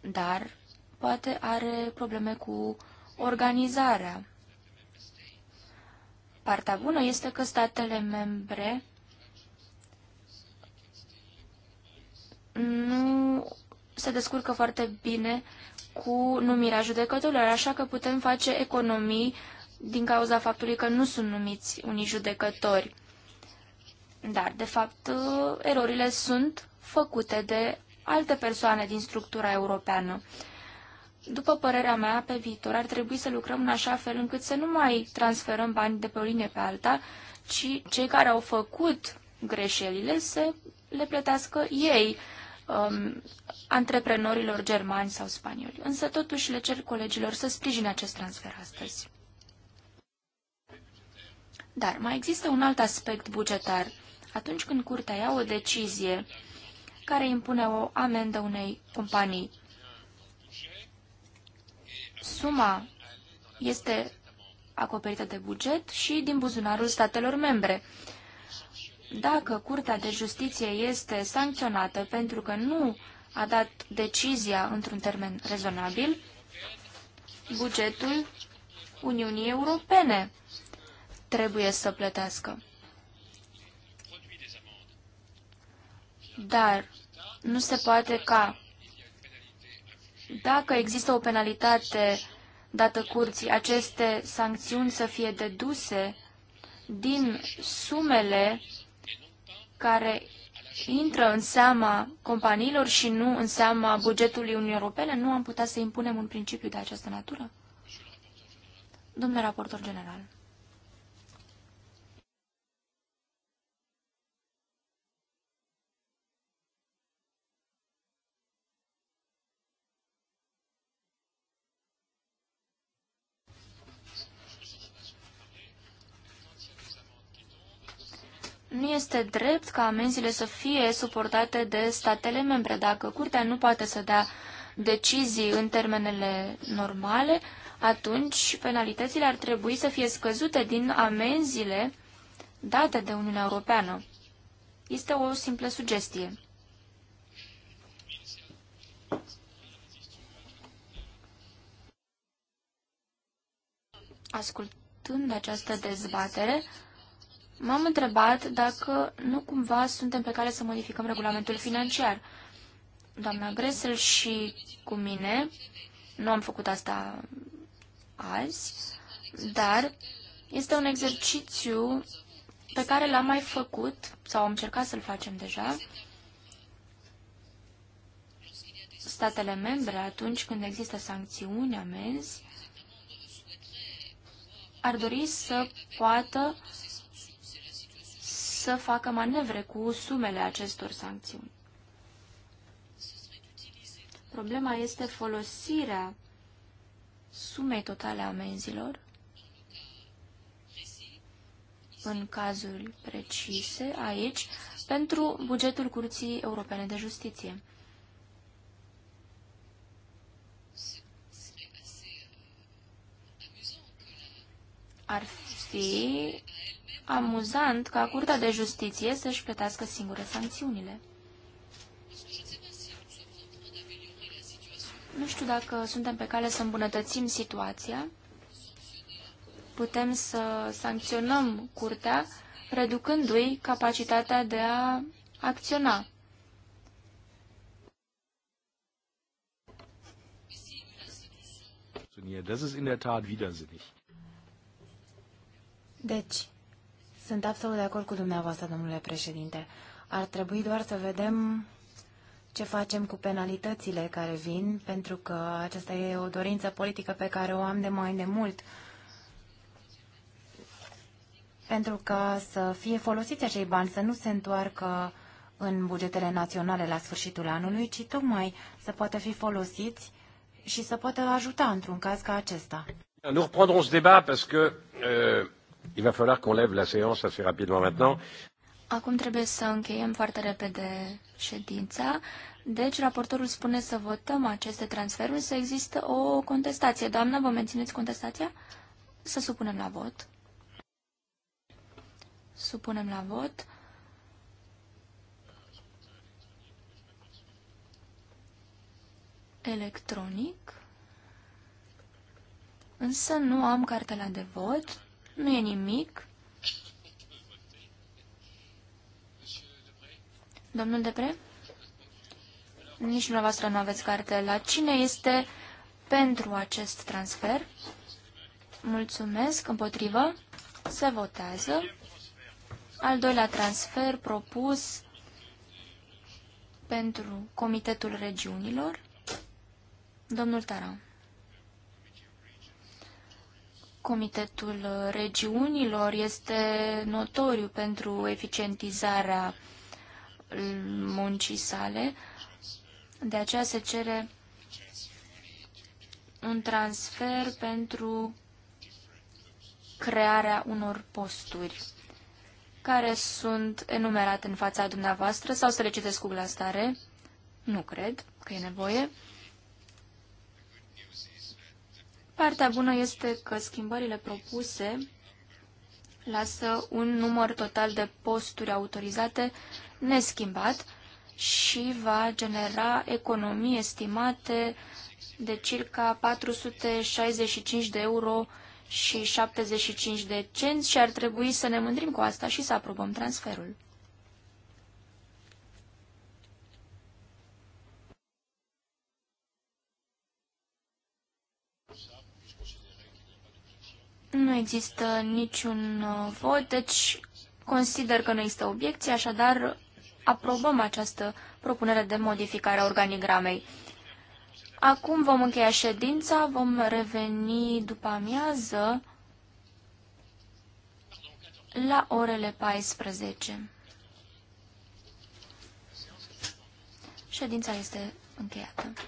dar poate are probleme cu organizarea. Partea bună este că statele membre nu se descurcă foarte bine cu numirea judecătorilor, așa că putem face economii din cauza faptului că nu sunt numiți unii judecători. Dar, de fapt, uh, erorile sunt făcute de alte persoane din structura europeană. După părerea mea, pe viitor ar trebui să lucrăm în așa fel încât să nu mai transferăm bani de pe o linie pe alta, ci cei care au făcut greșelile să le plătească ei, um, antreprenorilor germani sau spanioli. Însă totuși le cer colegilor să sprijine acest transfer astăzi. Dar mai există un alt aspect bugetar – atunci când curtea ia o decizie care impune o amendă unei companii, suma este acoperită de buget și din buzunarul statelor membre. Dacă Curtea de Justiție este sancționată pentru că nu a dat decizia într-un termen rezonabil, bugetul Uniunii Europene trebuie să plătească. Dar nu se poate ca dacă există o penalitate dată curții, aceste sancțiuni să fie deduse din sumele care intră în seama companiilor și nu în seama bugetului Uniunii Europene, nu am putea să impunem un principiu de această natură? Domnule raportor general. nu este drept ca amenziile să fie suportate de statele membre. Dacă curtea nu poate să dea decizii în termenele normale, atunci penalitățile ar trebui să fie scăzute din amenziile date de Uniunea Europeană. Este o simplă sugestie. Ascultând această dezbatere, M-am întrebat dacă nu cumva suntem pe care să modificăm regulamentul financiar. Doamna Gressel și cu mine, nu am făcut asta azi, dar este un exercițiu pe care l-am mai făcut sau am încercat să-l facem deja. Statele membre, atunci când există sancțiuni, amenzi, ar dori să poată uh, să facă manevre cu sumele acestor sancțiuni. Problema este folosirea sumei totale a amenzilor în cazuri precise aici pentru bugetul Curții Europene de Justiție. Ar fi amuzant ca Curtea de Justiție să-și plătească singure sancțiunile. Nu știu dacă suntem pe cale să îmbunătățim situația. Putem să sancționăm curtea, reducându-i capacitatea de a acționa. Deci, sunt absolut de acord cu dumneavoastră, domnule președinte. Ar trebui doar să vedem ce facem cu penalitățile care vin, pentru că aceasta e o dorință politică pe care o am de mai de mult. Pentru ca să fie folosiți acei bani, să nu se întoarcă în bugetele naționale la sfârșitul anului, ci tocmai să poată fi folosiți și să poată ajuta într-un caz ca acesta. Nous reprendrons ce débat parce que euh, Il va falloir qu'on lève la séance assez rapidement maintenant. Acum trebuie să încheiem foarte repede ședința. Deci, raportorul spune să votăm aceste transferuri, să există o contestație. Doamna, vă mențineți contestația? Să supunem la vot. Supunem la vot. Electronic. Însă nu am cartela de vot. Nu e nimic. Domnul Depre? Nici dumneavoastră nu aveți La Cine este pentru acest transfer? Mulțumesc. Împotrivă? Se votează. Al doilea transfer propus pentru Comitetul Regiunilor. Domnul Taran. Comitetul Regiunilor este notoriu pentru eficientizarea muncii sale, de aceea se cere un transfer pentru crearea unor posturi care sunt enumerate în fața dumneavoastră sau să le citesc cu glasare. Nu cred că e nevoie. Partea bună este că schimbările propuse lasă un număr total de posturi autorizate neschimbat și va genera economii estimate de circa 465 de euro și 75 de cenți și ar trebui să ne mândrim cu asta și să aprobăm transferul. Nu există niciun uh, vot, deci consider că nu există obiecții, așadar aprobăm această propunere de modificare a organigramei. Acum vom încheia ședința, vom reveni după amiază la orele 14. Ședința este încheiată.